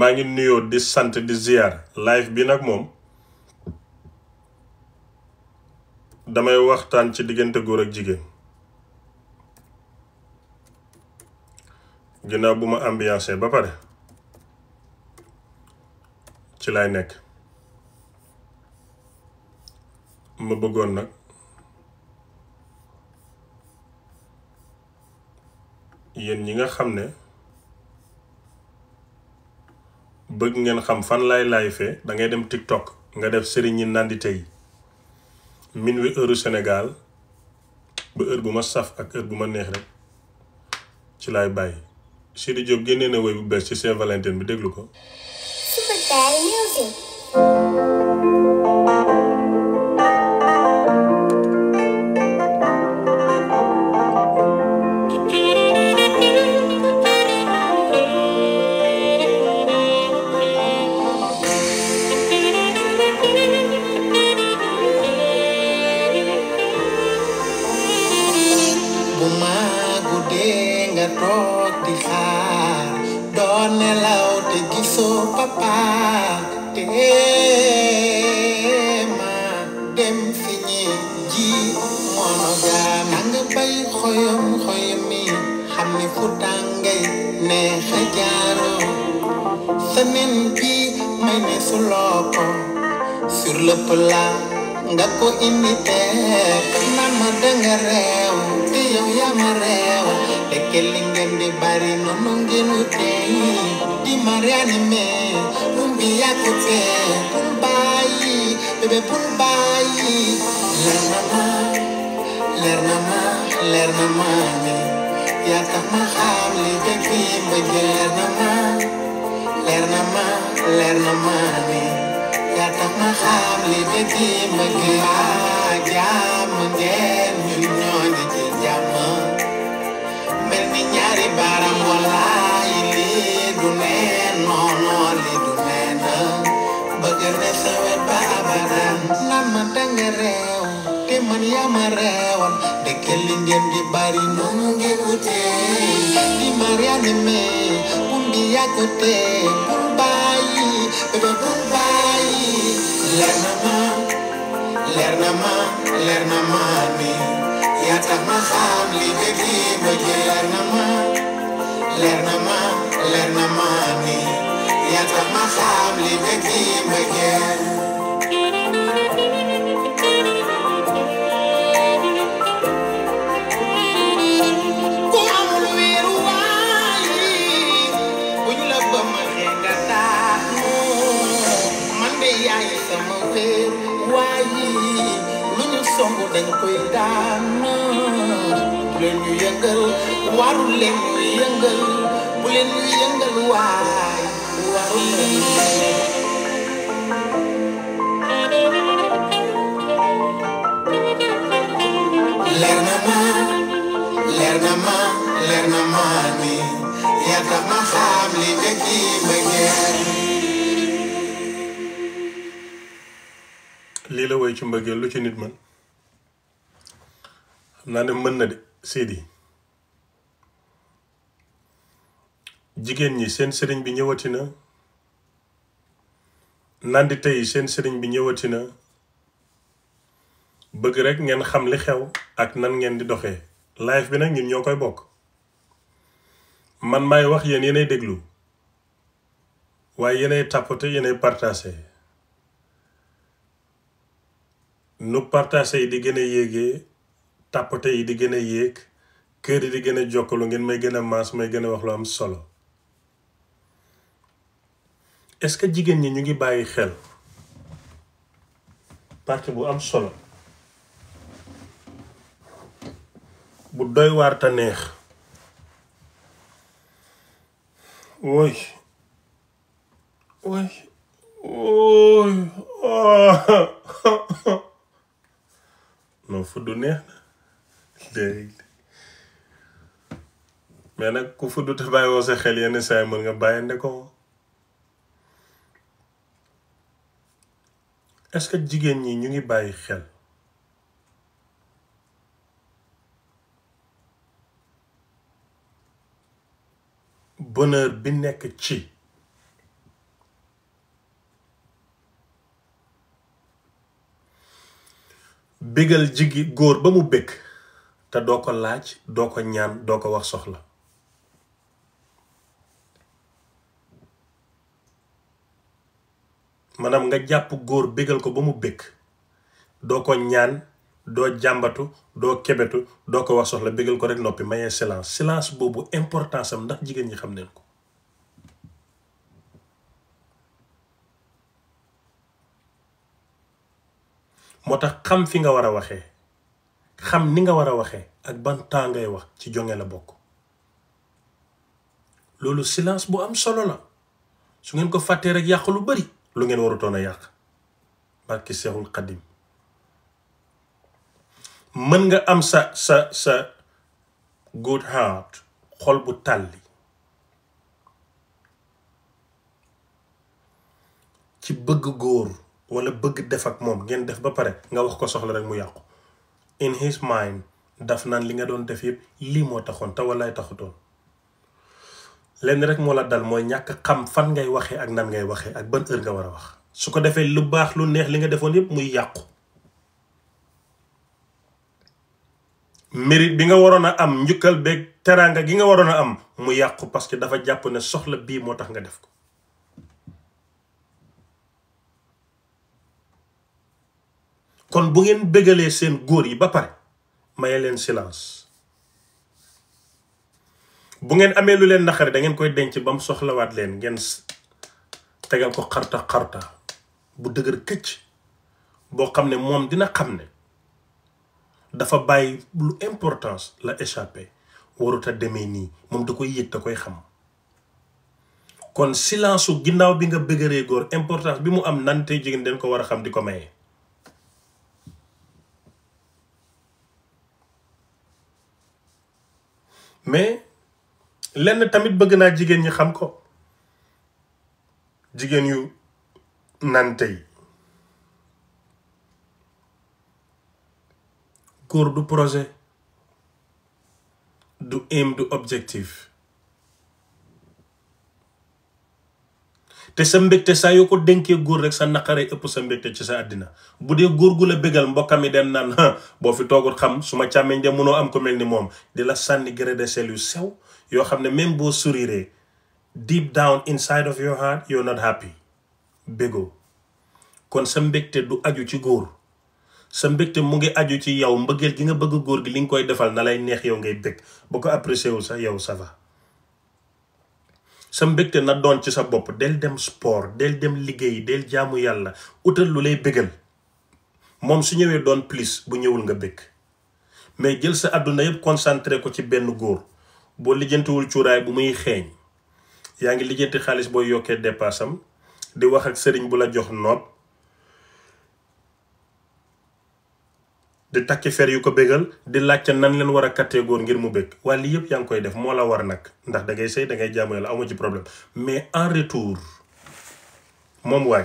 maa ngi nuyoo di sant di ziar live bi nag moom damay waxtaan ci diggante góor ak jigéen ginnaaw bu ma ambiancé ba pare ci lay nekk ma bëggoon nag yéen ñi nga xam ne bëgg ngeen xam fan lay laay fee da ngay dem TikTok nga def sëriñ yi nandi tey min wi heure Sénégal ba heure bu ma saf ak heure bu ma neex rek ci lay bàyyi Sidy Diop génnee na woy bu bees ci Saint Valentin bi déglu ko. o indi teew naan ma danga reew te yow yaa ma reew ndeke li ngeen di bari noonu ngeen utee di ma réanimé um bi yaa ko tee bul bàyyi bébé leer na ma leer na ma leer na ma mi yaa ma xam li dëkk yi mbëgg leer na ma leer na ma yaa tax ma xam li bëgg ma gën a jàmm ngeen ñun ñoo di ci ni ñaari baaraam wallaay lii du neen noonu lii du neen bëgg na sa wet ba abadan naan ma danga réew te man yaa ma réewal dëkk li ngeen di bari noonu ngeen wutee di Mariane May bumbi yaa ko tee dafa bëgg bàyyi leer na ma leer na ma leer na ma mi yaa tax ma xam li nga di bëgg leer na ma leer na ma leer na ma mi yaa tax ma xam li nga di bëgg dañ koy daanu bu leen ñu yëngal waru leen ñu yëngal bu leen ñu yëngal waay waru leen leer na ma leer na ma leer na ma ni yàgg ma xam li dëkk yi bëggee lii la woy ci mbëggeel lu ci nit man naa mën na de Seydi jigéen ñi seen sëriñ bi ñëwati na nandi tey seen sëriñ bi ñëwati na bëgg rek ngeen xam li xew ak nan ngeen di doxee live bi nag ñun ñoo koy bokk man may wax yéen yéenay déglu waaye yéenay tapoter yéenay partager nu partager yi di gën a yéegee tàppate yi di gën a yéeg kër yi di gën a jokkalu ngeen may gën a maas may gën a wax lu am solo est-ce que jigéen ñi ñu ngi bàyyi xel parti bu am solo bu doy waar neex wooy wooy wooy ah. non fu du mais nag ku fudd te bàyyiwoo sa xel yenn saa yi mën nga bàyyande ko est-ce jigéen ñi ñu ngi bàyyi xel bonheur bi nekk ci bégal jigi góor ba mu bëgg te doo ko laaj doo ko ñaan doo ko wax soxla maanaam nga jàpp góor bégal ko ba mu bëgg doo ko ñaan doo jàmbatu doo kebetu doo ko wax soxla bégal ko rek noppi mayee silence silence boobu importance am ndax jigéen ñi xam neen ko moo tax xam fi nga war a waxee xam ni nga war a waxee ak ban ngay wax ci jonge la bokk loolu silence bu am solo la su ngeen ko fàttee rek yàq lu bari lu ngeen warutoon a yàq barki seexul xadim mën nga am sa sa sa good heart xol bu tàlli ci bëgg góor wala bëgg def ak moom ngeen def ba pare nga wax ko soxla rek mu yàqu in his mind daf naan li nga doon def yëpp lii moo taxoon te wallaay taxutoon lenn rek moo la dal mooy ñàkk xam fan ngay waxee ak nan ngay waxee ak ban heure nga war a wax su ko defee lu baax lu neex li nga defoon yëpp muy yàqu mérite bi nga waroon a am njukkal beeg teraanga gi nga waroon a am mu yàqu parce que dafa jàpp ne soxla bii moo tax nga def ko kon bu ngeen bégalee seen góor yi ba pare maye leen silence bu ngeen amee lu leen naqari da ngeen koy denc ba mu soxlawaat leen ngeen tegal ko xarta xarta bu dëgër këcc boo xam ne moom dina xam ne dafa bàyyi lu importance la échappé waruta a nii moom da koy yëg da koy xam kon silence su ginnaaw bi nga bëggaree góor importance bi mu am nante jigéen dañ ko war a xam di ko maye mais lenn tamit bëgg naa jigéen ñi xam ko jigéen yu nante yi góor du projet du aim du objectif te sa mbégte saa yoo ko dénkee góor rek sa naqaree ëpp sa mbégte ci sa àddina bu dee góor gu la bégal mbokkam yi dem naan boo fi toogul xam su ma càmmeñ de munoo am ko mel ni moom di la sànni gré de yu sew yoo xam ne même boo sourire deep down inside of your heart you're not happy bégoo kon sa mbégte du aju ci góor sa mbégte mu ngi aju ci yow mbëggeel gi nga bëgg góor gi li nga koy defal na lay neex yow ngay bég ba ko apprécié wu sax yow ça sa mbégte na doon ci sa bopp del dem sport del dem liggéey del jaamu yàlla utal lu lay bégal moom su ñëwee doon plus bu ñëwul nga bég mais jël sa àdduna yëpp concentré ko ci benn góor boo lijjantiwul cuuraay bu muy xeeñ yaa ngi lijjanti xaalis boo yokkee dépassam di wax ak sëriñ bu la jox noot di takki fer yu ko bégal di laajte nan leen war a góor ngir mu bég waaye lii yëpp yaa ngi koy def moo la war nag ndax da ngay sëy da ngay jaamu yàlla amu ci problème mais en retour moom waay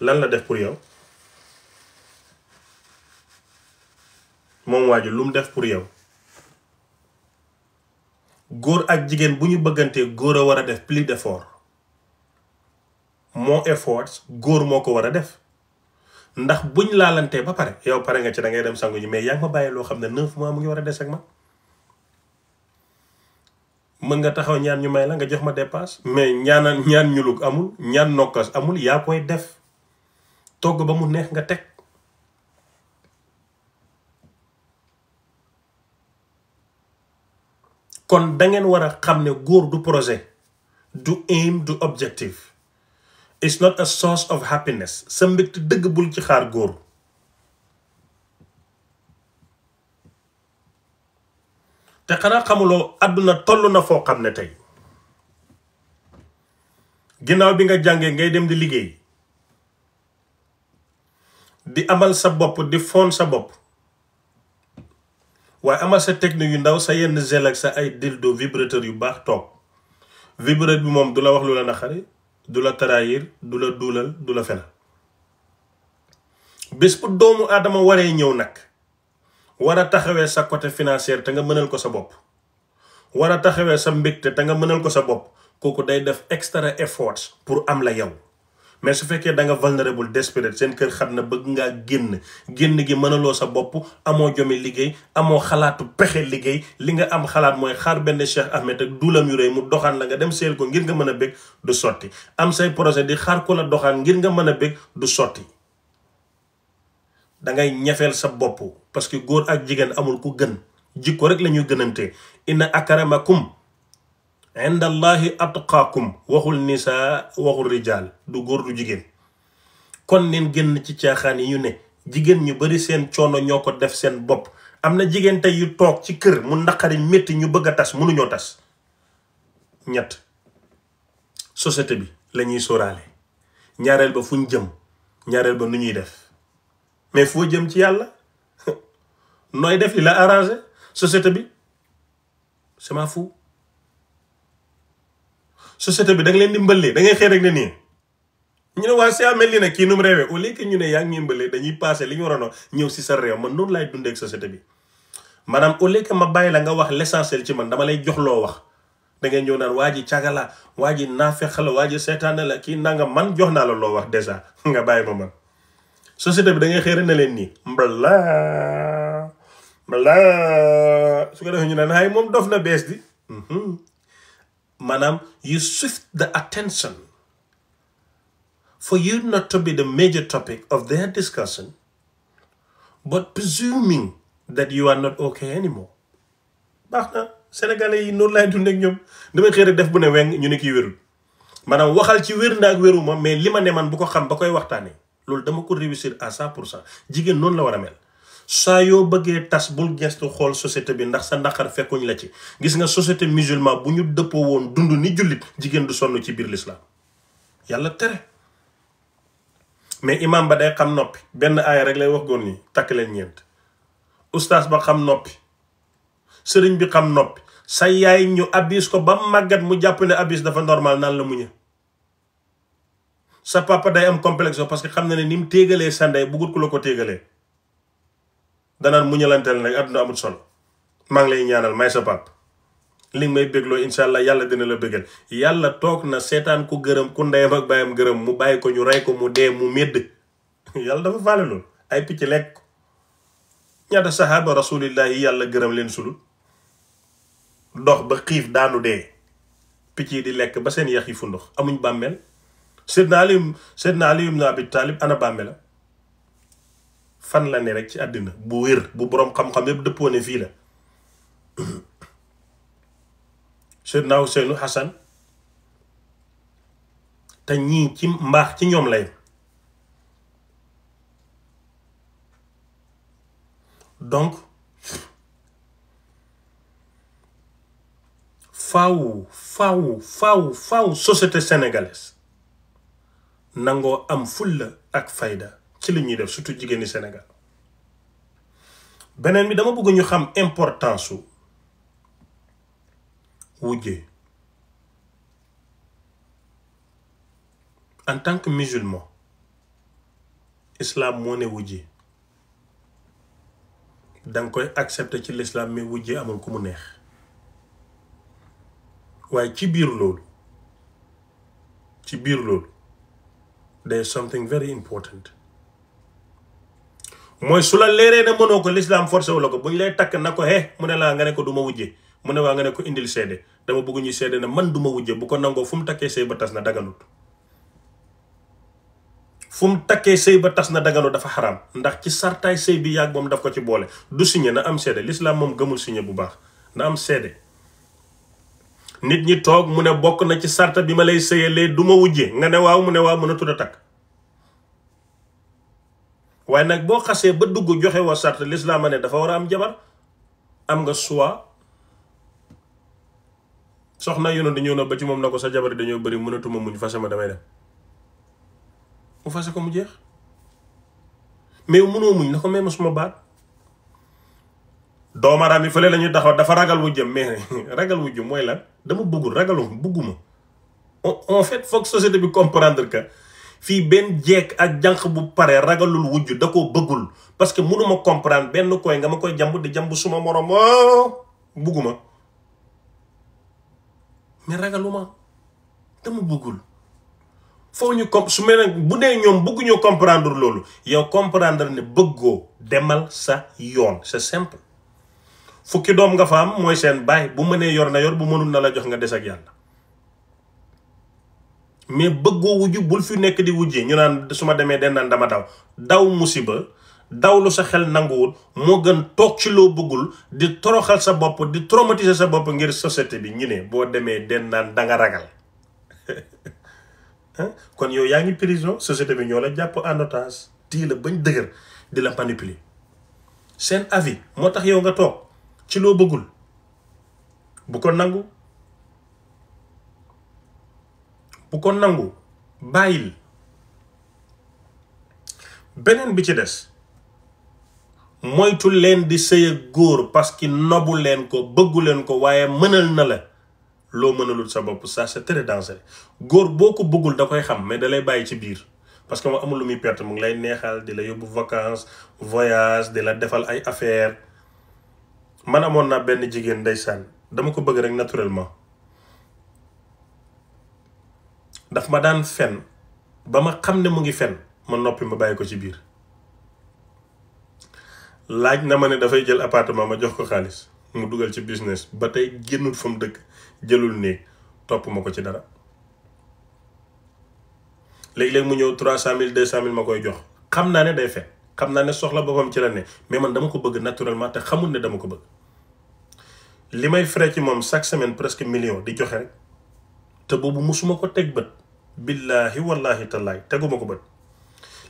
lan la def pour yow moom waaju lu mu def pour yow góor ak jigéen bu ñu bëggantee góor a war a def plus d'effort moo efforts góor moo ko war a def ndax buñ laalantee ba pare yow pare nga ci da ngay dem sangu ji mais yaa ngi ma bàyyi loo xam ne neuf mois mu ngi war a des ak man mën nga taxaw ñaan ñu may la nga jox ma dépasse mais ñaanal ñaan ñulug amul ñaan nokkas amul yaa koy def togg ba mu neex nga teg kon da ngeen war a xam ne góor du projet du aim du objectif it's not a source of happiness sa mbégte dëgg bul ci xaar góor te xanaa xamuloo àdduna toll na foo xam ne tey ginnaaw bi nga jàngee ngay dem di liggéey di amal sa bopp di foon sa bopp waaye amal sa technique yu ndaw sa yenn gel ak sa ay dildo vibrateur yu baax toog vibrateur bi moom du la wax lu la naqari du la taraayir du la duulal du la fen bés bu doomu aadama waree ñëw nag war a taxawee sa côté financière te nga mënal ko sa bopp war a taxawee sa mbégte te nga mënal ko sa bopp kooku day def extra effort pour am la yow mais su fekkee da nga vulnérable desperate seen kër xam na bëgg ngaa génn génn gi mënaloo sa bopp amoo jomi liggéey amoo xalaatu pexe liggéey li nga am xalaat mooy xaar benn Cheikh Ahmed ak duulam yu rëy mu doxaan la nga dem seel ko ngir nga mën a bëgg du sotti am say projet di xaar ko la doxaan ngir nga mën a bëgg du sotti da ngay ñafeel sa bopp parce que góor ak jigéen amul ku gën jikko rek la ñuy gënante inna akaramakum indallahi atqaakum waxul ni sa waxul rijaal du góor du jigéen kon neen génn ci caaxaan yi ñu ne jigéen ñu bari seen coono ñoo ko def seen bopp am na jigéen tey yu toog ci kër mu naqari métti ñu bëgg a tas mënuñoo tas ñett société bi lañuy ñuy ñaareel ba fu ñu jëm ñaareel ba nu ñuy def mais foo jëm ci yàlla nooy def li la arrangé société bi c'est ma société bi da nga leen di da ngay xëy rek ne nii ñu ne waa CA mel ni nag kii nu mu réewee au lieu que ñu ne yaa ngi ñuy mbëllee dañuy passé li ñu waroon ñëw si sa réew man noonu laay dundee ak société bi maanaam au lieu que ma bàyyi la nga wax l'essentiel ci man dama lay jox wax da ngay ñëw naan waa ji cagala waa ji naafeq la waa seetaane la kii nanga man jox naa la loo wax dèjà nga bàyyi ma man société bi da ngay xëy rek leen nii mbala mbala su ko defee ñu naan ay moom dof na bees di mhm. maanaam you shift the attention for you not to be the major topic of their discussion but presuming that you are not okay anymore baax na sénégalais yi noonu laay dundeek ak ñoom damay xëy def bu ne weng ñu ne kii wérul maanaam waxal ci wér naa ak wéru ma mais li ma ne man bu ko xam ba koy waxtaanee loolu dama ko réussir à pour cent jigéen noonu la war a mel saa yoo bëggee tas bul gestu xool société bi ndax sa naqar fekkuñ la ci gis nga société musulman bu ñu dëppoo woon dund ni jullit jigéen du sonn ci biir lislaam yàlla tere mais imam ba day xam noppi benn aaya rek lay wax góor ñi takk leen ñeent ustaas ba xam noppi sëriñ bi xam noppi sa yaay ñu abis ko ba màggat mu jàpp ne abis dafa normal naan la muñe sa papa day am complexe parce que xam na ne ni mu téegalee sa ndey bugut ku la ko téegalee danaan muñalanteel nag àdduna amul sol maa ngi lay ñaanal may sa pap li may bégloo incha allah yàlla dina la bëggal yàlla toog na seetaan ku gërëm ku ndeyam ak bàyyam gërëm mu bàyyi ko ñu rey ko mu dee mu medd yàlla dafa faale loolu ay picc lekk ñaata saxaaba rasulillahi yàlla gërëm leen sulul dox ba xiif daanu dee picc yi di lekk ba seen yax yi fu ndox amuñ bàmmeel Seydina Aliyu Seydina Aliyu ibn Abi taalib ana bàmmeelam fan la ne rek ci àddina bu wér bu boroom xam-xam yépp dëppoo ne fii la Seydina Ousseynou Hassan te ñi ci mbaax ci ñoom lay donc faaw faw faaw faaw société sénégalaise nangoo am fulla ak fayda ci li ñuy def surtout jigéeni Sénégal beneen bi dama bëgg ñu xam importance su wujje en tant que musulman islam moo ne wujje danga koy accepter ci l'islam mais wujje amul ku mu neex waaye ci biir loolu ci biir loolu there is something very important mooy su la leeree ne mënoo ko lislaam forcé wu la ko bu ñu lay takk na ko he mu ne laa nga ne ko duma ma wujje mu ne waa nga ne ko indil seede dama bëgg ñu seede ne man duma ma wujje bu ko nangoo fu mu takkee sëy ba tas na daganut takkee sëy ba tas na daganut dafa xaram ndax ci sartaay sëy bi yàgg moom daf ko ci boole du signé na am seede lislaam moom gëmul signé bu baax na am seede nit ñi toog mu ne bokk na ci sarta bi ma lay sëyalee du ma wujje nga ne waaw mu ne waaw mënatul a tudd a takk waaye nag boo xasee ba dugg joxe wa sart lislaama ne dafa war a am jabar am nga soit soxna yoonu dañoo na ba ci moom na ko sa jabar dañoo bëri mënatuma muñ fase ma damay dem mu fase ko mu jeex mais mënoo muñ na ko may ma suma baat doomaraam yi fële lañuy ñuy taxaw dafa ragal wu jëm mais ragal wu jëm mooy lan dama bëggul ragalum bëgguma en fait foog société bi comprendre que fii benn jeeg ak janq bu pare ragalul wujj da koo bëggul parce que mënuma comprendre benn koy nga ma koy jamb di jamb suma morom oh, bugguma mais ragaluma dama bëggul foo ñu comp su mel bu dee ñoom bëgguñoo comprendre loolu yow comprendre ne bëggoo demal sa yoon sa simple fukki doom nga fa am mooy seen baay bu ma mënee yor na yor bu mënul na la jox nga des ak yàlla mais bëggoo wujju bul fi nekk di wujjee ñu naan su ma demee den naan dama daw daw musiba daw lu sa xel nanguwul moo gën toog ci loo bëggul di toroxal sa bopp di traumatiser sa bopp ngir société bi ñu ne boo demee den naan danga ragal kon yow yaa ngi prison société bi ñoo la jàpp en otage tii la bañ dëgër di la manipuler seen avi moo tax yow nga toog ci loo bëggul bu ko nangu bu ko nangu bàyyil beneen bi ci des moytu leen di sëy ak góor parce que nobu leen ko bëggu leen ko waaye mënal na la loo mënalul sa bopp ça c'est très dangereux góor boo ko bëggul da koy xam mais dalay bàyyi ci biir parce que ma amul lu muy perte mu ngi lay neexal di la yóbbu vacances voyage di la defal ay affaires man amoon naa benn jigéen ndeysaan dama ko bëgg rek naturellement daf ma daan fen ba ma xam ne mu ngi fen ma noppi ma bàyyi ko ci biir laaj na ma ne dafay jël appartement ma jox ko xaalis mu dugal ci business ba tey génnul fa mu dëkk jëlul nii topp ma ko ci dara léegi-léegi mu ñëw trois cent mille deux cent mille ma koy jox xam naa ne day fen xam naa ne soxla boppam ci la ne mais man dama ko bëgg naturellement te xamul ne dama ko bëgg li may frais ci moom chaque semaine presque million di joxe rek te boobu musuma ko teg bët billaahi wallaahi tallaahi teguma ko bët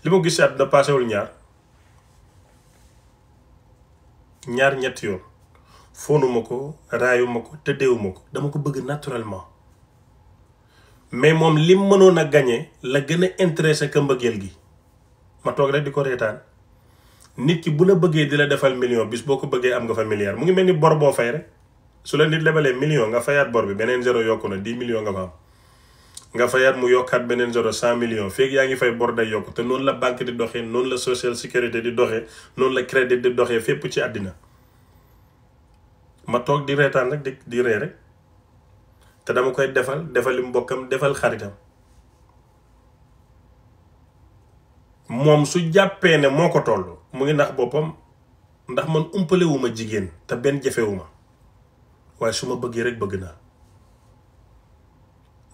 li ma gis si àdduna paasewul ñaar ñaar ñetti yoon foonuma ko raayuma ko tëddeewuma ko dama ko bëgg naturellement mais moom li mënoon a gañe la gën a intéressé ka mbëggeel gi ma toog rek di ko reetaan nit ki bu la bëggee di la defal million bis boo ko bëggee am nga fa milliard mu ngi mel ni bor boo fay rek su la nit lebalee million nga fayaat bor bi beneen zéro yokku na dix million nga fa am nga fayaat mu yokkaat beneen zéro cent millions feeg yaa ngi fay bor day yokk te noonu la banque di doxee noonu la social sécurité di doxee noonu la crédit di doxee fépp ci àddina ma toog di reetaan rek di di ree rek te dama koy defal defali mbokkam defal xaritam moom su jàppee ne moo ko toll mu ngi nax boppam ndax man umpalewuma jigéen te benn jafewuma waaye su ma bëggee rek bëgg naa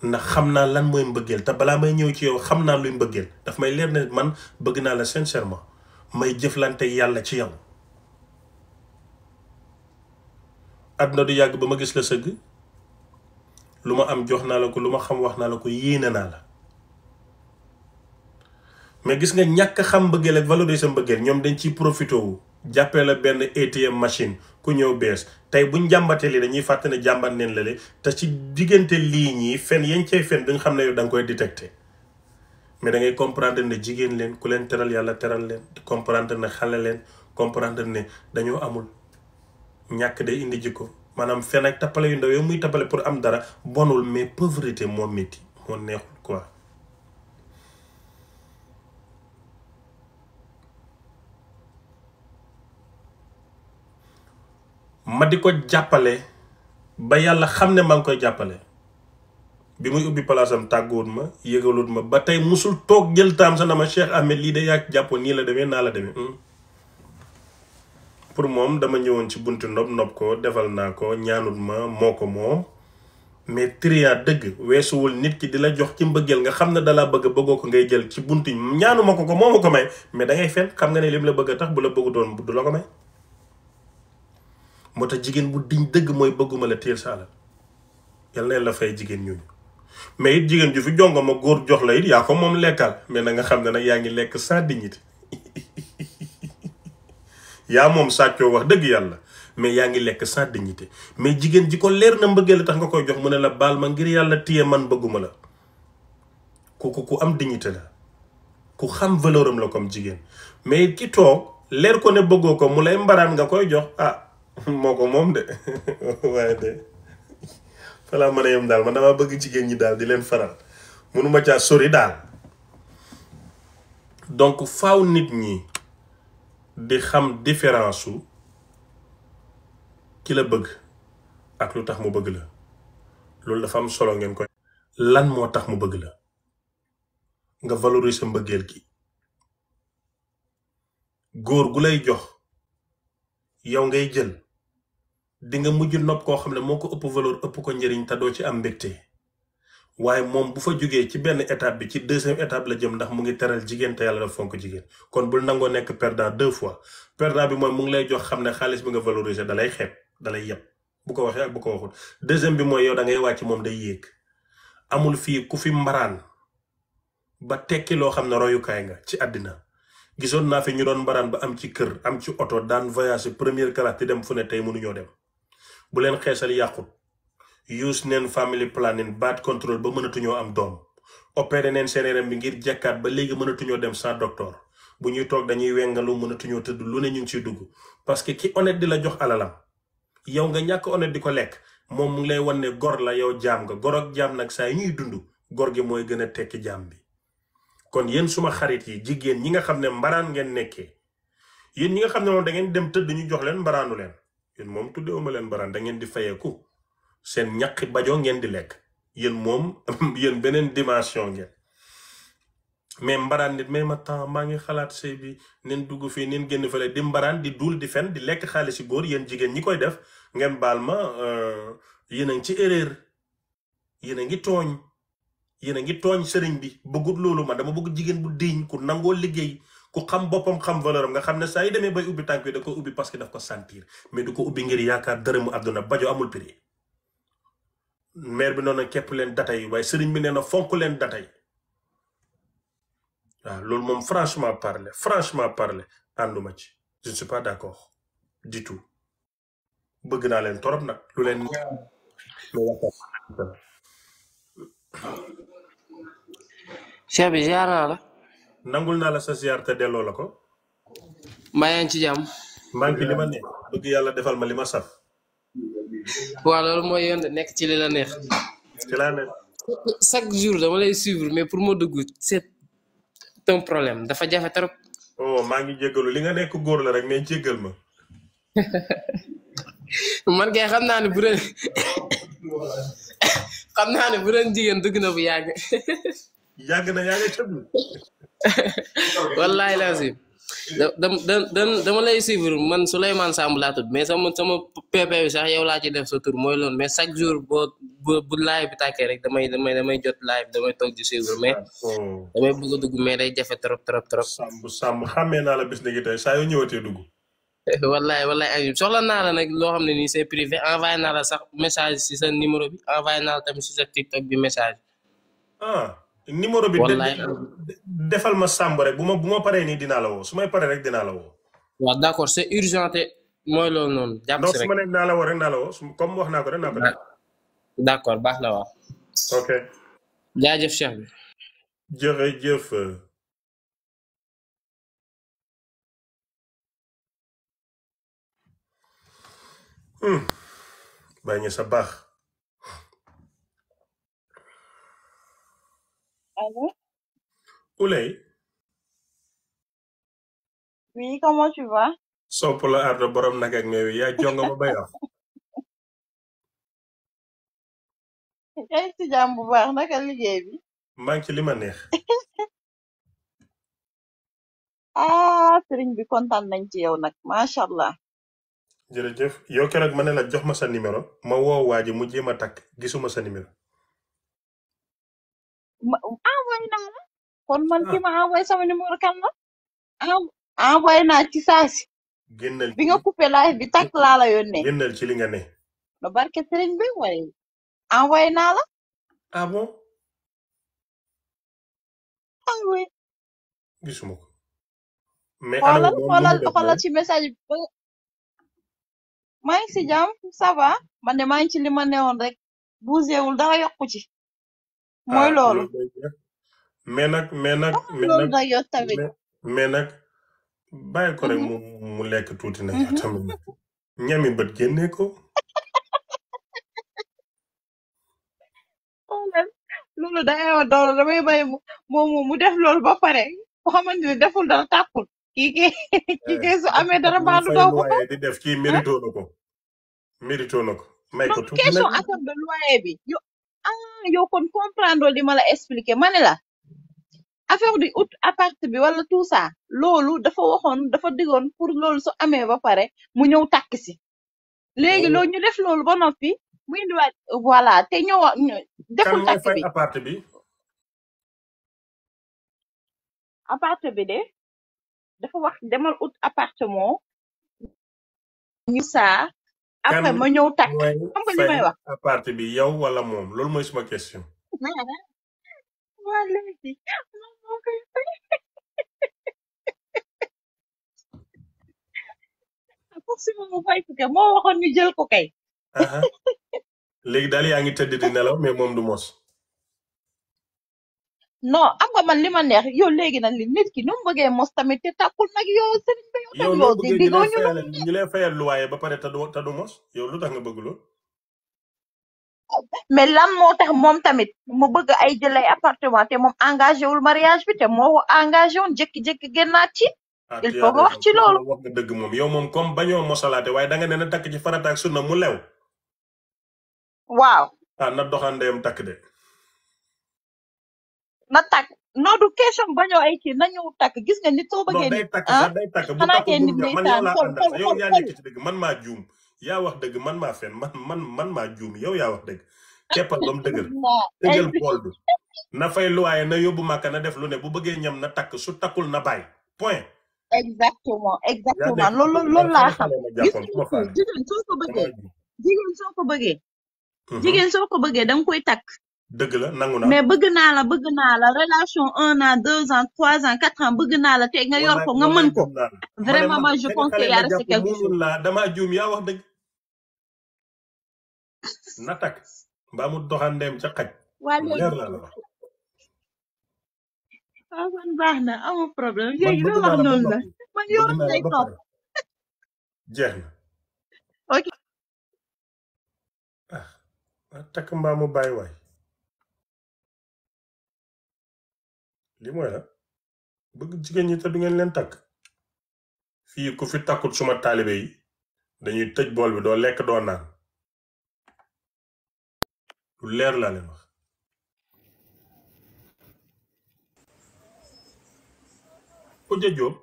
ndax xam naa lan mooy mbëggeel te balaa may ñëw ci yow xam naa luy mbëggeel daf may leer ne man bëgg naa la sincèrement may jëflante yàlla ci yow. àdduna du yàgg ba ma gis la sëgg lu ma am jox naa la ko lu ma xam wax naa la ko yéene naa la mais gis nga ñàkk xam mbëggeel ak valoriser sa mbëggeel ñoom dañ ciy profité wu jàppee la benn ATM machine ku ñëw bees tey buñ jàmbatee lii dañuy fàtte jàmbat neen la te ci diggante lii ñii fen yañ cay fen duñ xam ne yow da nga koy détecté mais da ngay comprendre ne jigéen leen ku leen teral yàlla teral leen comprendre ne xale leen comprendre ne dañoo amul ñàkk day indi jikko maanaam fen ak tappale yu ndaw yow muy tappale pour am dara bonul mais pauvreté moo métti moo neexul quoi ma di ko jàppale ba yàlla xam ne maa ngi koy jàppale bi muy ubbi palaasam tàggoot ma yëgalut ma ba tey musul toog jël taam sax na ma Cheikh amee lii de yàgg jàppoon nii la demee naa la demee hmm. pour moom dama ñëwoon ci bunt nopp nopp ko defal naa ko ñaanut ma moo ko moom mais triant dëgg weesuwul nit ki di la jox ci mbëggeel nga xam ne dalaa bëgg bëggoo ko ngay jël ci buntu ñaanuma ko ko ko may mais da ngay fen xam nga ne lim la bëgg a tax bu la bëggu doon du la ko may moo tax jigéen bu diñ dëgg mooy bëgguma la téel sa alal yal na yàlla fay jigéen ñooñu mais it jigéen ju fi jongama góor jox la it yaa ko moom lekkal mais na nga xam ne nag yaa ngi lekk sans dignité yaa moom sàccoo wax dëgg yàlla mais yaa ngi lekk sans mais jigéen ji ko leer na mbëggeel tax nga koy jox mu ne la baal ma ngir yàlla téye man bëgguma la kooku ku am dignité la ku xam valeur la comme jigéen mais ki toog leer ko ne bëggoo ko mu lay mbaraan nga koy jox ah moo ko moom de waaye de falaa mën a yem daal man damaa bëgg jigéen ñi daal di leen faral mënuma caa sori daal donc faw nit ñi di xam différence su ki la bëgg ak lu tax mu bëgg la loolu dafa am solo ngeen ko lan moo tax mu bëgg la nga valoriser mbëggeel gi góor gu lay jox yow ngay jël di nga mujj nopp koo xam ne moo ko ëpp valeur ëpp ko njariñ te doo ci am mbégte waaye moom bu fa jógee ci benn étape bi ci deuxième étape la jëm ndax mu ngi teral jigéen te yàlla daf fonk jigéen kon bul nangoo nekk perdant deux fois perdant bi mooy mu ngi lay jox xam ne xaalis bi nga valoriser dalay xeeb dalay yeb bu ko waxee ak bu ko waxul deuxième bi mooy yow da ngay wàcc moom day yéeg amul fii ku fi mbaraan ba tekki loo xam ne royukaay nga ci àddina gisoon naa fi ñu doon mbaraan ba am ci kër am ci oto daan voyage première classe di dem fu ne tey mënuñoo dem bu leen xeesal yàqut use neen family planning birth control ba mënatuñoo am doom opéré neen seen yaram bi ngir jekkaat ba léegi mënatuñoo dem sa doctor bu ñuy toog dañuy wengalu mënatuñoo tëdd lu ne ñu ngi ciy dugg parce que ki honnête di la jox alalam yow nga ñàkk honnête di ko lekk moom mu ngi lay wan ne gor la yow jaam nga gor ak jaam nag saa yi ñuy dund gor gi mooy gën a tekki jaam bi kon yéen suma xarit yi jigéen ñi nga xam ne mbaraan ngeen nekkee yéen ñi nga xam ne moom da ngeen dem tëdd ñu jox leen mbaraanu leen yéen moom tuddewuma leen baraan da ngeen di fayeeku seen ñaqi bajo ngeen di lekk yéen moom yéen beneen dimension ngeen mais mbaraan nit may ma temps maa ngi xalaat sëy bi neen dugg fii neen génn fële di mbaraan di duul di fen di lekk xaalis yu góor yéen jigéen ñi koy def ngeen baal ma euh, yéen a ngi ci erreur yéen a ngi tooñ yéen a ngi tooñ sëriñ bi bëggut loolu ma dama bëgg jigéen bu diiñ ku nangoo liggéey ku xam boppam xam valeur am nga xam ne saa yi demee bay ubbi tànk yi da ko ubbi parce que daf ko sentir mais du ko ubbi ngir yaakaar dërëmu àdduna bajo amul prix maire bi noonu képp leen data yi waaye sëriñ bi nee fonk leen data yi loolu moom franchement parler franchement parler ànduma ci je ne suis pas naa leen torop nag lu bi ziar naa la. nangul naa la sa ziar te delloo la ko. mbaa yaa ngi ci jàmm. maa ngi li ma ne bëgg yàlla defal ma li ma saf. waaw loolu mooy yoon de nekk ci li la neex. ci laa neex. chaque jour dama lay suivre mais pour ma dugg c'est un problème dafa jafe trop. oh maa ngi jéggalu li nga nekk góor la rek mais jéggal ma. man kay xam naa ne bu doon xam naa ne bu doon jigéen dugg na bu yàgg. yàgg na yaa ngi tëblu. wallaahi laazim dama dama dama lay suivre man Souleymane Samb laa tudd mais sama sama PP bi sax yow laa ci def sa tur mooy loolu mais chaque jour boo bu live bi tàkkee rek damay damay damay jot live damay toog di suivre mais. damay bëgg a dugg mais day jafe trop trop trop. Samb Samb xàmmee naa la bis na gi tey saa yoo dugg. wallaay wallaay ay soxla naa la nag loo xam ne ni c'est privé envoyé naa la sax message si sa numéro bi envoyé naa la tamit si sa TikTok bi message. Ah. numéro bi defal ma sàmb rek bu ma bu ma paree nii dinaa la woo su may paree rek dinaa la woo. waaw d'accord c'est urgent mooy loolu noonu. jàpp si rek donc la woo rek naa la woo comme wax naa ko rek naa ko def. baax na waaw. ok. jaajëf Cheikh bi. jërëjëf. Hmm. bàyyi ñu sa baax. Allô? Oulay, Oui, comment tu vas? sopp la ardo borom naga ak meew yi yaa jongo ba bay wax Yaa bu baax naka liggéey bi? maa ci lima neex Ah, sëriñ bi kontaan nañ ci yow nag, macha allah. jërëjëf yow keroog ma ne la jox ma sa numéro ma woo waa mu jéem a takk gisuma sa numéro envoyé naa la kon man ki ma envoyé sama numéro la envoyé naa ci bi nga coupé live bi tàkk laa la yónnee génnal ci li nga ne no barke sëriñ bi waaye envoyé naa la ah bon ah oui gisuma ko mais xoolal xoolal xoolal maa ngi ci li ma newoon rek bougéwul dara yokku ci mooy ah, loolu mais nag mais nag ah, loolu da mais nag bàyyi ko rek mhm. mu lekk tuuti na yow tamit ñami bët génnee ko loolu da ngay wax dara damay mu mu def loolu ba pare boo xamante deful dara tàkkul kii kay eh, amee dara baalu doo ko di def ah? ko mérito na ko may ko tuuti na question ah yow kon comprendre li ma la expliqué ma ne la affaire du ut appart bi wala tout ça loolu dafa waxoon dafa digoon pour loolu su amee ba pare mu ñëw takk si léegi loolu ñu def loolu ba noppi mu indiwaat voilà te ñëw deful takk bi appart bi appart dafa wax demal ut appartement ñu saa après ma ñëw takk xam nga li wax. à partie bi yow wala moom loolu mooy suma question. léegi moom moo waxoon ñu jël ko kay. Ah, ah. léegi daal yaa ngi tëdd di nelaw mais moom du mos. non am nga man li ma neex yow léegi nag li ki nu mu bëggee tamit te takkul nag yow sëriñ bi yow yow di ñu lay ñu lay lu waaye ba pare te du te du mos yow lu tax nga bëgg lool mais lan moo tax moom tamit mu bëgg ay jël ay appartement te moom engagé mariage bi te moo ko engagé woon jékki-jékki génnaat ci ah, il faut nga wax ci loolu wax nga dëgg moom yow moom waaye da nga a na takk ci farataak na mu lew waaw ah, na doxandeem takk de na tàkk non du question bañoo ay kii nañu takk gis nga nit soo bëggee nit ah xanaa kee nit day man maa juum yaa wax dëgg man maa fen man man man maa juum yow yaa wax dëgg keppal ba mu dëgër dëgël na fay luwaaye na yóbbu màkka na def lu bu bëggee ñam na takk su takkul na bàyyi point exactement ko bëggee jigéen soo ko bëggee jigéen soo bëggee mhm. da koy takk dëgg la nangu naa mais bëgg naa la bëgg naa la relation un an deux ans trois ans quatre ans bëgg naa la te nga yor ko nga mën ko vraiment je pense que yaa resté quelque la damaa juum yaa wax dëgg na tak mbaa mu doxandeem ca xaj ah, ok ah takk mbaa mu bàyyi waay li mooy la bëgg jigéen ñi te du ngeen leen takk fii ku fi takkut suma taalibe yi dañuy tëj bool bi doo lekk doo naan lu leer laa leen wax Oja Diop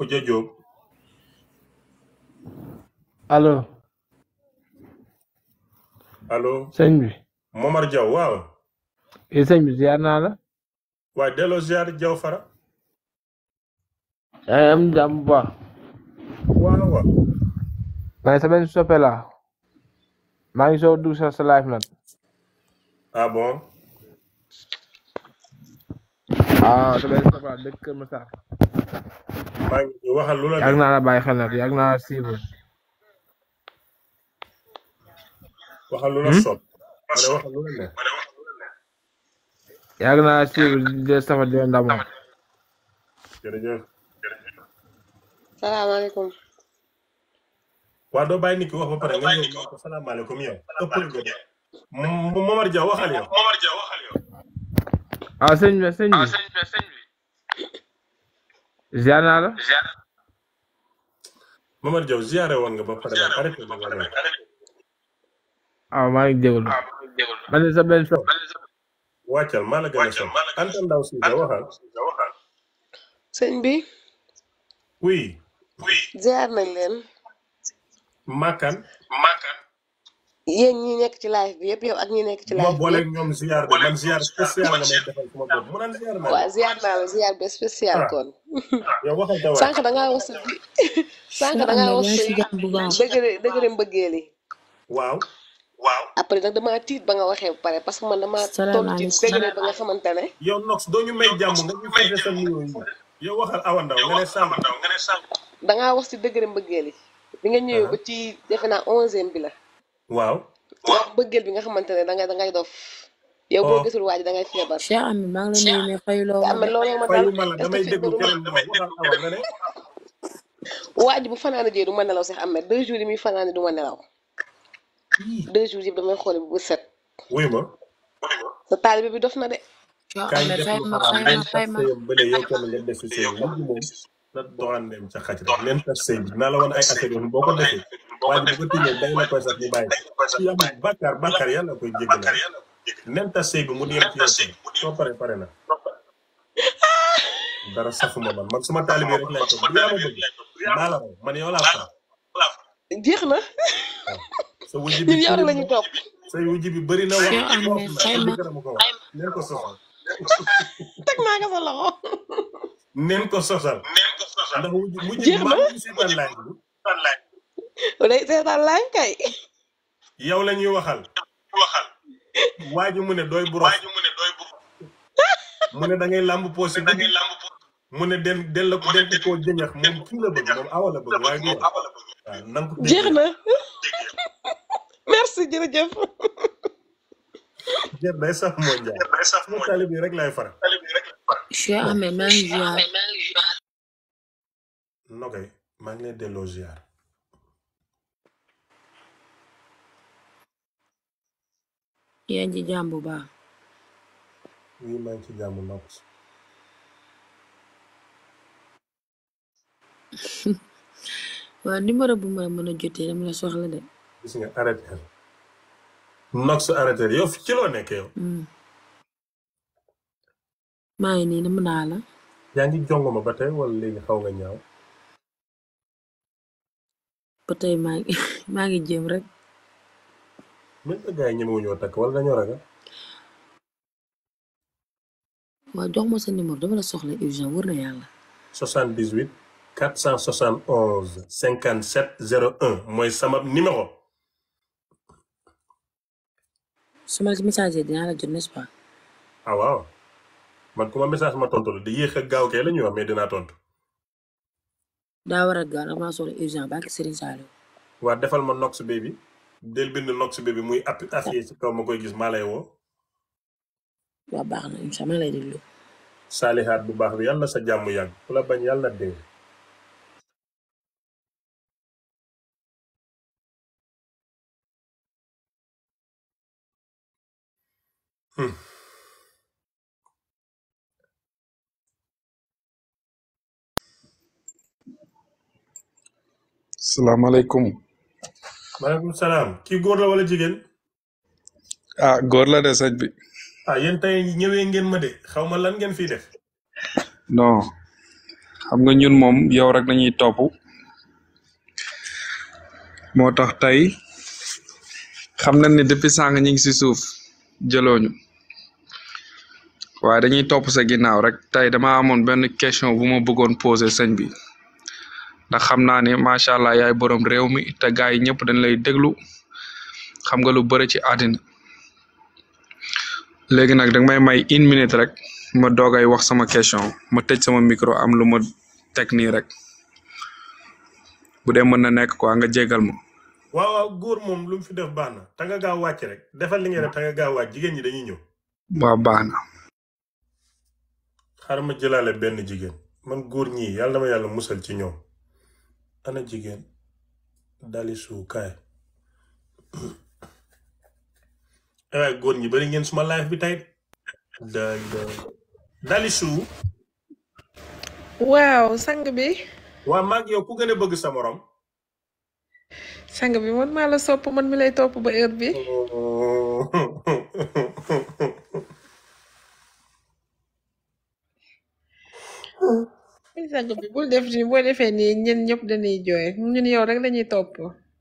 Oja Diop allo sëñ bi. Momar Diaw waaw. eh sëñ bi ziar naa la. waaye delloo ziar Diaw Fara. yaa eh, ngi am jàmm bu waaw waaw. maa ngi sa benn soppe laa. maa ngi soog a sa sa live nag. Ah, bon. ah sa benn soppe laa dëkk Kër Massar. maa ngi waxal lu la. yàgg naa la bàyyi xel nag yàgg naa la waxal lu la hmm? soob. wala waxal lu Safa di leen damoo. jërëjëf. waa doo bàyyi nit wax ba pare nga ñëw ko salaamaaleykum yow. waxal yow. ah sëñ bi sëñ bi. Ah, ziar waaw ah, maa ngi jégalu ah, man de sa benn so wàccal maa la gën a sonn Anta Ndaw si nga waxal sëñ bi oui ziar nañ leen Makan Makan yéen ñi nekk ci live bi yëpp yow ak ñi nekk ci live bi booleeg ñoom bi man ziar spécial la may defal sama naa la ziar bi spécial kon yow waxal dawal sànq da ngaa wax sa sànq da ngaa wax sa waaw après nag damaa tiit ba nga waxee ba pare parce que man damaa toll ci degré ba nga xamante ne. yow doo ñu may jàmm nga ñu may jàmm nga ne sàmm wax ci degré mbëggeel yi. bi nga ñëwee ba ah. ci defe naa onzième bi la. waaw. wax bi nga xamante ne da ngay da ngay dof. yow boo oh. gisul waaj da ngay feebar. Cheikh Ami maa ngi lay nuyu ma la fayu ma la muy fanaane du nelaw deux jours yëpp damay xoole bu bët set. wuy ma. sa taalibe bi dof na de. waaw am na fay ma fay ma fay ma na doxaan dem ca xaj rek leen tas sëy bi naa la woon ay affaire yoon boo ko defee waaye bu ko tiñee day la koy sax ñu bàyyi su yam bàkkaar bàkkaar yàlla koy jéggal leen tas sëy bi mu di yem ci yoon soo pare pare na dara safuma man man suma taalibe rek lay toog bu yaa ma bëgg maa la man yow laa fa jeex na sa wujj bi yow lañu topp sa wujj bi bëri na wax neen ko sosal teg naa nga sa loxo neen ko sosal neen ko sosal ndax wujj wujj bi maa ngi seetaan laaj bi day seetaan laaj kay yow la ñuy waxal waxal waa ji mu ne doy burof mu ne doy burof mu ne da ngay làmb poos da ngay làmb mu ne den den la den koo jëñax moom kii la bëgg moom awa bëgg waaye na merci jërëjëf. jërëjëf day saf moo jaay. jërëjëf rek lay faral. tali bi rek lay faral. Cheikh Ahmed nokay maa ngi lay yaa ngi ci jàmm bu baax. oui maa ngi ci waa numéro bu ma mën a jotee dama la de. gis nga arrêté nox arrêté yow fi ci loo nekk yow. Hmm. maa ngi nii mën naa la. yaa ngi jongoma ba tey wala léegi xaw nga ñaaw. ba tey maa ngi maa ngi jéem rek. mën nga gars ñemewuñoo takk wala dañoo ragal. waaw jox ma sa numéro dama la soxla urgent wër na yàlla. 78 471 57 01 mooy sama numéro. su ma message dinaa la jot nest pas. ah waaw man ku message ma tontu la di yéex ak gaaw kay la ñuy wax mais dinaa tontu. daa war a gaaw damaa soxla urgent ba ak Serigne Saliou. waa defal ma nox bi del bind nox baby muy app affiché ci kaw ma koy gis maa lay woo. waa baax na incha allah maa lay déglu. saalihaat bu baax bi yàlla na sa jàmm yàgg ku la bañ yàlla dee. Hm. salaamaaleykum. maaleykum salaam kii góor la wala jigéen. ah góor la de sëñ bi. ah yéen tey ñëwee ma de xaw ma lan ngeen fiy def. non xam nga ñun moom yow rek dañuy topp moo tax tey xam nañ ne depuis sànq ñu ngi si suuf jëlooñu waaye dañuy topp sa ginnaaw rek tey dama amoon benn question bu ma bëggoon poser sëñ bi ndax xam naa ne macha allah yaay borom réew mi te gars yi ñëpp dañ lay déglu xam nga lu bari ci àddina léegi nag danga may may une rek ma doogay wax sama question ma tej sama micro am lu ma teg nii rek bu dee mën na nekk quoi nga jégal ma. waaw waaw moom lu fi def baax na te nga gaaw wàcc rek defal li nga def te nga gaaw jigéen ñi dañuy ñëw. waaw baax na. xaaral ma jëlaale benn jigéen man góor ñi yàlla ma yàlla musal ci ñoom ana jigéen dali suukaay waaye góor ñi bari ngeen suma live bi tey daay daay dali waaw sang bi waaw maag yow ku gën a bëgg sa morom sang bi man maa la sopp man mi lay topp ba heure bi oh. sago bi bul def nii boo defee nii ñen ñëpp dañuy jooy ñun yow rek lañuy topp.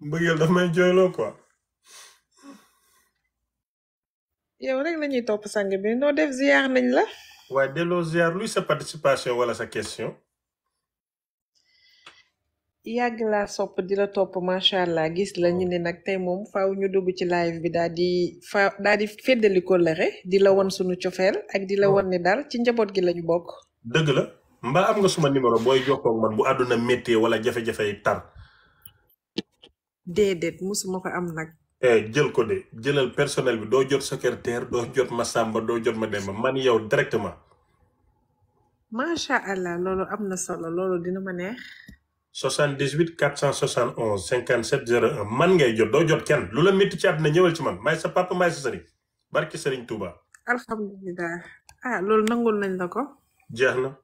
mbëggeel daf may jooyloo quoi. yow rek lañuy topp sang bi noo def ziar nañ la. waaye delloo ziar luy sa participation wala sa question. yàgg laa sopp di la topp macha allah gis lañu ne nag tey moom faw ñu dugg ci live bi daal di fa daal di féddali ko di la won sunu cofeel ak di la mm. won ne daal ci njaboot gi lañu bokk. dëgg la. mbaa am nga suma numéro booy jokkoo ma man bu àdduna métti wala jafe-jafe yi tar. déedéet musuma ko am nag. e jël ko de jëlal personnel bi doo jot secrétaire doo jot ma Samba doo jot ma Demba man yow directement. macha allah loolu am na solo loolu dina ma neex. 78 471 57 01 man ngay jot doo jot kenn lu la métti ci àdduna ñëwal ci man may sa papa may sa sëriñ barki sëriñ Touba. alhamdulilah ah loolu nangul nañ la ko. jeex na.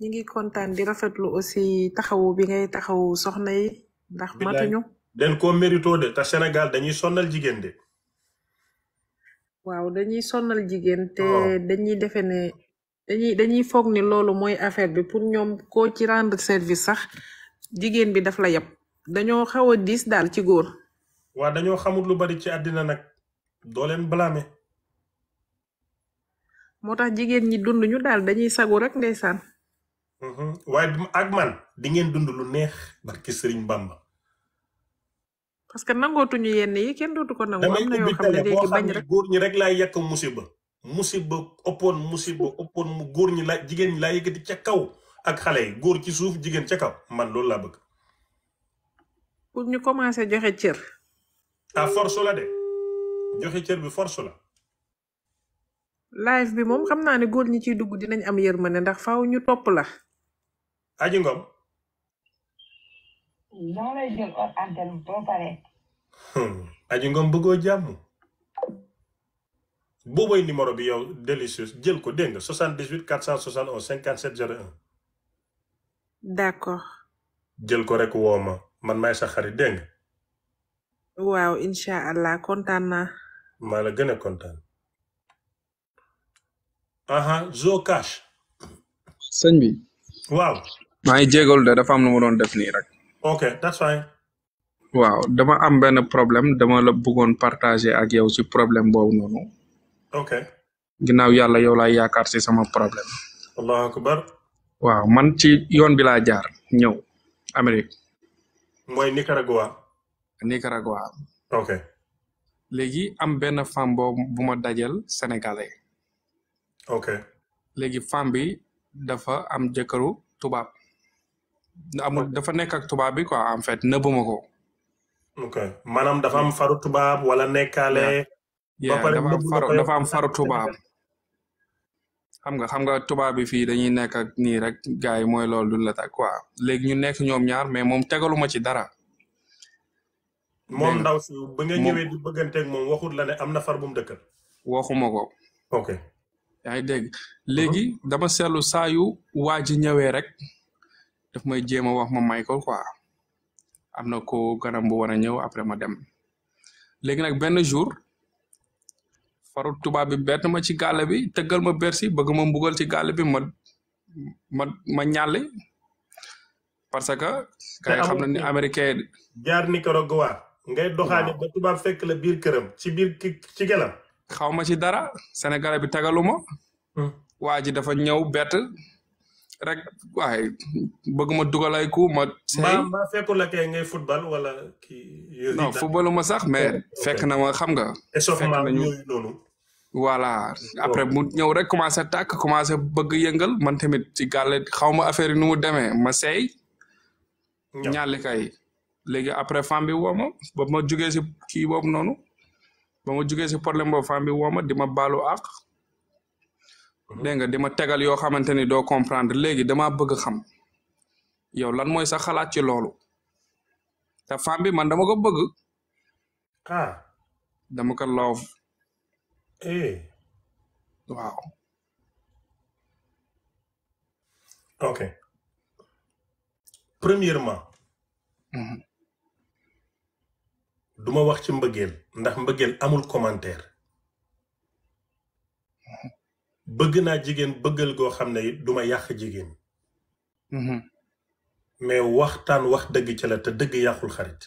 ñu ngi kontaan di rafetlu aussi taxawu bi ngay taxawu soxna yi ndax matuñu den ko mérito de te Sénégal dañuy sonnal jigéen de waaw dañuy sonnal jigéen te oh. dañuy defe ne dañuy dañuy foog ni loolu mooy affaire bi pour ñoom koo ci rendre service sax jigéen bi daf la yab dañoo xaw a diis daal ci góor waa dañoo xamut lu bari ci àddina nag doo leen moo tax jigéen ñi dund ñu daal dañuy sagu rek ndeysaan Mhm. waaye ak man di ngeen dund lu neex barki Sëriñ Bamba. parce que ñu yenn yi kenn dootu ko nangu. am na yoo xam ne léegi bañ rek góor ñi rek laay yàq musiba. musiba ëppoon ëppoon mu góor ñi la jigéen ñi laa yëkkati ca kaw ak xale góor ci suuf jigéen ca kaw man loolu laa bëgg. pour ñu commencer joxe cër. ah force de joxe cër bi force la. live bi moom xam naa ne góor ñi ciy dugg dinañ am yërmande ndax faw ñu topp la. Aji Ngom. dama lay jël hors antenne boo paree. Hmm. Aji Ngom bëggoo jàmm. boobooy numéro bi yow Delicious jël ko dégg nga 78 471 57 01. d'accord. jël ko rek woo man maay sa xarit dégg nga. waaw incha allah kontaan naa. maa la gën a kontaan. aha Zo Cash. sëñ bi. waaw. maa ngi jégalu de dafa am lu ma doon def nii rek. ok that's fine. dama am benn problème dama la bëggoon partager ak yow ci problème boobu noonu. ok ginnaaw yàlla yow laa yaakaar si sama problème. allahu akbar. waaw man ci yoon bi laa jaar ñëw Amérique. mooy Nicaragua. Nicaragua. ok. léegi am benn femme boobu bu ma dajal sénégalais. ok. léegi femme bi dafa am jëkkëru tubaab. amul dafa nekk ak tubaab bi quoi en fait nëbbuma ko. ok maanaam dafa am faru tubaab wala nekkaale. ba dafa am faru dafa am faru tubaab. xam nga xam nga tubaab bi fii dañuy nekk ak nii rek gars yi mooy loolu duñ la tag quoi léegi ñu nekk ñoom ñaar mais moom tegaluma ci dara. moom ndaw si ba nga ñëwee di bëgganteeg moom waxut la ne am na far bu mu dëkkal. waxuma ko. ok yaa uh-huh. dama seetlu saa yu waa ji ñëwee rek. daf may jéem a wax ma may ko quoi am na ko ganam bu war a ñëw après ma dem léegi nag benn jour faru tubaab bi bett ma ci gàll bi tëggal ma bersi bëgg ma mbugal ci gàll bi ma ma ma ñàlli parce que kay xam na ni américain jaar ni ko rogwaar ngay doxaani ba tubaab fekk la biir këram ci biir ci gelam xaw ma ci dara sénégalais bi tagalu ma hmm. waa ji dafa ñëw bett rek waaye bëgg ma dugal ay ma. sey ngay football wala kii. non ma sax mais fekk na ma xam nga. échauffement yooyu voilà après mu ñëw rek commencé tàkk commencé bëgg yëngal man tamit ci gàlle xaw ma affaire yi nu mu demee ma seey. ñaali kay léegi après femme bi woo ma ba si kii boobu noonu ba ma si problème boobu femme bi woo ma di ma baalu àq. dégg nga di ma tegal yoo xamante ni doo comprendre léegi damaa bëgg xam yow lan mooy sa xalaat ci loolu ta femme bi man dama ko bëgg. ah. dama ko love. eh. waaw. ok premièrement. Mhm. duma wax ci mbëggeel ndax mbëggeel amul commentaire. bëgg naa jigéen bëggal goo xam ne it du yàq jigéen. Mm-hmm. mais waxtaan wax dëgg ca la te dëgg yàqul xarit.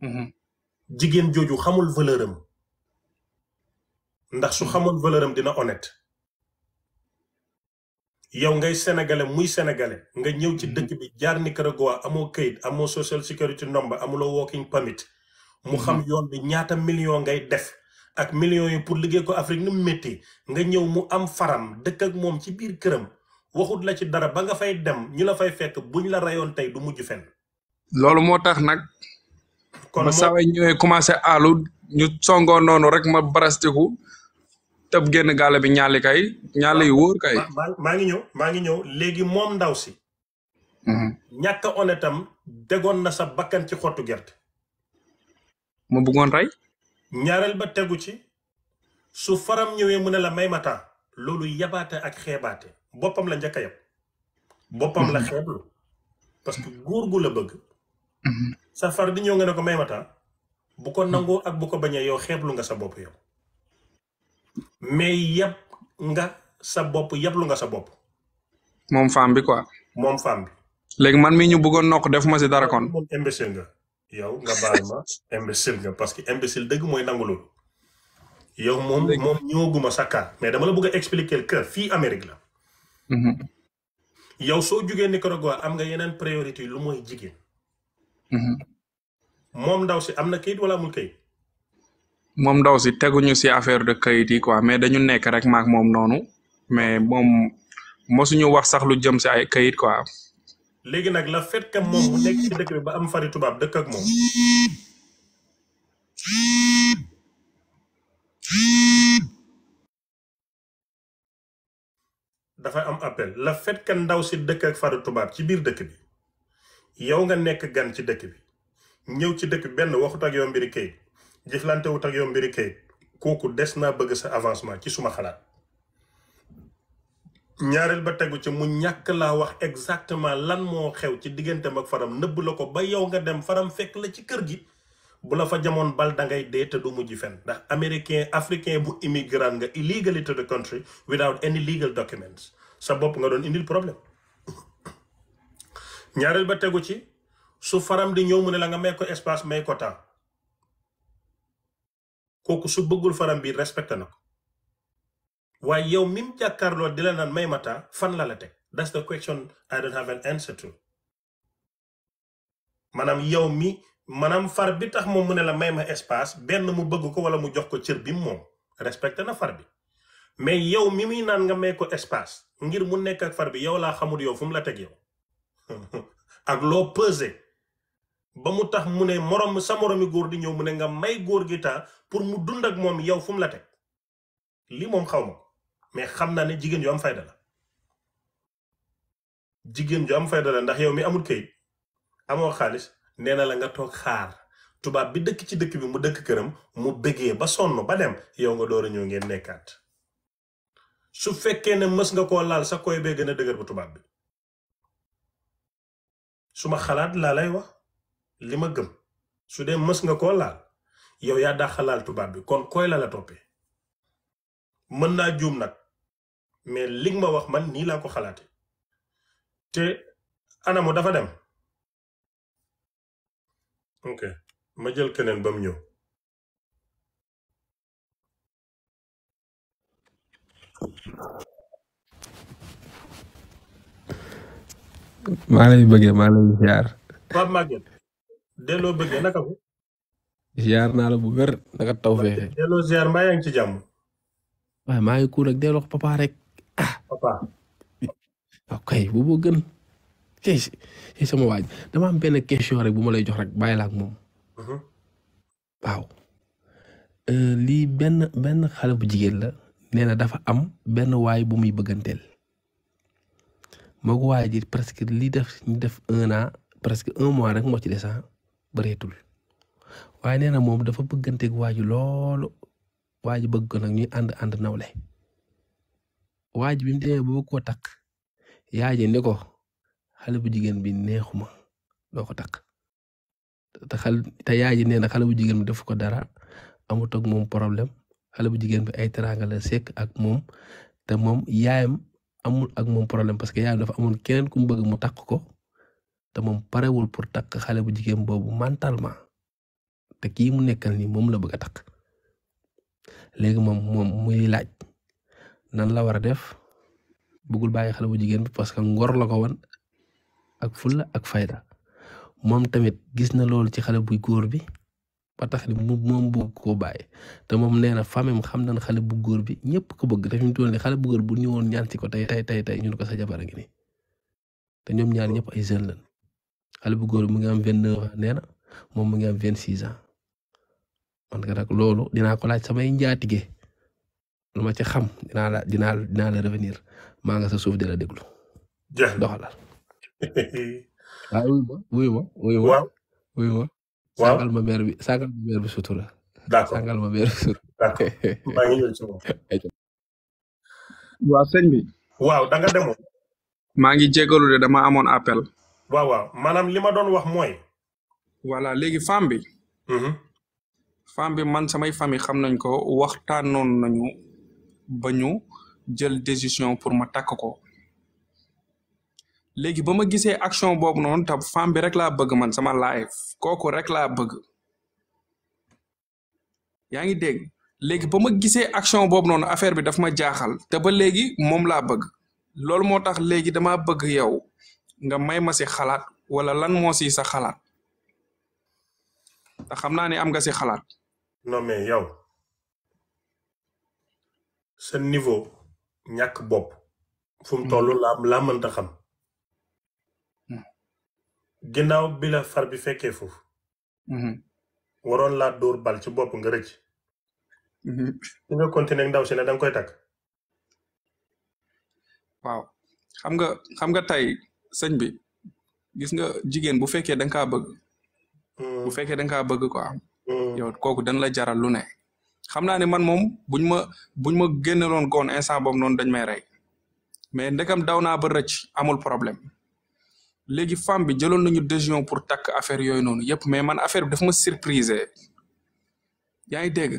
Mm-hmm. jigéen jooju xamul valeur ndax su mm-hmm. xamoon valeur am dina honnête. yow ngay sénégalais muy sénégalais nga ñëw ci dëkk bi jaar ni Nicaragua amoo kayit amoo social security number amuloo walking permit mu xam yoon bi ñaata million ngay def ak million yi pour liggéey ko Afrique nu mu métti nga ñëw mu am faram dëkk ak moom ci biir këram waxut la ci dara ba nga fay dem ñi la fay fekk buñ la rayoon tey du mujj fenn. loolu moo tax nag. kon ba saa ñëwee commencé aalu ñu songoo noonu rek ma barastiku tëb genn gaale bi ñaali kay ñaali yu wóor kay. maa ngi ñëw maa ngi ñëw léegi moom ndaw si. Mm-hmm. ñàkk a honnêtam degoon na sa bakkan ci xottu gerte. mu bëggoon rey. ñaareel ba tegu ci su faram ñëwee mu ne la may ma loolu yabaate ak xeebaate boppam la njëkk a yab boppam la xeeblu parce que góor gu la bëgg mm-hmm. sa far di ñëw nga ne ko may ma temps bu ko nangoo ak bu ko bañee yow xeeblu nga sa bopp yow mais yab nga sa bopp yablu nga sa bopp moom femme bi quoi moom femme bi léegi man mii ñu bëggoon nokk def ma si dara kon moom imbécile nga yow nga baal ma imbécile nga parce que imbécile dëgg mooy nangu loolu yow moom moom ñëwaguma sa cas mais dama la bëgg a expliquer que fii Amérique la mhm. yow soo jugee Nicaragua am nga yeneen priorité lu mooy jigéen mhm. moom ndaw si am na kayit wala amul kayit moom ndaw si teguñu si affaire de kayit yi quoi mais dañu nekk rek maak moom noonu mais moom mosuñu wax sax lu jëm si ay kayit quoi léegi nag la fait que moom mu nekk ci dëkk bi ba am fari tubaab dëkk ak moom dafa am appel la fait ndaw si dëkk ak fari tubaab ci biir dëkk bi yow nga nekk gan ci dëkk bi ñëw ci dëkk benn waxut ak yow mbiri kayit jëflante wut ak yow mbiri kayit kooku des naa bëgg sa avancement ci suma xalaat ñaareel ba tegu ci mu ñàkk laa wax exactement lan moo xew ci digganteem ak faram nëbb la ko ba yow nga dem faram fekk la ci kër gi bu la fa jamoon bal da ngay dee te du mujj fen ndax américain africain bu immigrant nga illegally to the country without any legal documents sa bopp nga doon indil problème ñaareel ba tegu ci su faram di ñëw mu ne la nga may ko espace may ko temps kooku su bëggul faram bii respecté na ko waaye yow mi mu jàkkaarloo di la naan may mata fan la la teg that's the question I don't have an answer to maanaam yow mi maanaam far bi tax moom mu ne la may ma espace benn mu bëgg ko wala mu jox ko cër bi moom respecté na far bi mais yow mi muy naan nga may ko espace ngir mu nekk ak far bi yow laa xamul yow fu mu la teg yow ak loo pesé ba mu tax mu ne moroom sa moroomi góor di ñëw mu ne nga may góor gi temps pour mu dund ak moom yow fu mu la teg lii moom xaw ma mais xam naa ne jigéen ju am fayda la jigéen ju am fayda ndax yow mi amul kayit amoo xaalis nee na la nga toog xaar tubaab bi dëkk ci dëkk bi mu dëkk këram mu bëggee ba sonn ba dem yow nga door a ñëw ngeen nekkaat su fekkee ne mës nga koo laal sa koy bee gën a dëgër bu tubaab bi su ma xalaat laa lay wax li ma gëm su dee mës nga koo laal yow yaa dàq laal tubaab bi kon koy la la toppee mën naa juum nag mais li ma wax man nii laa ko xalaate te anamu dafa dem ok ma jël keneen ba mu ñëw maa lay bëggee maa lay ziar. Pape Maguette delloo bëggee naka ko. ziar naa la bu wér naka taw feexe. delloo ziar mbaa yaa ngi ci jàmm. waaye maa ngi kuul ak delloo papa rek. papa. ok bu gën. ci sama waaj dama am benn question rek bu ma lay jox rek bàyyi la ak moom. Mhm. waaw. Euh, lii benn benn xale bu jigéen la nee na dafa am benn waay bu muy bëgganteel. moo ko waay ji presque li def ñu def un an presque un mois rek moo ci des ah, bareetul waaye nee na moom dafa bëgganteeg waa ji loolu waa bëgg ko nag ñuy ànd ànd nawle. waa bi mu demee ba koo takk yaay ji ne ko xale bu jigéen bi neexuma doo ko takk te xal te yaay nee na xale bu jigéen bi def ko dara amut ak moom problème xale bu jigéen bi ay teraanga la sekk ak moom te moom yaayam amul ak moom problème parce que yaayam dafa amoon keneen ku mu bëgg mu takk ko te moom parewul pour takk xale bu jigéen boobu mentalement te kii mu nekkal nii moom la bëgg a takk léegi moom moom muy laaj nan la war a def buggul bàyyi xale bu jigéen bi parce que ngor la ko wan ak fulla ak fayda moom tamit gis na loolu ci xale bu góor bi ba tax ni moom bëgg koo bàyyi te moom nee na famem xam nañ xale bu góor bi ñëpp ko bëgg te fi mu toll xale bu góor bu ñëwoon ñaan si ko tey tey tey tey ñun ko sa jabar a ngi nii te ñoom ñaan ñëpp ay jeunes lañ xale bu góor bi mu ngi am vingt neuf ans nee na moom mu ngi am vingt six ans man nag loolu dinaa ko laaj samay njaatige. lu ma ci xam dinaa revenir maa sa suuf di a déglu. jërëjëf doxalal. ah wuyu ma wuyu ma wuyu ma. waaw wuyu ma. waaw sàngal ma mère bi sàngal ma mère bi sutura. d'accord sàngal ma ngi ñëw da amoon appel. waaw waaw maanaam li doon wax mooy. voilà léegi femme bi. Mhm. femme bi man samay famille xam nañ ko waxtaanoon nañu. ba ñu jël décision pour ma takk ko léegi ba ma gisee action boobu noonu te femme bi rek laa bëgg man sama live kooku rek laa bëgg yaa ngi dégg léegi ba ma gisee action boobu noonu affaire bi dafa ma jaaxal te ba léegi moom laa bëgg loolu moo tax léegi dama bëgg yow nga may ma si xalaat wala lan moo si sa xalaat te xam naa ne am nga si xalaat. non mais yow. sa niveau ñàkk bopp fu mu toll hmm. laa laa mënta xam hmm. ginnaaw bi la far bi fekkee foofu hmm. waroon laa dóor bal ci bopp nga rëcc su nga continuer ndaw si ne danga koy takk waaw xam nga xam nga tey sëñ bi gis nga jigéen bu fekkee danga ka bëgg bu fekkee danga kaa bëgg quoi yow kooku dan la jaral lu ne xam naa ne man moom buñ ma buñ ma génneloon koon instant boobu noonu dañ may rey mais ndekam daw naa ba rëcc amul problème léegi femme bi jëloon nañu décision pour takk affaire yooyu noonu yëpp mais man affaire bi dafa ma surprise yaa ngi dégg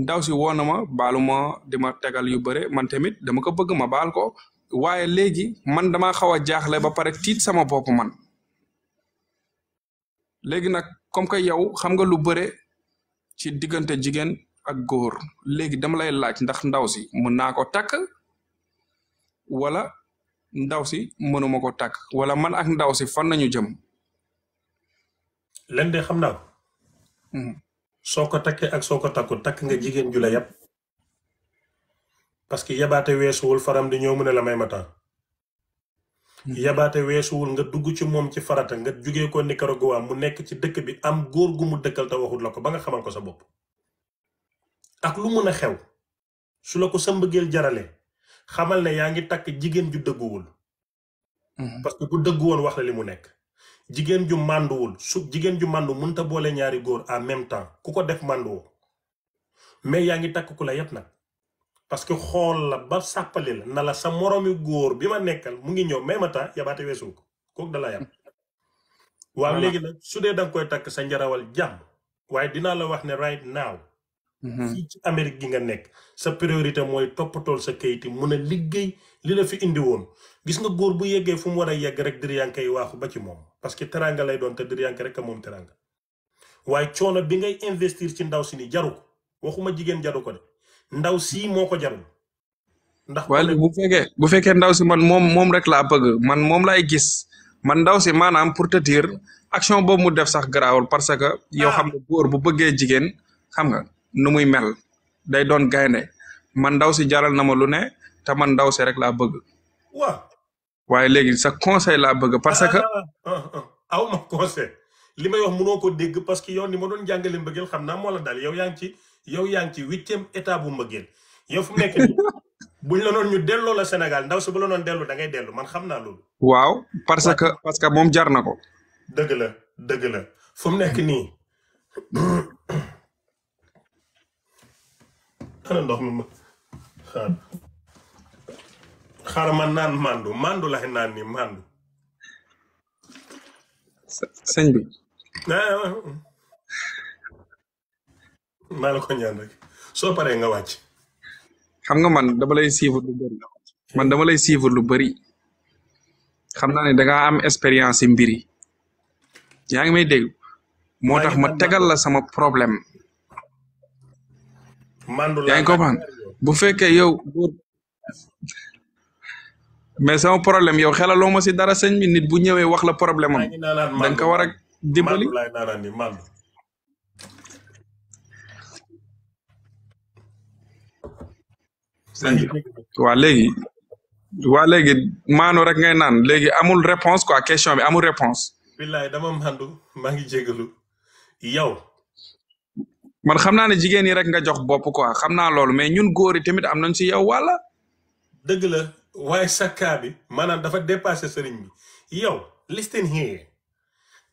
ndaw si woon na ma baalu ma di tegal yu bëre man tamit dama ko bëgg ma baal ko waaye léegi man damaa xaw a jaaxle ba pare tiit sama bopp man léegi nag comme que yow xam nga lu bëre ci diggante jigéen ak góor léegi dama lay laaj ndax ndaw si mën naa ko takk wala ndaw si mënuma ko takk wala man ak ndaw si fan nañu jëm. len de xam naa hmm. soo ko takkee ak soo ko takku takk nga jigéen ju la yab. parce que yabaate weesuwul faram di ñëw mu ne la may ma temps. Hmm. yabaate weesuwul nga dugg ci moom ci farata nga jugee ko Nicaragua mu nekk ci dëkk bi am góor gu mu dëkkal te waxul la ko ba nga xamal ko sa bopp. ak lu mën a xew su la ko sa mbëggeel jarale xamal ne yaa ngi takk jigéen ju dëgguwul mhm. parce que bu dëgg woon wax la li mu nekk jigéen ju mànduwul su jigéen ju màndu mënta boole ñaari góor en même temps ku ko def mànduwoo mais yaa ngi takk ku la yépp nag parce que xool la ba sàppali la na la sa moroomi góor bi ma nekkal mu ngi ñëw ma temps yabaate weesu ko kooku da la waaw léegi nag su dee danga koy takk sa njarawal jàmm waaye dinaa la wax ne right now fii mm-hmm. ci Amérique gi nga nekk sa priorité mooy toppatool sa kayit mun a liggéey li la fi indi woon gis nga góor bu yeggee fu mu war a yegg rek diriyànke yi waaxu ba ci moom que teraanga lay doon te diriyànke rek a moom teraanga waaye coono bi ngay investir ci ndaw si ni jaru ko waxuma jigéen jaru ko de ndaw sii moo ko jarul ndax waaye bu fekkee bu fekkee ndaw si man moom moom rek laa bëgg man moom laay gis man ndaw si maanaam pour te action boobu mu def sax garaawul parce que yow ah. xam nga góor bu bëggee jigéen xam nga nu muy mel day doon gaynde man ndaw si jaral na ma lu ne te man ndaw si rek laa bëgg. waaw. waaye léegi sa conseil laa bëgg parce que. Ah, ah, ah, aw ma conseil li may wax mënoo ko dégg parce que yow ni ma doon jàngale mbëggeel xam naa moo la dal yow yaa ngi ci yow yaa ngi ci huitième état bu mbëggeel yow fu mu nekk buñ la noon ñu delloo la Sénégal ndaw si bu la noon dellu dangay dellu man xam naa loolu. waaw parce que parce que moom jar na ko. dëgg la dëgg la fu mu nekk nii. ndox mi ma xaar ma naan màndu màndu laay naan nii sëñ bi. maa la soo paree nga wàcc. xam nga man dama lay suivre lu bëri man dama lay suivre lu bari xam naa ne da am expérience yi mbir yi yaa ngi may dégg moo tax ma tegal la sama problème. mandu la yaa ngi comprendre bu fekkee yow. mais sama problème yow xelaloo ma si dara sëñ bi nit bu ñëwee wax la problème am da wara ko war a dimbali. bi waa léegi. waa léegi maanu rek ngay naan léegi amul réponse quoi question bi amul réponse billaay dama mandu yow. man xam naa ne jigéen yi rek nga jox bopp ko xam naa loolu mais ñun góor yi tamit am nañ si yow walla. dëgg la waaye sa cas bi maanaam dafa dépassé sëriñ bi yow listen here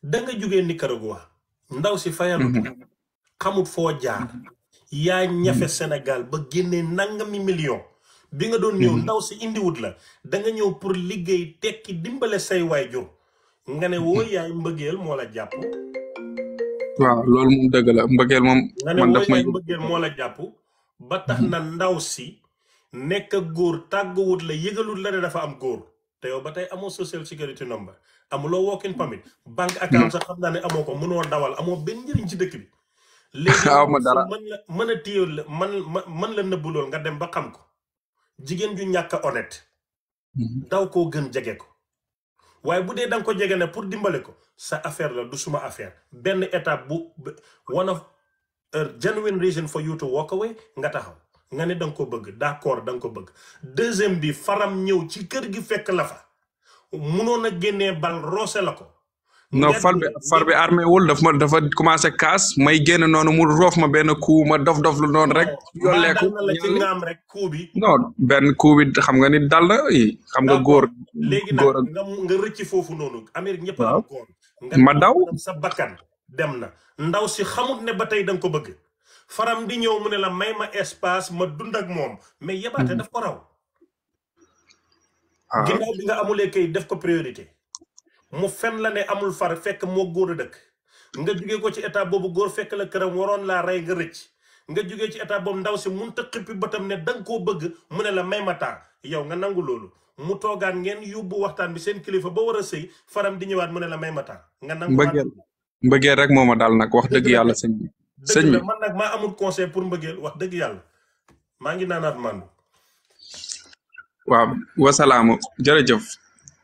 da nga jógee wa ndaw si fayalut mhm. xamut foo jaar mhm. yaa ñafe mhm. Sénégal ba génnee mi million bi nga doon ñëw ndaw si indiwut la da nga ñëw pour liggéey tekki dimbale say waajur nga ne woo yaay mbëggeel moo la jàpp waaw loolu moom dëgg la mbëggeel moom. man daf may mbëggeel moo la jàpp. ba tax na ndaw si nekk góor tàgg wut la yëgalut la ne dafa am góor te yow ba tey amoo social security number amuloo walking permit bank account sax xam naa ne amoo ko mënoo dawal amoo benn njëriñ ci dëkk bi. léegi man la mën a téye man man la nëbbu lool nga dem ba xam ko jigéen ju ñàkk a honnête. Mhm. daw koo gën jege ko. waaye bu dee da nga ko jege ne pour dimbale ko sa affaire la du suma affaire benn étape bu wana of a genuine reason for you to walk away nga taxaw nga ne da nga ko bëgg d'accord da nga ko bëgg deuxième bi faram ñëw ci kër gi fekk la fa munoon a génnee bal roose la ko non far bi far bi armé wul ma dafa commencé kaas may génn noonu mu roof ma benn coup ma dof dof lu noonu rek. yolleeku rek coup bi. non benn coup bi xam nga ni dal la xam nga góor. léegi nag nga nga rëcc foofu noonu. Amérique ñëpp a góor. ma daw sa bakkan dem na. ndaw si xamut ne ba tey da ko bëgg. faram di ñëw mu ne la may ma espace ma dund ak moom mais yebaate hmm. daf ko raw. Ah. ginnaaw bi nga amulee kay def ko priorité. mu fen la ne amul far fekk moo góor a dëkk nga jugee ko ci état boobu góor fekk la këram waroon laa rey nga rëcc nga jugee ci état boobu ndaw si munta xippi bëtam ne da nga koo bëgg mu ne la may ma yow nga nangu loolu mu toogaan ngeen yóbbu waxtaan bi seen kilifa ba war a sëy faram di ñëwaat mu ne la may ma temps nga nangu mbëggeel mbëggeel rek moo ma daal nag wax dëgg yàlla sëñ bi sëñ bi man nag maa amul conseil pour mbëggeel wax dëgg yàlla maa ngi naanaat mandu jërëjëf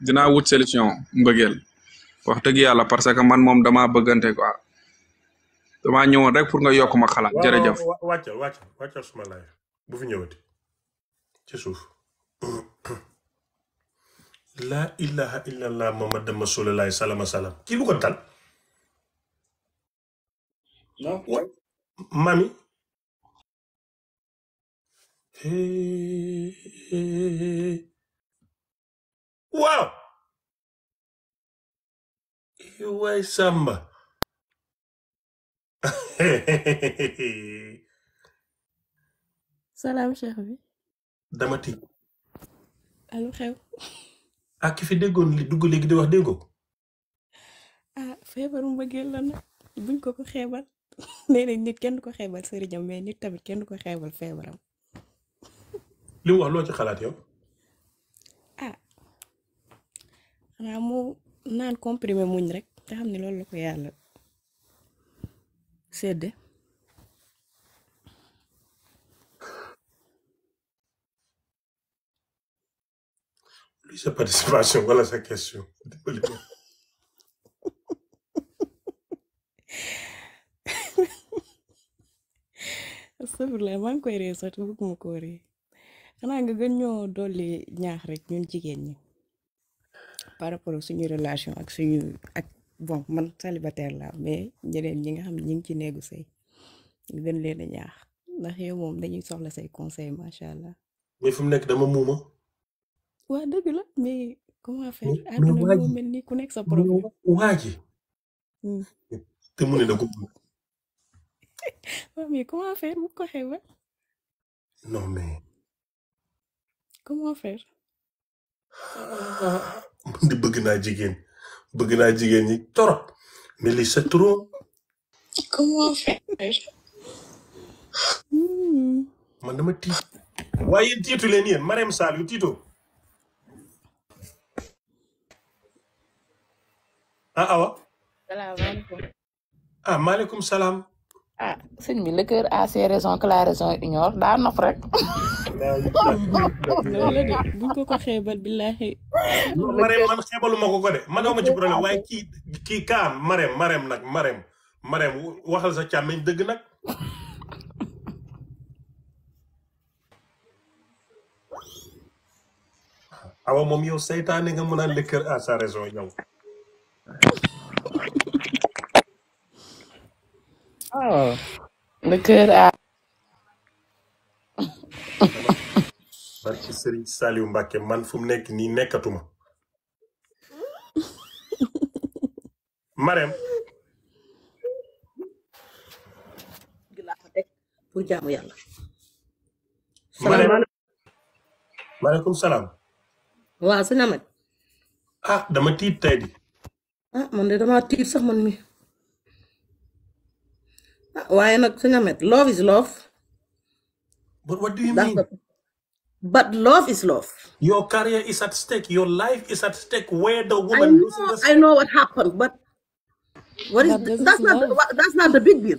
dinaa wut solution mbëggeel wax dëgg yàlla parce que man moom damaa bëggante quoi damaa ñëwoon rek pour nga yokk ma xalaat. jërëjëf waaw wàcc wàcc wàcc suma bu fi ñëwati ci suuf. laa ilaha illallah muhammadan rasulullah salama salaam kii lu dal. mami. Hey, waaw waay sàmba salaam cheikh bi dama tiit alu xew ak ah, ki fi déggoon li dugg léegi di wax déggoo ah feebaru mbëggeel la nag buñ ko ko xeebal nee nit kenn du ko xeebal sëriñam mais nit tamit kenn du ko xeebal feebaram li wax loo ci xalaat yow xanaa naan comprimé muñ rek te xam ne loolu la ko yàlla sédde luy sa participation wala sa question astafurlah maa ngi koy ree sax bëgguma ko xanaa nga gën ñoo dolli ñaax rek ñun jigéen ñi par rapport ak suñu relation ak suñu ak bon man célibataire la mais ñeneen ñi nga xam ne ñu ngi ci néegu sëy ñu gën leen a ñaax ndax yow moom dañuy soxla say conseil macha allah. mais fi mu nekk dama muuma. waa dëgg mais comment faire. àdduna ni ku nekk sa problème. Hmm. mu ne da ko. mais comment faire bu di bëgg naa jigéen bëgg naa jigéen ñi torop mais li c'est trop. comment faire. Hmm. man dama tiit. waaye yéen tiitu leen yéen Marème Sall yu tiitoo. ah awa. salaamaaleykum. ah maaleykum salaam. ah sëñ bi le cœur a ses raisons que la raison rek. buñ ko ko xeebal billahi. Marème man xeebalu ko ko de man aw ma ci waaye kii kaam Marème Marème nag Marème waxal sa càmmiñ dëgg nag. awa moom yow saytaane nga mën a le cœur a sa Oh, the good eye. barki Serigne Saliou man fu nekk nii nekkatuma Marème pour jaamu yàlla Marème maaleykum salaam waaw sëñ Amady ah dama tiit tey di ah, dama tiit sax man mi waaye nag suñu amet love is love. but what do you mean. but love is love. your career is at stake your life is at stake where the woman. I know I what happened but. that's not the big deal.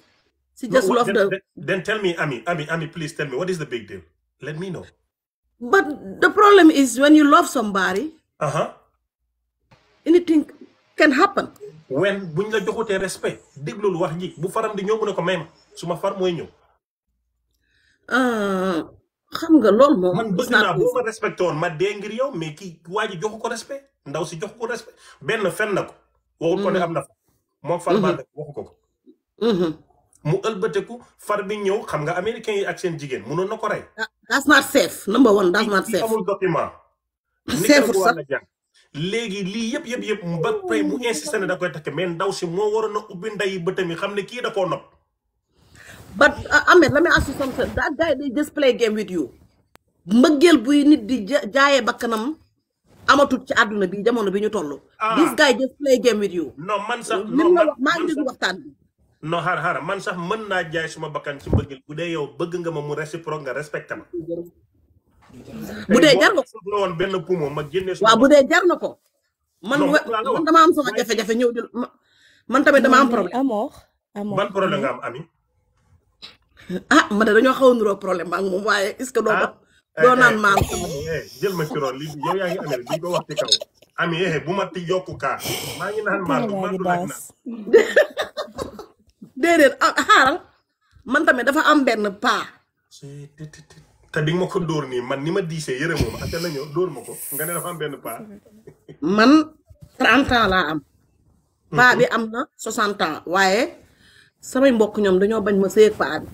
she just loved the. then tell me Ami Ami please tell me what is the big deal let me know. but the problem is when you love somebody. uh anything can happen. wen buñ la joxutee respect déglul wax ji bu faram di ñëw mu ne ko may ma far mooy ñëw. Euh, xam nga loolu moo man bëgg naa bu ma ma dee ngir yow mais kii waa ji joxu ko respect ndaw si joxu ko benn fen na ko. waxul ko am na fa. moom far mhm. baa waxu ko ko. Mhm. mu ëlbateku far bi ñëw xam nga américain yi ak seen jigéen mënoon na ko rey. that's not safe number one that's not safe. amul document. safe sax léegi lii yëpp yëpp yëpp ba mu insisté ne da koy takk mee ndaw si moo waroon a ubbi nday bëtam yi xam ne kii da koo nopp. but uh, Ahmed let me ask you something that guy they play game with you. mbëggeel buy nit di jaayee bakkanam amatut ci àdduna bi jamono bi ñu toll. ah this guy just play game with you. non man sax non man sax waxtaan bi. non xaaral xaaral man sax mën naa jaay suma bakkan ci mbëggeel bu dee yow bëgg nga ma mu réciproque nga respecté bu dee jar na ko waaw bu dee jar ko man man dama am sama jafe-jafe ñëw di man tamit dama am problème amoo amoo nga am ami ah ma ne dañoo xaw a problème ba ak moom waaye ce que doo ko ah, eh, doo eh, naan eh, jël ma li yaa ngi amee duñ ko wax ci bu ma ti yokku kaa maa ngi naan maam maa ngi man tamit dafa am benn paa te di ma ko dóor nii man ni ma diisee yëre moom ak la ñëw dóor ma ko nga ne dafa am benn paa. man 30 laa am. paa am na 60 ans waaye samay mbokk ñoom dañoo bañ ma seeg paa bi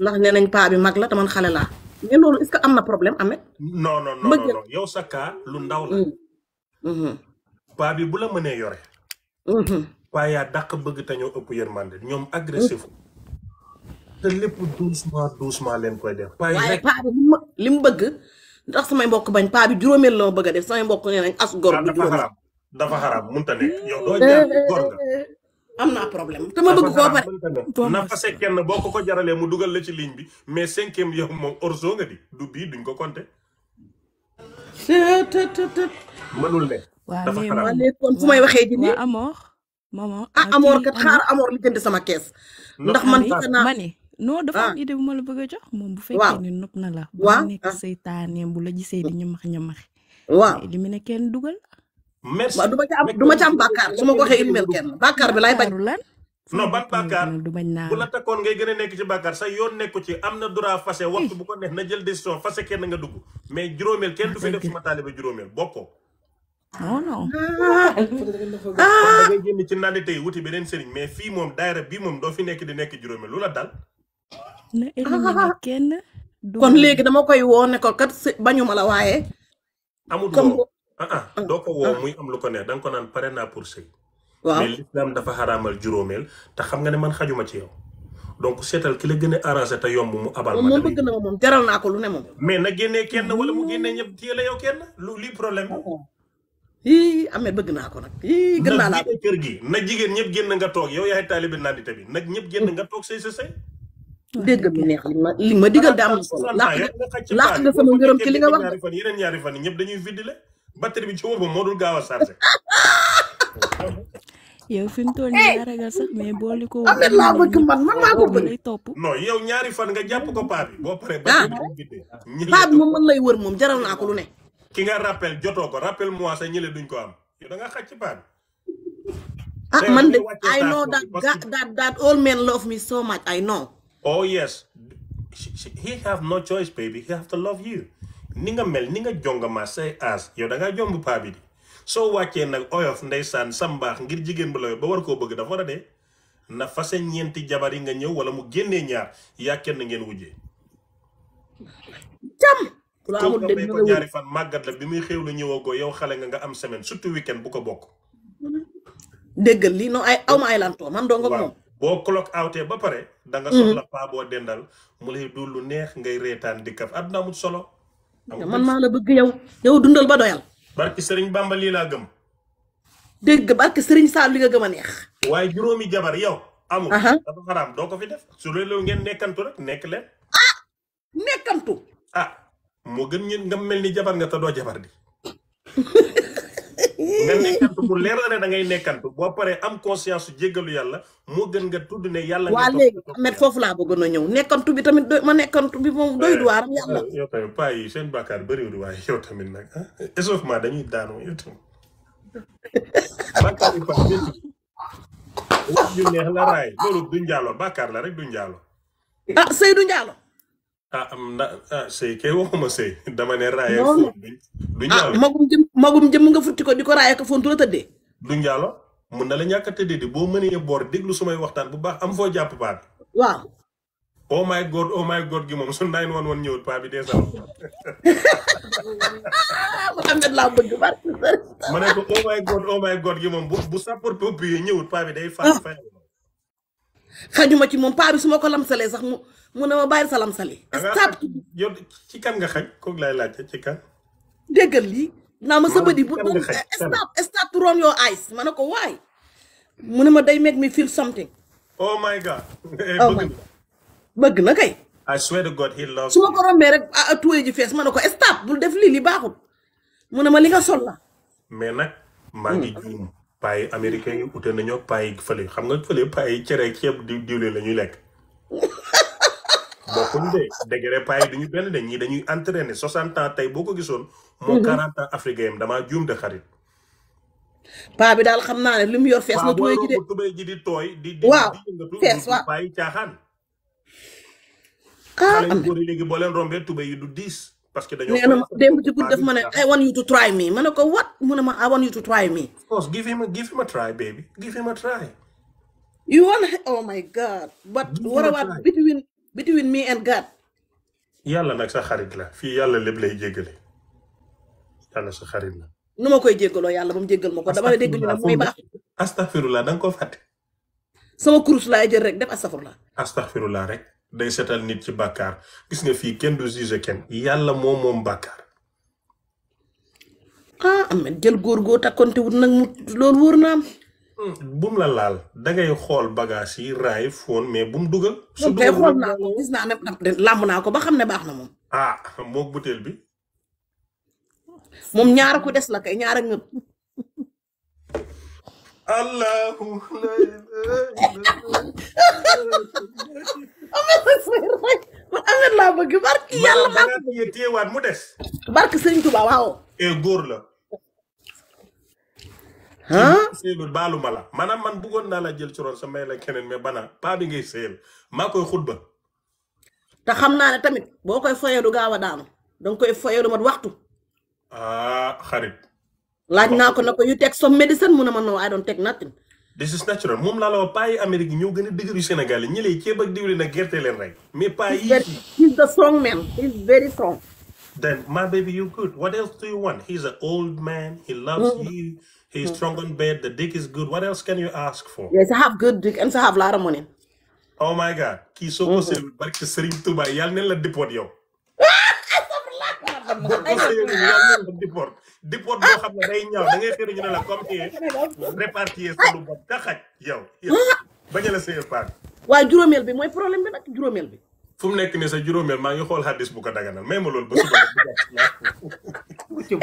ndax nee nañ paa mag la te man xale laa mais loolu est-ce que am na problème Ameth. non non non non yow sa lu ndaw la. Mm. Mm-hmm. paa bi bu la mënee yore. Mm-hmm. paa yaa dàq bëgg te ñoo ëpp yërmande ñoom agressif. Mm. te lépp doucement doucement leen koy def. waaye paa li mu bëgg ndax samay mbokk bañ paa bi juróomeel la ma bëgg a def samay mbokk nee nañ as gor. dafa xaram dafa xaram mënta nekk yow doo jaar nga. am naa problème te ma bëgg koo pare. na fase kenn boo ko ko jaralee mu dugal la ci ligne bi mais cinquième yow moom orzo nga di du ko compter. mënul ne. dafa xaram kon fu may waxee ji nii amoor. maman ah amoor kat xaar amoor li jënd sama kees. ndax man gis naa non dafa am ah. idée bu ma la bëgg a jox. moom bu fekkee ne nopp na la. waaw bu nekk ah. seytaane bu la gisee di ñu max ñu max. waaw li mu ne kenn dugal. merci waaw du ma ci am du ma ci am bàkkaar su ma ko waxee mel kenn bàkkaar bi laay bañ. non ban bàkkaar bu la takkoon ngay gën a nekk ci bàkkaar sa yoon nekku ci am na droit fase waxtu bu ko neex na jël décision fase kenn nga dugg mais juróomeel kenn du fi def suma taalibe juróomeel bokkoo. non non. Ah. da ngay génn ci naan tey wuti beneen sëriñ mais fii moom daayira bii moom doo fi nekk di nekk juróomeel lu la dal. na éliminer kenn. kon léegi dama koy woo ne ko kat bañu ma la waaye. amul woo ah ah doo ko woo muy am lu ko neex danga ko naan pare naa pour sëy. waaw mais dafa xaraamal juróomeel te xam nga ne man xajuma ci yow. donc seetal la gën a arrangé te yomb mu abal bëgg na ma moom jaral naa ko lu ne mais na génnee kenn wala mu génnee ñëpp téye yow kenn lu lii problème bi. yii amee bëgg naa ko nag. yii gën naa laa ko kër na jigéen ñëpp génn nga toog yow yaay taalibi naan di tamit nag ñëpp génn nga toog sëy sa sëy. dégg bi neex li ma li a digal daa am solo laax nga sama ngërëm ci li nga wax yeneen ñaari fan ñëpp dañuy vidile batterie bi ci wóor ba moo dul gaaw a chargé yow fi mu toll nii ragal sax mais booli ko amet laa bëgg man man yow ñaari fan nga jàpp ko paa bi boo paree ah. ba paa bi moom lay wër moom jaral naa ko lu ne ki nga jotoo ko rappel moi sa ñële duñ ko am yow da nga xaj paa ah man de I know that that that all men love me so much I know oh yes he have no choice baby he have to love you ni nga mel ni nga jongama say as yow da ngaa jomb paa bi soo wàccee nag oyof ndeysaan sam mbaax ngir jigéen bu la ba war koo bëgg dafa war a dee na fase ñeenti jabar yi nga ñëw wala mu génnee ñaar yaa kenn ngeen wujjee tam comme ko ñaari fan màggat la bi muy xéw la ñëwoo ko yow xale nga nga am semaine surtout weekend bu ko bokk déggal lii noonu ay awma ay lantoo man doo nga moom boo clock outee ba pare. danga nga soxla mm-hmm. paaboo boo dendal mu lay dul lu neex ngay reetaan di kaf àdduna amul solo. nga man maa la bëgg yow yow dundal ba doyal. barki sëriñ Bamba lii laa gëm. dégg barki sëriñ Sall li nga gëm a neex. waaye juróomi jabar yow. amul dafa xaram doo ko fi def. su loolu ngeen nekkantu rek nekk leen. ah nekkantu. ah moo gën ngeen nga mel ni jabar nga te doo jabar di. nga nekkantu ne da ngay nekkantu boo paree am conscience su yàlla moo gën nga tudd ne yàlla. waa léegi Ahmed foofu laa bëggoon a ñëw nekkantu bi tamit ma nekkantu bi moom doy du waaram yàlla. Eh, yow tamit paa yi seen bàkkaar bëriwul waaye yow tamit nag ah échauffement dañuy daanoo yow tamit. bàkkaar yi paa neex la raay loolu du njaalo bàkkaar la rek du njaalo. ah Seydou Njaalo. ah am na ah sëy kay waxuma sëy dama ne raaya. non du njaalo ah, du njaalo mun na la ñàkk a tëddee di boo mënee boor déglu sumay waxtaan bu baax am foo jàpp paa bi. waaw. oh my oh gi moom su nine one one ñëwut paa bi dee saw. Mouhamed laa bëgg ba. ma ne ko oh my god oh gi moom bu bu sapeur pompier ñëwut paa bi faa ah. fayal. xajuma ci moom paa su ma ko lamsalee sax mu mu ne ma bàyyi sa lamsalee. Ah, ah, stop ah, yow ci kan nga xaj kooku laaj laajte ci kan. déggal lii. naa ma sa bëri bu doon eh, stop stop roon yoo ice ma ne ko waay. mu ne ma day make me feel something. oh my god. Eh, oh bëgg na kay. I swear to God ma ko rombee rek ah fees ma ne ko eh, stop bul def lii li baaxul. mu ne ma li nga sol la. mais nag maa ngi juum. paa yi américain yi ute nañoo paa yi fële xam nga fële paa cere ceeb diw diwle la ñuy lekk bokkuñ de degré paa yi duñu benn de ñii dañuy entraîné soixante ans tey boo ko gisoon moo mhm. quarante ans africain yam damaa juum de xarit paa bi daal xam naa ne lu fees na tubéy ji di tooy di di waaw fees waaw ah, boo leen rombee tubéy du diis parce que dañoo. démb ci guddi daf ma ne I want you to try me ma ne ko what mu ne ma I want you to try me. of course give him a give him a try baby give him a try. you want oh my God. but what about between between me and God. yàlla nag sa xarit la fii yàlla lépp lay jéggale yàlla sa xarit la. nu ma koy jéggaloo yàlla ba mu jéggal ma ko dama la dégg ñu ne mooy baax. astaghfirullah da nga koo fàtte. sama kurus laay jël rek def astaghfirullah. astaghfirullah rek. day setal nit ci bàkkaar gis nga fii kenn du juge kenn yàlla moo moom bàkkaar ah am jël góor goo takkonte wut nag mu loolu wóor na hmm, bum la laal dangay xool bagage yi raay foon mais bum dugal su dugal làmb naa ko ba xam ne baax na moom ah mook butéel bi moom ñaara des la kay ñaara ngëb Ameth a bëgg barke yàlla ma nga téewaat mu des barke sëñ Tuba waaw e góor la ah séelul baalu ma la maanaam man buggoon naa la jël coroon sa may la keneen mais bana paa bi ngay séyal maa koy xutba te xam naa ne tamit boo koy foyee du gaaw a daanu danga koy foyee du waxtu ah xarit laaj naa ko na ko yu teg some medicine mu ne man no I don't take nothing this is natural moom laa la wax paa yi Amérique yi ñoo gën a dëgëru Sénégal yi ñëlee ceeb a diwlin ak gerte leen rek. mais paa yi he's the strong man he's very strong. then my baby you good what else do you want he's an old man he loves mm-hmm. you he's strong on bed the dick is good what else can you ask for. yes I have good dick and I have lot money. oh my God. kii soo ko mm-hmm. seetlu barke Serigne Touba yàlla na la déport yow. ah. dipote boo xam ne day ñaw da ngay xëy ñu ne la comme tey répartir sa lu bon taxaj bañ a la sëyal paak waaye juróomeel bi mooy problème bi nag juróomeel bi fu mu nekk ni sa juróomeel maa ngi xool bu ko daganal may ma loolu ba suba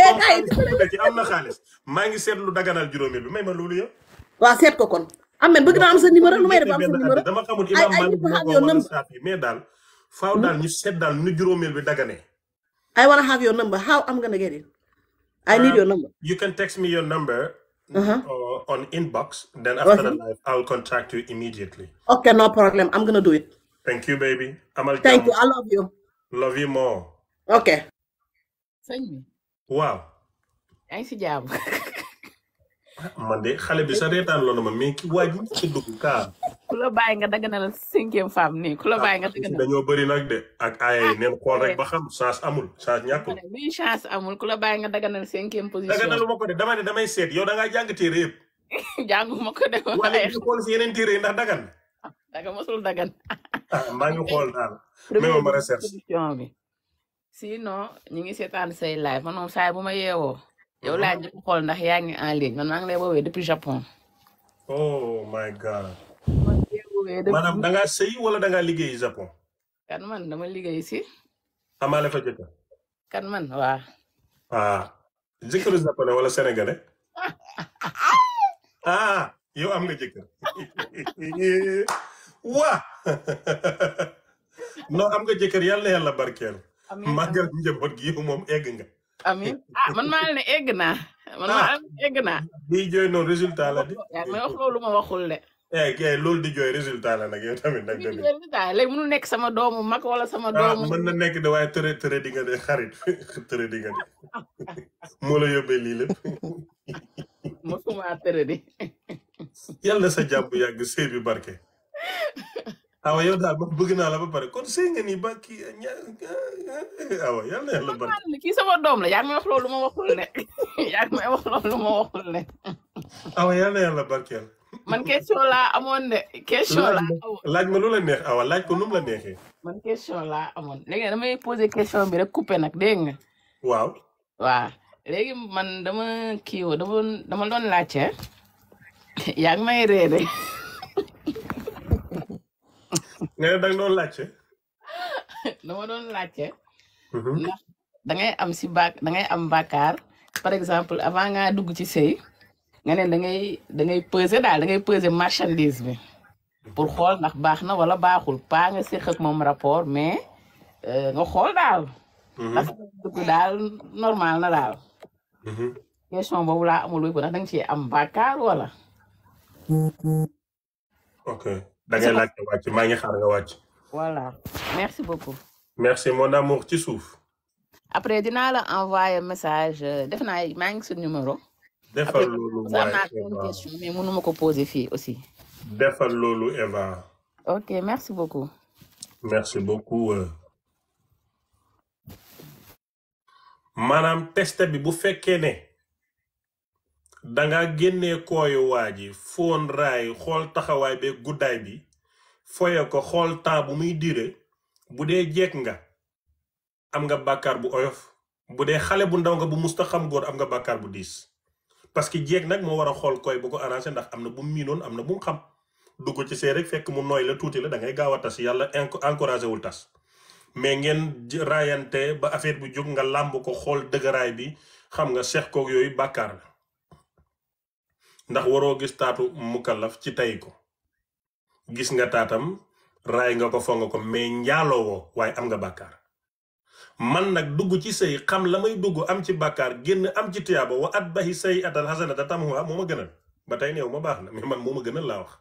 eh, am na xaalis maa ngi seet lu daganal juróomeel bi ma loolu ko kon am bëgg naa am sa numéro lu may def am sa numéro dama xamul imam Malick yi mais daal faaw daal ñu seet daal nu juróomeel bi daganee I wanna have your number how am gonna get it I need um, your number. You can text me your number uh-huh. Uh, on inbox. Then after okay. the uh-huh. you immediately. Okay, no problem. I'm gonna do it. Thank you, baby. Amal Thank you. I love you. Love you more. Okay. sëñ bi. waaw. yaa ngi si jàmm. man de xale bi sa reetaan loolu ma mais ki waa ji ci dugg ku la bàyyi nga dagg na la cinquième femme nii ku la bàyyi nga dagg na la. dañoo bëri nag de ak ay ah, neen xool rek ba xam la bàyyi nga dagg na la cinquième position. dagg na lu de damay seet yow da ngaa jàng téere yëpp. jàngu ma ko de wala ñu xool si yeneen téere yi ndax dagan. Ah, daga mosul dagan. Ah, maa ngi xool daal. mais ma recherche. sinon ñu ngi seetaan say live man moom saa bu ma yeewoo. yow laa njëkk uh-huh. xool ndax yaa ngi en ligne man maa ngi lay woowee depuis Japon. oh my god. maanaam da ngaa sëy wala danga ngaa liggéey Japon. kan man dama liggéey si. amaale ah, fa jëkkër. kan man waaw. ah jëkkëru japonais wala sénégalais. ah yow am nga jëkkër. waa non am nga jëkkër yàlla na yàlla barkeel. amiin màggal njaboot gi moom egg nga. amin ah man maa ne egg naa man ah. maa ne egg naa. di jooy noonu résultat la di. yaa ngi wax ma waxul de. Eh, eh loolu di jooy résultat la nag yow tamit nag. tamit léegi mënu nekk sama doomu mag wala sama. Ah, doomu mën na nekk de waaye tërë tërë di nga de xarit tërë di nga de moo yóbbee lii lépp. mosuma tërë di. yàlla sa jàmm yàgg sëy bi barke. awa yow daal man bëgg naa la ba pare kon sëy nga ba kii awa yal na yàlla bari kii sama doom la yaa ngi may wax loolu ma waxul ne yaa ngi may wax loolu ma waxul ne awa yal na yàlla barkeel man question laa amoon de question laa laaj ma lu la neex awa laaj la neexee man question laa amoon léegi damay poser question bi rek coupé nag dégg nga waaw waaw léegi man dama kiiwo dama dama doon laajte yaa ngi may ree nga ne da doon laajte. dama doon laajte. Mhm. ndax da ngay am si ba da ngay am bàkkaar par exemple avant ngaa dugg ci sëy nga ne da ngay da ngay peser daal da ngay peser marchandise bi pour xool ndax baax na wala baaxul pas nga séq ak moom rapport mais euh, nga xool daal. Mhm. ndax dugg daal normal na daal. Mhm. question boobu laa amul wéy ko ndax da nga am bàkkaar wala. da ngay laaj nga maa ngi xaar nga wàcc. voilà merci beaucoup. merci mon amour ci suuf. après dinaa la envoyer message euh, def naa maa ngi sa numéro. defal loolu waaye Eva après am naa ko poser fii aussi. defal loolu Eva. ok merci beaucoup. merci beaucoup. Euh. maanaam test bi bu fekkee ne. danga génnee kooyu waa ji fóon raay xool taxawaay be guddaay bi foye ko xool temps bu muy diire bu dee jeeg nga am nga bàkkaar bu oyof bu dee xale bu ndaw nga bu musta xam góor am nga bàkkaar bu diis parce que jeeg nag moo war a xool kooy bu ko arrangé ndax am na bu mu miinoon am na bu mu xam dugg ci see fekk mu nooy la tuuti la da ngay gaaw a tas yàlla encouragé wul tas mais ngeen raayante ba affaire bu jóg nga làmb ko xool dëgëraay bi xam nga seex yooyu bàkkaar la ndax waroo gis taatu mukallaf ci tey ko gis nga taatam raay nga ko fo nga ko mais njaaloo waaye am nga bakkaar man nag dugg ci sëy xam la may dugg am ci bàkkaar génn am ci tiyaaba wa at bahi sëy atal xasanata tamhuha moo ma gënal ba tey néew ma baax na mais man moo ma gënal laa wax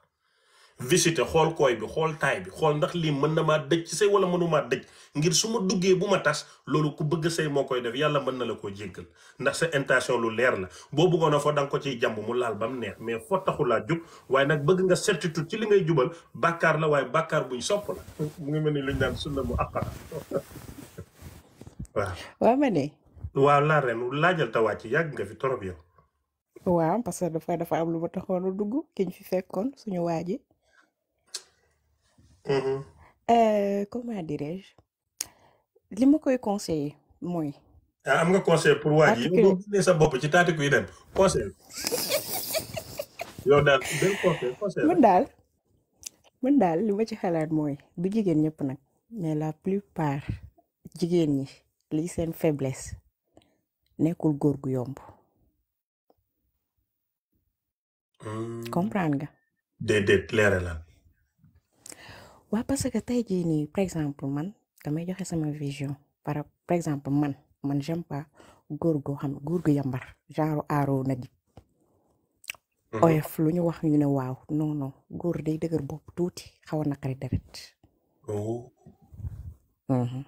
visiter xool kooy bi xool taay bi xool ndax lii mën na maa dëj ci say wala mënumaa dëj ngir su ma duggee bu ma tas loolu ku bëgg say moo koy def yàlla mën na la koo jéggal ndax sa intention lu leer na boo bëggoon a fo da ko ciy jàmb mu laal ba mu neex mais foo taxulaa jub waaye nag bëgg nga certitude ci li ngay jubal bàkkaar la waaye bàkkaar buñ sopp la mu ngi mel ni luñ naan sunna mu àqara waaw waaw ma ne waaw laajal ta wàcc yàgg nga fi torop yow dafa am lu ma taxoon a dugg ki fi fekkoon suñu waaji Eh, comment dirais li ma koy conseiller mooy. Ah, am nga conseil pour waa ji yow bopp ci taati kuy dem conseil yow daal benn conseil conseil man daal man daal li ma ci xalaat mooy bu jigéen ñépp nag mais la plupart jigéen ñi li seen faiblesse nekkul góor gu yomb. Hmm. comprendre nga. déedéet la waa parce que tey jii nii par exemple man damay joxe sama vision par par exemple man man j'aime pas góor goo xam góor gu yambar genre aaro na di mm-hmm. lu ñu wax ñu ne waaw non non góor day dëgër bopp tuuti xaw a naqari deret oh. mm-hmm.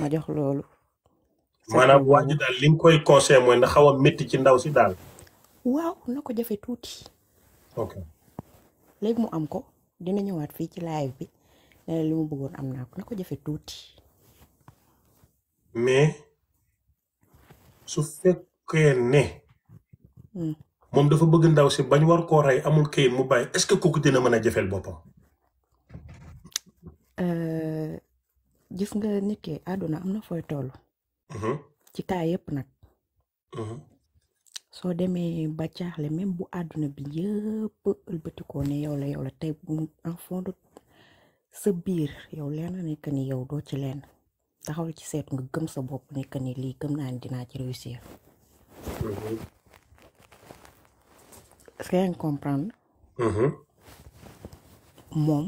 ma jox loolu maanaam waaju daal li nga koy conseil mooy na xaw a métti ci ndaw si daal waaw na ko jafe tuuti ok mu am ko dina ñëwaat fii ci live bi ne li mu bëggoon am naa ko na ko jafe tuuti. mais su fekkee ne. Hmm. moom dafa bëgg ndaw si bañ war koo rey amul kayit mu bàyyi est-ce que kooku dina mën a jafeel boppam. Euh, gis nga nit ki àdduna am na fooy toll. Mhm. ci kaa yëpp nag. Mhm. soo demee ba caaxle même bu àdduna bi yëpp ëlbatikoo ne yow la yow la tey en fond de sa biir yow leen na nekk ni yow doo ci leen taxawal ci seetu nga gëm sa bopp nekk ni lii gëm naa ni dinaa ci réussir. Mm-hmm. est mm-hmm. moom.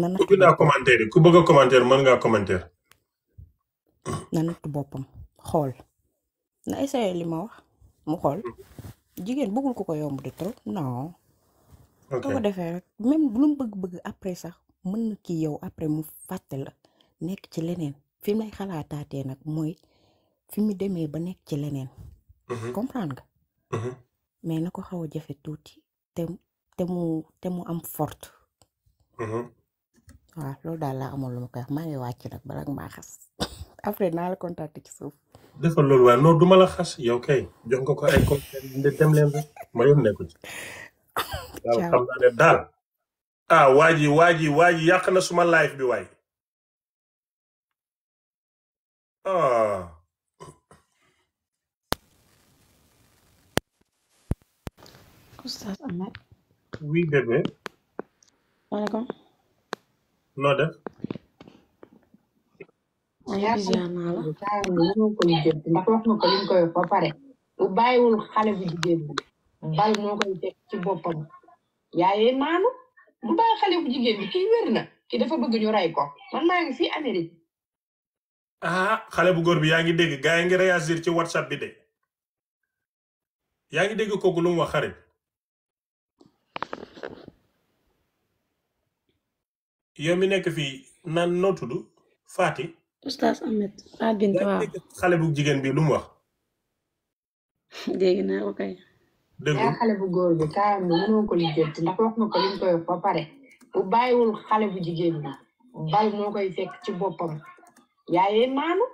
nan ku bëgg naa commentaire ku bëgg a commentaire mën ngaa commentaire. nanatu boppam xool. na essayé li ma wax mu xool mm-hmm. jigéen bëggul ku ko yomb de trop non. ok ko defee rek même lu bëgg-bëgg après sax mën na kii yow après mu fàtte la nekk ci leneen fi mu lay xalaataatee nag mooy fi mu demee ba nekk ci leneen. Mm-hmm. comprendre nga. Mm-hmm. mais na ko xaw a jafe tuuti te te mu te mu am forte. waaw loolu daal laa amoon lu ma koy wax maa ngi wàcc nag bala nga maa xas après naa la contacter ci suuf. defa loolu waaye non duma la xas yow kay jox ko ay conseils dem leen rek ma yoon daal ah waa ji waa yàq na suma live bi waay. ah. Oustaz Ahmed. oui bébé. maaleykum. noo def. moo koy jënd ndax wax xale bu góor bi yaa ngi dégg gaa ngi réagir ci whatsapp bi ngi dégg kooku lu mu wax nekk fii naan noo tudd Fati Oustaz Ahmed Fatou xale bu jigéen bi lu mu dégg naa ko kay. dégg xale bu góor bi kaayam bi mënoo ko lijjanti ndax wax nga ko li ñu ba pare bu bàyyiwul xale bu jigéen bi bal moo koy fekk ci boppam yaayee maanu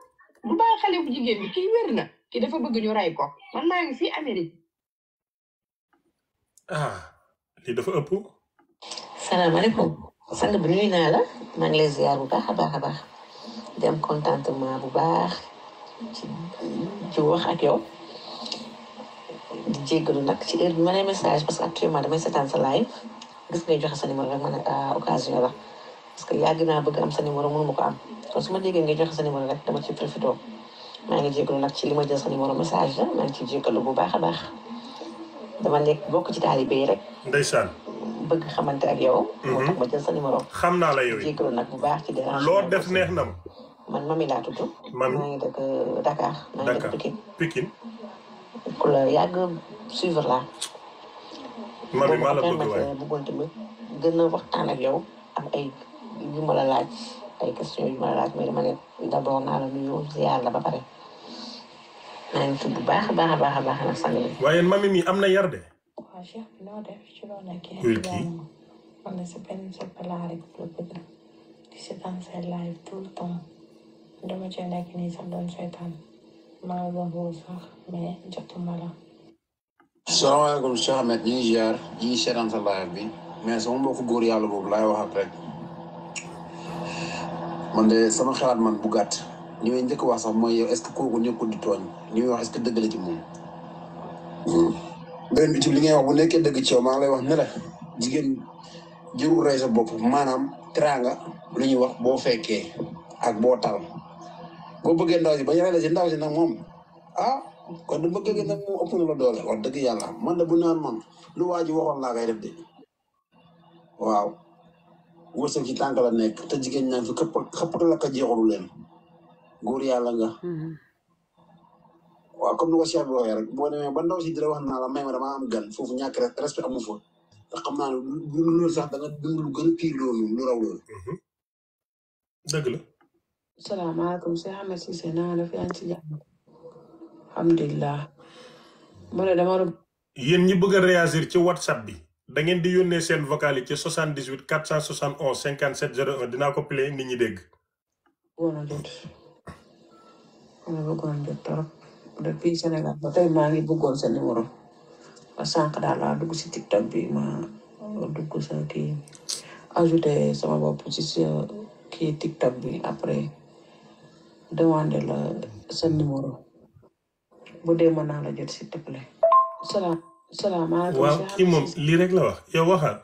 bu xale bu jigéen bi kii wér na ki dafa bëgg ñu ray ko man maa ngi fii Amérique. ah lii dafa ëpp. salaamaaleykum sang bi nuyu naa la maa ngi lay ziar bu baax a dem am contentement bu baax ci wax ak yow di jéggalu nag ci heure bi ma nee message parce que actuellement damay seetaan sa laay gis ngay joxe sa numéro rek ma ne ah, occasion la parce que yàgg naa bëgg am sa numéro mënu ma ko am kon su ma déggee ngay joxe sa numéro rek dama ci profité maa ngi jéggalu nag ci li ma jël sa numéro message la maa ngi ci jéggalu bu baax a baax dama nekk bokk ci taalibe yi rek bëgg xamante ak yow. Mhm. moo tax ma jël sa numéro. xam naa la yooyu jégalu nag bu baax ci dérangement. loolu def neex na ma. man mami laa tudd. mami maa ngi dëkk Dakar. maa ngi dëkk Pikine ku la yàgg suivre laa. mami maa la bëgg waaye bëggoon tamit gën a ma la laaj ay yu la laaj mais dama ne la ba pare. maa a baax a baax a baax mami mi am na yar de. waaw cheikh bi noo def ci loo nekkee. kuy sa benn di sama mbokku góor yàlla boobu laay waxaat rek man de sama xalaat man bu gàtt li may njëkk wax sax mooy yow est ce que kooku nekkul tooñ li wax est dëgg la moom. beneen bi li ngay wax bu nekkee dëgg ci yow maa lay wax ne la jigéen jërul rey sa bopp maanaam teraanga lu ñuy wax boo fekkee ak boo tal boo bëggee ndaw si ba ñu la si ndaw si nag moom ah kon du bëgg nag moom la doole dëgg yàlla man de bu naan man lu waa waxoon laa koy def de waaw wërsëg ci tànk la nekk te jigéen ñaa fi xëpp xëpp la ko jeexalu yàlla nga mm-hmm. waaw comme ni ko Cheikh bi waxee rek boo demee ba ndaw si di la wax naa la may ma damaa am gan foofu ñàkk rek respect amu fa te xam naa ne lu loolu sax da nga dund lu gën a pire loolu lu raw loolu. Mhm. dëgg la. salaamaaleykum Cheikh Ahmed Cissé naa def yaa ngi ci jàmm. alhamdulilah. mu ne dama doon. yéen ñi bëgg a réagir ci whatsapp bi da ngeen di yónnee seen vocal yi ci 78 471 57 01 dinaa ko play nit ñi dégg. bëggoon a jot bëggoon a jot trop. de fii Sénégal ba tey maa ngi bëggoon sa numéro ba sànq daal laa dugg si TikTok bi ma dugg sa kii ajouté sama bopp ci sa kii TikTok bi après demandé la sa numéro bu dee mën naa la jot s'il te plaît. salaam salaamaaleykum. waaw moom lii rek la wax yow waxal.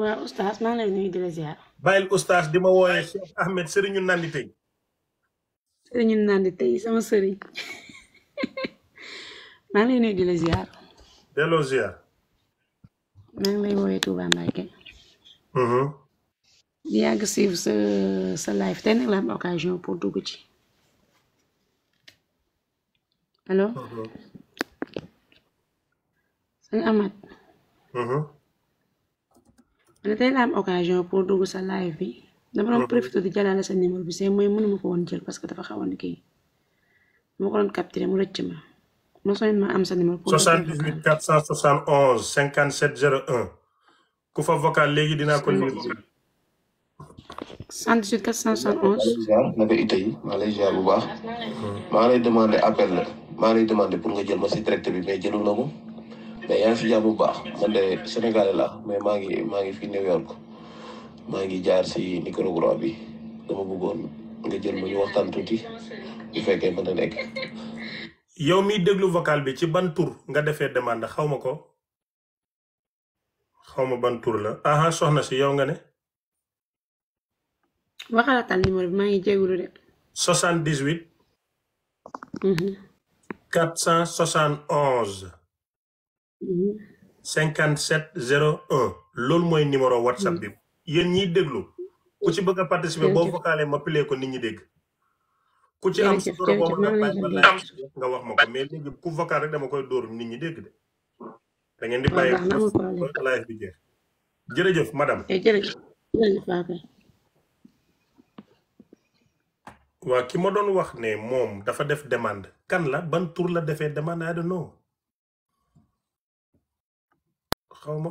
waaw oustaz maa ngi lay nuyu di la di ma wooyee Cheikh Ahmed Serigne Nandite. sëriñ naan di tey sama sëriñ maa ngi lay nuyu di la ziar. delloo ziar. maa ngi lay woowee Touba Mbacké. di yàgg suivre sa sa live tey nag am occasion pour dugg ci allo. sëñ Amath. man tey la am occasion pour dugg sa live bi. dama doon profité di jàllale sa numéro bi see mooy mënuma ko woon jël dafa xawoon kii am sa numéro. 78 471 57 01 ku léegi dinaa ko nuyu. 78 maa lay ziar bu baax. maa lay demandé appel la maa lay demandé pour nga jël ma si direct bi mais jëlul na ko mais yaa ngi si jàmm bu baax man de Sénégalais mais maa ngi fi New York. maa ngi jaar si micro bi dama bëggoon nga jël ma ñu waxtaan tuuti yow miy déglu vocal bi ci ban tur nga defee demande xaw ma ko xaw ma ban la aha soxna si yow nga ne. waxalaatal numéro bi maa ngi jégalu de. 78. 471. 57 01 loolu mooy numéro whatsapp bi. yéen ñi déglu ku ci bëgg a participer boo vocalé ma pilee ko nit ñi dégg ku ci am sutura boobu nga wax ma ko mais léegi dama koy dóor nit ñi dégg de di bàyyi live bi jeex eh, ki ma doon wax ne moom dafa def demande kan la ban tur la defee demande I don't know xaw ma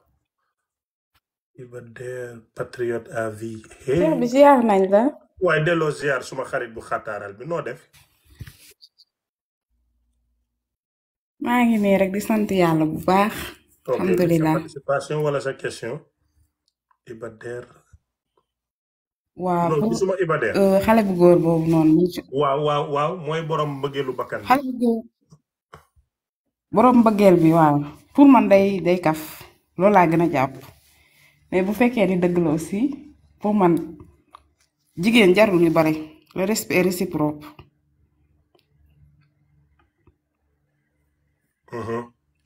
Ibader patriote à vie. Cheikh bi ziar nañ la. waaye delloo ziar suma xarit bu xataaral bi noo def. maa ngi nii rek di sant yàlla bu baax. alhamdulilah participation wala sa question. Ibader. waaw loolu suma Ibader. Euh, xale bu boobu noonu. waaw waaw mooy borom mbëggeelu bakkan. xale bu góor borom bi waaw pour man day day kaf loolu laa gën a jàpp. mais bu fekkee ni dëgg la aussi pour man jigéen jarul yu bari respect est uh-huh.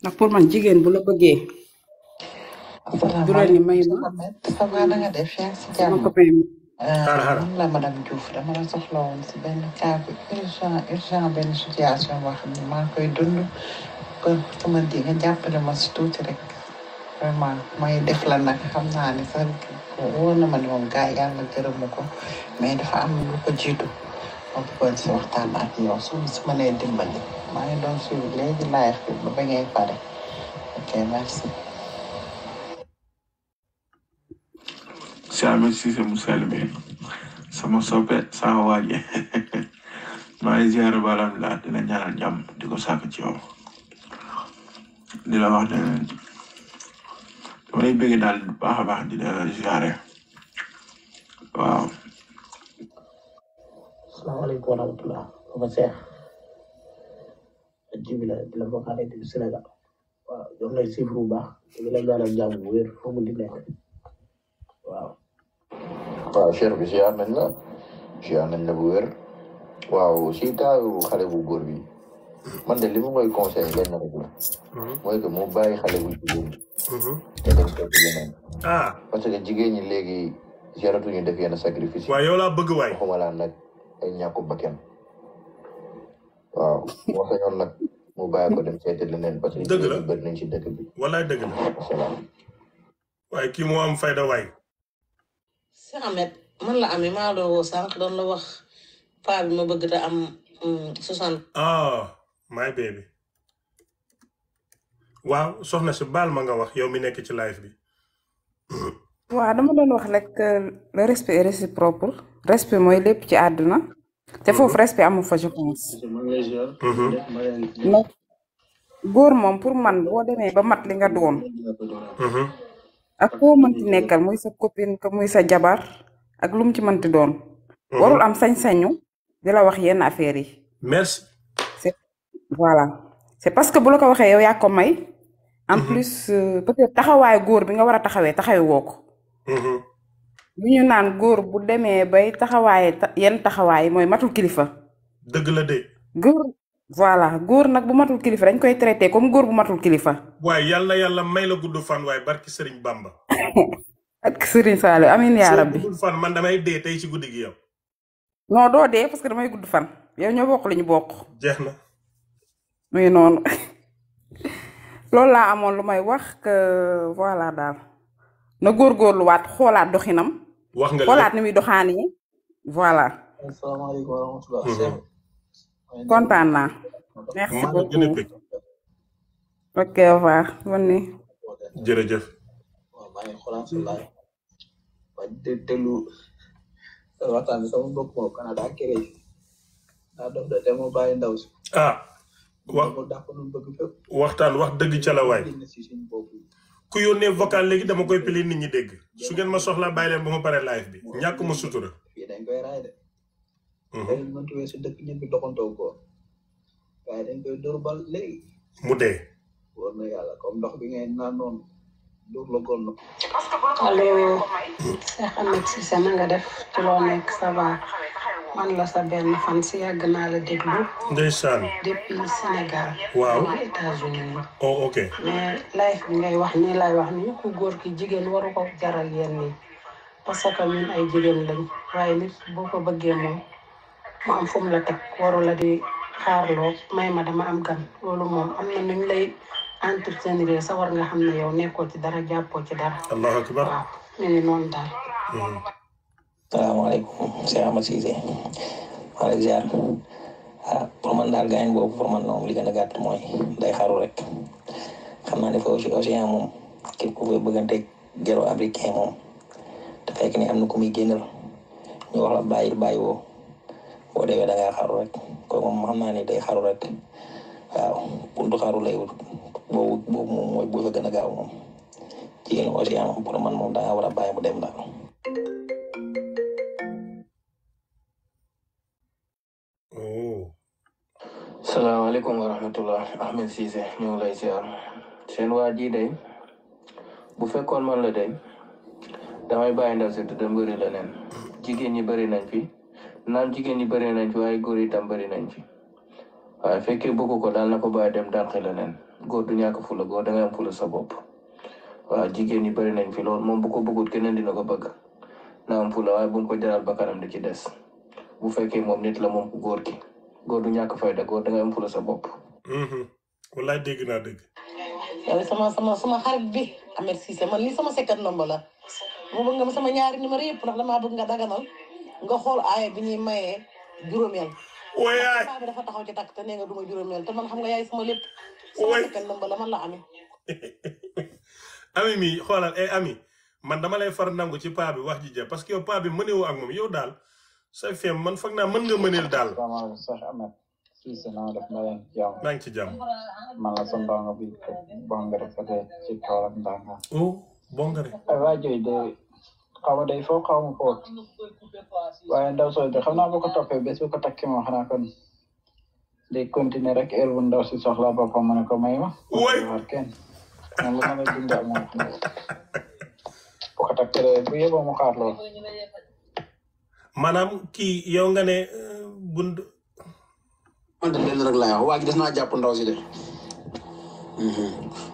ndax pour man jigéen bu la bëggee. du la ni may ma euh, man la soxla woon si benn cas bu urgent urgent benn situation boo xam maa koy dund ba sama di nga jàppale ma si tuuti rek. vraiment def la nag xam naa ne sax wóor na ma ne moom gars yi yàlla gërëmu ko mais am lu ko ma bëggoon si waxtaan ak yow ma nee dimbali maa ngi doon suivre léegi live bi ba ba ngay pare ok merci. si Ahmed Cissé Moussa Limé sama soppe sama waaje maa ngi ziar balam la dina ñaanal jàmm di ko sàkk ci yow di wax ne dama lay daal baax a baax di la ziare waaw. salaamaaleykum wa rahmatulah. Papa Cheikh. Djibi la di la bokkaale di Sénégal. waaw ñoo ngi lay suivre bu baax di la ñaanal jàmm bu wér foo mu di waaw. waaw Cheikh bi ziar nañ la la bu wér. waaw si xale bu góor man de li ma koy mu bàyyi xale bu jigéen ñi. Hmm. te dem toog leneen. ah ñi léegi jaratuñu def yenn sacrifice. waaw yow laa bëgg waay. waxuma laa nag ay ñàkku bakkan. waaw moo sañoon nag mu bàyyi ko dem seeti leneen. parce que dëgg la bëri nañ ci dëkk bi. wallaay dëgg la. salaam. waaye kii moo am la amee maa doon woo doon la wax paa ma bëgg te am mm, soixante. ah. my baby waaw soxna si baal ma nga wax yow mi nekk ci live bi. waaw dama doon wax rek le respect est respect mooy lépp ci àddina te mhm. foofu respect amu fa je pense. ndax mhm. góor moom pour man boo demee ba mat li nga doon. Mhm. ak koo mënti nekkal muy sa copine que muy sa jabar ak lu mu ci mënti doon. warul am sañ-sañu di wax yenn affaires yi. merci. voilà c'est parce que bu la ko waxee yow yaa ko may. en mhm. plus euh, peut-être taxawaay góor bi nga war a taxawee taxawee woo ko. bu mhm. ñu naan góor bu demee bay taxawaay yenn taxawaay mooy matul kilifa. dëgg la de. góor voilà góor nag bu matul kilifa dañ koy traité comme góor bu matul kilifa. waaye yàlla yàlla may la gudd fan waaye barki Serigne Bamba. ak Serigne Saliou amiin yaa rabbi. gudd man damay dee tey ci guddi gi yow. non doo dee parce que damay gudd fan yow ñoo bokk li ñu bokk. jeex na. mu ngi noonu loolu laa amoon lu may wax que voilà daal na góorgóorluwaat xoolaat doxinam. wax nga xoolaat ni muy doxaanee. voilà. asalaamaaleykum mm-hmm. ok au revoir ah. wa waxtaan wax dëgg ca la waay ku yónnee vocal léegi dama koy pili nit ñi dégg su ngeen ma soxlaa bàyyi leen ba ma pare live bi ñàkk ma sutura. fii dañ koy raay de. dañu mhm. mënti weesu dëkk ñëpp waaye dañ koy bal léegi. mu dee. war na yàlla comme ndox bi nga noonu dóor la góor na. allo. Cheikh Ahmed Cissé na nga def ci loo man la sa benn fan si yàgg naa la déglu. ndeysaan. depuis Sénégal. waaw depuis états oh, bi ngay wax nii lay wax nii ku góor ki jigéen waru ko jaral yenn yi parce ay jigéen lañ waaye nit boo ko bëggee moom la teg waru la di xaarloo may ma dama am gan loolu moom am na nuñ lay entretenir sa nga xam ne yow nekkoo ci dara jàppoo ci dara. allahu noonu daal. Hmm. salaamaaleykum Cheikh Ahmed Cissé maa ah, pour man daal gaañ boobu pour man moom li mooy day xaru rek xam naa ne fa aussi Océan moom képp ku koy bëgganteeg gero africain moom te fekk ni am na ku muy génnal ñu wax la bàyyi bàyyi woo boo demee da rek day xaru rek waaw buntu xaru lay wut moom mooy bu fa gën gaaw moom jigéenu Océan pour man moom da ngaa war a dem daal. salaamaaleykum wa rahmatullah Ahmed Cissé ñu ngi lay ziar seen waa ji day bu fekkoon man la day damay bàyyi ndaw si da mbëri la neen jigéen ñi bëri nañ fi naam jigéen ñi bëri nañ fi waaye góor yi tam bëri nañ fi waaye ah, fekkee bëgg ko daal na ko bàyyi dem dànqi neen góor du ñàkk fula góor da ngay sa bopp ah, waa jigéen ñi bëri nañ fi lool moom bu ko bëggut keneen dina ko bëgg na am fula waaye bu mu ko jaral bakkanam di ci des bu fekkee moom nit la moom góor ki góor du ñàkk fayda góor da nga am fula sa bopp. Mm-hmm. wallaay dégg naa dégg. sama sama sama xarit bi Ahmed Cissé man lii sama second nombre la mu bëgg nga sama ñaari numéro yëpp ndax damaa bëgg nga daganal nga xool aaya bi ñuy mayee juróomeel. waay bi dafa taxaw ci takk te nee nga duma juróomeel te man xam nga yaay sama lépp. sama second la man la amee. ami mi xoolal eh ami man dama lay far nangu ci paa bi wax ji ja parce que yow paa bi mënewoo ak moom daal. say man foog naa mën nga mëneel daal. asalaamaaleykum Cheikh Ahmed. si si naa def na leen ci jàmm. maa ngi ci jàmm. man la sa ndongo bi bongare fëte ci Kaolack Ndanga. oh bongare. rajo eh, de xaw ma day foo xaw ma foo. ndaw sooy de xam naa bu ko toppee bés bu ko takki ma xanaa kon day continuer rek heure bu ndaw si soxla boppam ma ne ko may ma. waay ma kenn man lu ma la dundee moom. bu ko takkee bu yeboo mu xaar lool. maanaam kii yow nga ne euh, bund. man de lenn rek laay wax waa ji des naa jàpp ndaw si de. Mhm.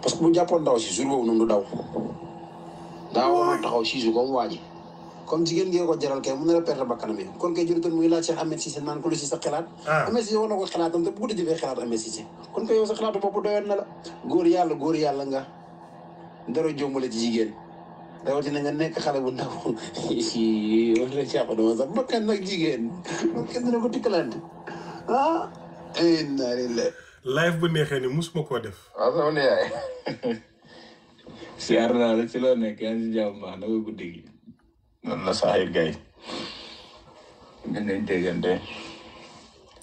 parce que bu jàppoon ndaw si jour boobu noonu du daw. daa waroon taxaw siisu comme waa ji. comme jigéen ngeen ko jaral kay mun na la perte bakkanam yi kon kay jurutoon muy laaj Cheikh Ahmed Cissé naan ko lu si sa xalaat. Ah. Ahmed Cissé war na ko xalaatam te bu guddi jëfee xalaat Ahmed Cissé kon kay yow sa xalaatu bopp doyoon na la. góor yàlla góor yàlla nga. dara jombale ci jigéen. rawatina nga nekk xale bu ndaw yi wax dëgg yàlla dama sax bakkan nag jigéen bakkan dina ko tikkalante ah. inna lillahi. live bu neexee ni musuma koo def. waaw ah, sama ne yaay. siyaar la ci loo nekk yaa ngi si jàmm baax guddi gi. noonu la Saxir Gaye. ngeen di déggante.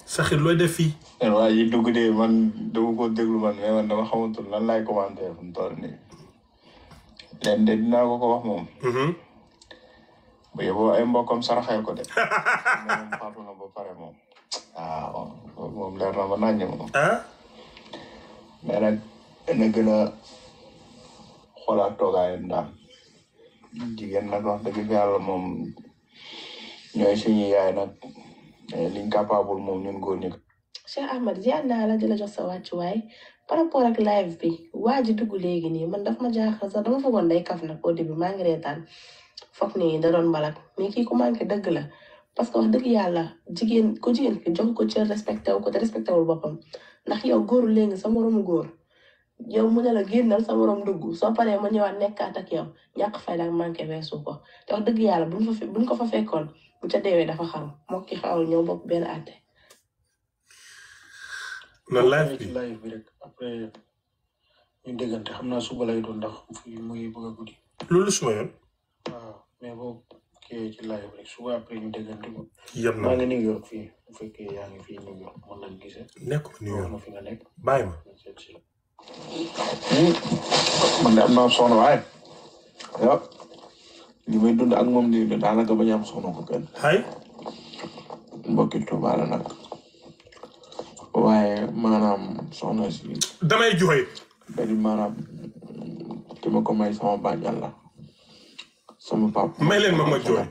Saxir looy def fii. waa ji dugg de man dama ko déglu man mais man dama xamatul lan laay commenté fu mu toll leen de dinaa ko ko wax moom. Mm-hmm. bu yeboo ay mbokkam saraxel ko de. moom faatu na ba pare moom. waaw ah, moom leer na ma naññ moom. Ah? mais nag dana gën a xoolaat daal. jigéen nag wax dëgg fi yàlla moom ñooy suñu yaay nag liñ capable moom ñun góor ñi. Cheikh Ahmed ziar naa la di par rapport ak live bi waa ji dugg léegi nii man daf ma jaaxal sax dama foogoon day kaf nag au début maa ngi reetaan foog nii da doon mbalak mais kii ku manqué dëgg la parce que wax dëgg yàlla jigéen ku jigéen ki ko cër respecté wu ko te respecté wul boppam ndax yow góoru léegi sama room góor yow mu ne la génnal sa morom dugg soo paree ma ñëwaat nekkaat ak yow ñàkk fay daal manqué weesu ko te wax dëgg yàlla buñ ko fa fekkoon bu ca deewee dafa xaru moo ki xawul ñëw bopp benn àtte na live bi bi rek après ñu déggante xam naa suba lay doon ndax fii muy bëgg a guddi. loolu suma yoon. waaw mais boo kii ci live rek suba après ñu déggante ko. yem na maa ngi New York fii yaa ngi fii New York mën nañu gisee. fi nga nekk. bàyyi ma. man de am naa soxna waaye. waaw. li may dund a moom nii daanaka bañ a am soxna ko kenn. hay. mbokki Tuuba la nag. waaye maanaam soxna si. damay jooy. benn maanaam ki may sama bàjjan la sama papa. may leen ma ma jooy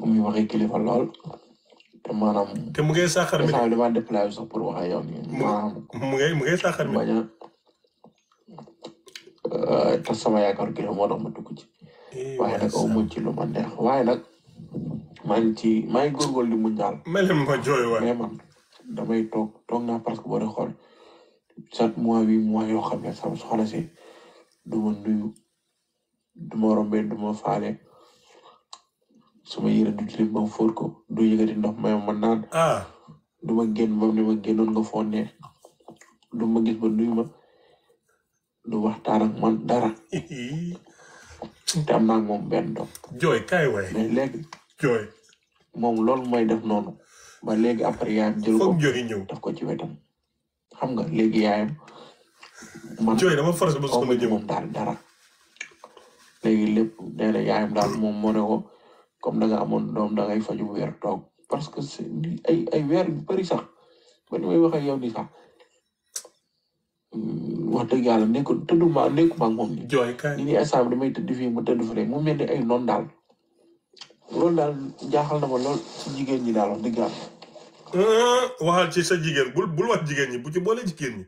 may ma ma kilifa lool. te maanaam. te mu ngi saxar mi wax ak yow nii. maanaam mu ngi mu a euh, te sama yaakar kilifa moo tax ma dugg ci. Eh, waaye nag aw ma waaye nag. maa ngi ci maa ngi góorgóorlu di muñ ma jooy waay mais man damay toog toog naa parce que boo dee xool chaque mois huit mois yoo xam ne sama soxla si du ma nuyu du ma rombee du ma faale sama yére du tilim ba fóor ko du yëgati ndox may ma naan. ah du ma génn ba ni ma génnoon nga foo ne du gis ba nuyu ma du waxtaan man dara. te am naa moom benn doom. jooy kay waay mais léegi. jooy. moom loolu mooy def noonu. ba léegi après yaayam jël ko foog daf ko ci wetam. xam nga léegi yaayam. man jooy dama force ba su ma jëm moom daal dara. léegi lépp nee na daal moom moo ne ko comme da nga amoon doom da ngay faju weer toog parce que ay ay weer yu bëri sax ba ni may wax ak yow nii sax. wax dëgg yàlla nekkul tëdduma nekkuma ak moom. jooy kaay ñu ngi instant bi damay tëdd fii mu tëdd fële mu mel ay noon daal loolu daal jaaxal na ma lool si jigéen ñi daal wax ci sa jigéen bul bul wax ñi bu ci boole jigéen ñi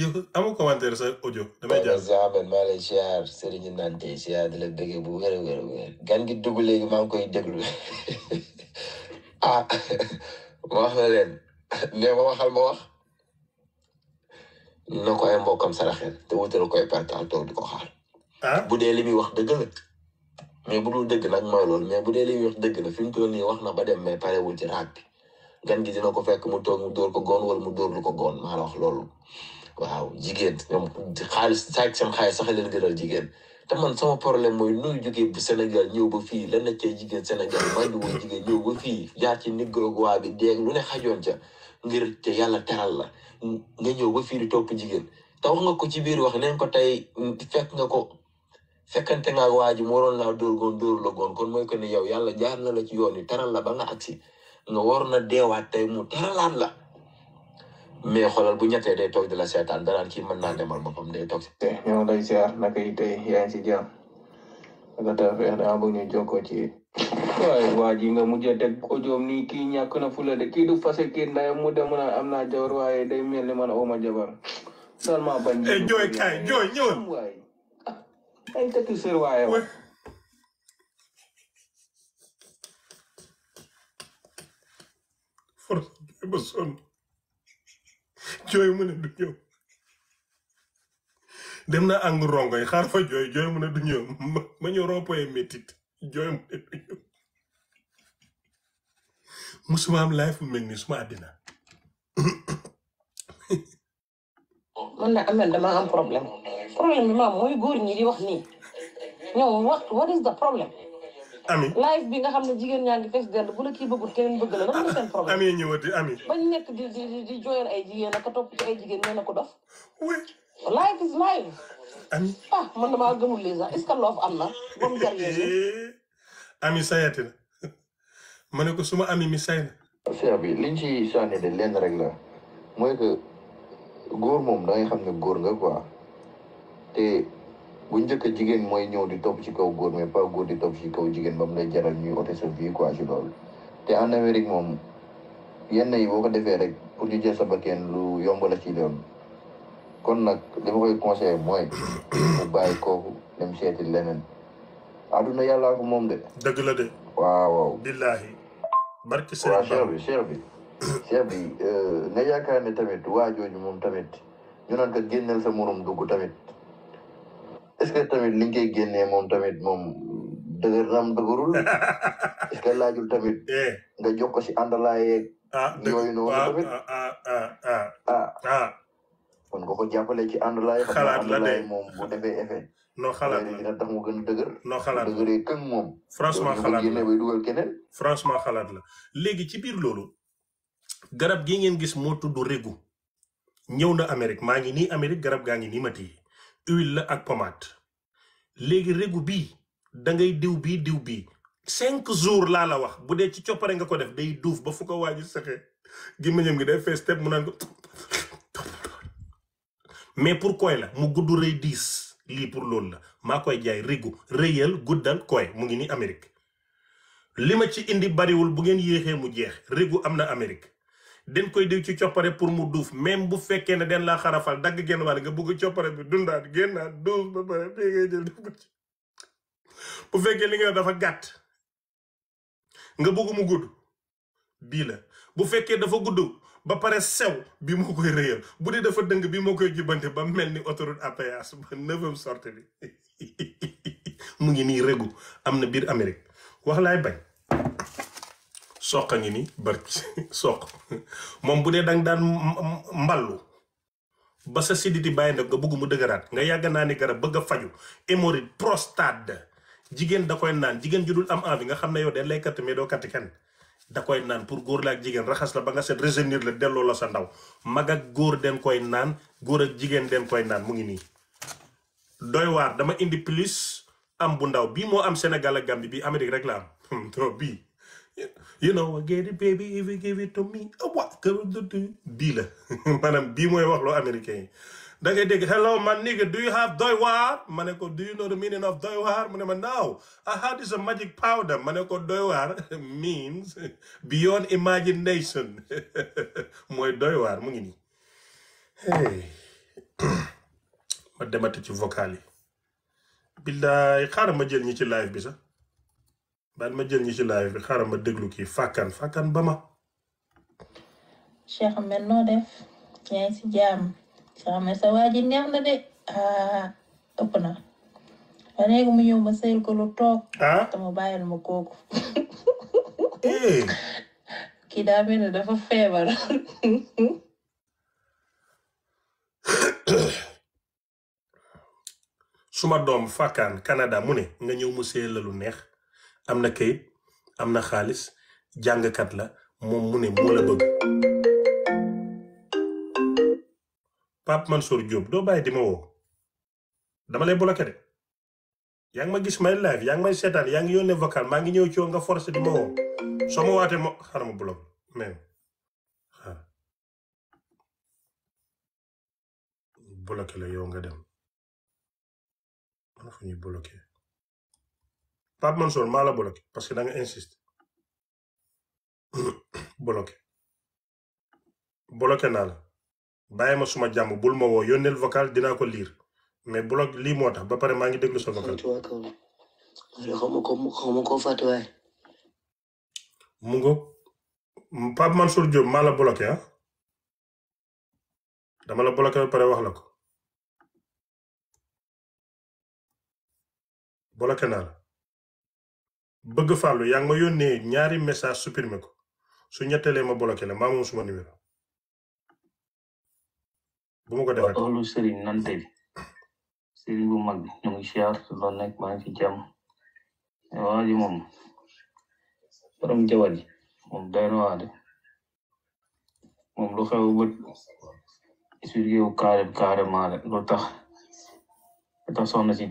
yow amoo commentaire sa audio. damay jaar Mbengue maa lay ziar Serigne Nante ziar di la bëggee bu wér a gan gi dugg léegi maa ngi koy déglu ah ma wax la leen nee ma waxal ma wax. na ko ay mbokkam saraxeel te wutal ko ay perkaal toog di ko xaar. Ah? bu dee li muy wax dëgg bu dul dëgg nag mooy loolu mais bu dee li wax dëgg la fi mu toll nii wax na ba dem mais parewul ci raag bi gan gi dina ko fekk mu toog mu ko góon wala mu dóor lu ko góon maa loolu waaw jigéen ñoom xaalis sàcc seen xaalis sax leen gënal jigéen te man sama problème mooy nu jógee bu Sénégal ñëw ba fii lan la cee jigéen Sénégal maa ngi jigéen ñëw ba fii jaar ci Nicaragua bi dégg lu ne xajoon ca ngir ci yàlla teral la. nga ñëw ba fii di topp jigéen te wax nga ko ci biir wax neen ko tey mm, fekk nga ko fekkante nga waa waroon moo doon laa dóor goon la goon kon mooy ko ne yow yàlla jaar na la ci yoon yi taral la ba nga agsi nga war na deewaat tey mu taralaan la mais xoolal bu ñettee day toog di la seetaan danaan kii mën naa demal boppam day toog. Eh, ñoo ngi lay ziar naka yi tey yaa ngi si jàmm naka tey fii ànd ci. waay waa ji nga mujj a teg ojoom nii kii ñàkk na fu de kii du fase kii am naa eh, waay ay takk sër waaye wa du ñëw dem na ang rongoy xaar fa jooy jooy mu ne du ma ñëw rompoye métit jooyam musuma am life mu mel nii suma àddina man nag Amel dama am problème problème bi ma mooy góor ñi di wax nii ñoom what what is the problem. ami live bi nga xam ne jigéen ñaa di fees dell bu la kii bëggul keneen bëgg la lan la seen problème. ami ñëwati ami. bañ nekk di di di jooyal ay jigéen ak a topp ay jigéen ñoo na ko dof. oui is live. ami ah man damaa gëmul lii sax est ce ma ne ko suma ami mi say na. affaire bi liñ ci sànni de lenn rek la mooy que góor moom da xam ne góor nga quoi te bu njëkk a jigéen mooy ñëw di topp ci kaw góor mais pas góor di topp ci kaw jigéen ba mu lay jaral ñuy ote sa vie quoi ci loolu te en Amérique moom yenn yi boo defee rek pour ñu jël sa lu yomb la ci doon. kon nag li ma koy conseillé mooy mu bàyyi kooku dem seeti leneen àdduna yàllaa ko moom de. dëgg waaw waaw. billaahi. barki sëñ bi waaw cheikh bi cheikh bi euh, nga yaakaar ne tamit waa jooju moom tamit ñu naan ko génneel sa morom dugg tamit est-ce que tamit liñ koy génnee moom tamit moom dëgër nam dëgërul est-ce que laajul tamit. Eh. nga jox ko si àndalaayee. ah dëgg ah, tamit ah ah. ah, ah. kon nga ko jàppale ci ànd laay. xalaat la de moom bu defee effet. non xalaat la dina tax mu gën a dëgër. non xalaat la dëgëree kën xalaat la bay dugal xalaat la léegi ci biir loolu garab gi ngeen gis moo tudd régu ñëw na Amérique maa ngi nii Amérique garab gaa ngi nii ma téye huile la ak pommade léegi régu bi da ngay diw bii diw bi cinq jours laa la wax bu dee ci coppare nga ko def day duuf ba fu ko waaju saxee gémmiñam gi day fees teb mu naan mais pour koy la mu gudd rëy diis lii pour loolu la maa koy jaay rigu rëyal guddal kooy mu ngi nii Amérique li ma ci indi bariwul bu ngeen yéexee mu jeex rigu am na Amérique den koy diw ci coppare pour mu duuf même bu fekkee ne den laa xarafal dagg genn wàll nga bëgg coppare bi dundaat génnaat duuf ba pare fii ngay jël def ko ci bu dafa gàtt nga bëgg mu gudd bii la bu fekkee dafa gudd ba pare sew bi moo koy rëyal bu dee dafa dëng bi moo koy jubbante ba mel ni autoroute à péage ba neuvième sortie bi mu ngi nii regu am na biir Amérique wax laay bañ soq a ngi nii barki soq moom bu dee danga daan mballu ba sa siditi bàyyi nag nga bëgg mu dëgëraat nga yàgg naa ni garab bëgg a faju hémorroïde prostate jigéen da koy naan jigéen ju dul am envie nga xam ne yow de lay katt mais doo katt kenn da koy naan pour góor la ak jigéen raxas la ba nga set rejeunir la delloo la sa ndaw mag góor den koy naan góor ak jigéen den koy naan mu ngi nii. doy waar dama indi plus am bu ndaw bii moo am Sénégal ak Gambie bii Amérique rek la am hmm, bii you know ah, bii la maanaam bii mooy wax loo américain yi. da ngay dégg hello man nigga do doy waar ma ne ko do doy waar mu ne ma no I had this magic powder ma ne ko doy waar means beyond imagination mooy doy waar mu ngi nii ma demati ci vocal yi billaay xaaral ma jël ñi ci live bi sax baal ma jël ñi ci live bi xaaral ma déglu kii fàkkan fàkkan ba ma Cheikh Ahmed noo def yaa ngi saame sa waa ji ah, ko lu toog. Ah? ma kooku. Eh? kii daa mel dafa feebar. suma doom fakkaan Canada mu ne nga ñëw mu sëyil la lu neex am na kayit am na xaalis jàngkat la moom mu ne moo la bëgg. Pape Mansour Diop doo bàyyi di ma woo dama lay bloqué de yaa ngi ma gis may live yaa may seetaan yaa ngi yónnee vocal maa ngi ñëw ci nga forcé di ma woo soo ma waatee ma xaaral ma bloqué même nga dem man fu ñuy bloqué Pape Mansour maa parce que da nga insiste naa la. bàyyi ma suma jàmm bul ma woo yónneel vocal dinaa ko liir mais bloc lii moo tax ba pare maa ngi déglu sa vocal. mu ngoog Pape Mansour Diop maa la bloqué ah dama la bloqué ba pare wax la ko bloqué naa la bëgg fàllu yaa ngi ma yónnee ñaari message supprimé ko su ñettelee ma bloqué la maa moom suma numéro. bu ma ba toolu Serigne Nante bi Serigne bu mag bi ngi siyaar lool nekk maa ngi fi jàmm waa ji moom borom jawar ji moom doy na lu xew bët expliqué wu carrément lu tax lu tax soxna si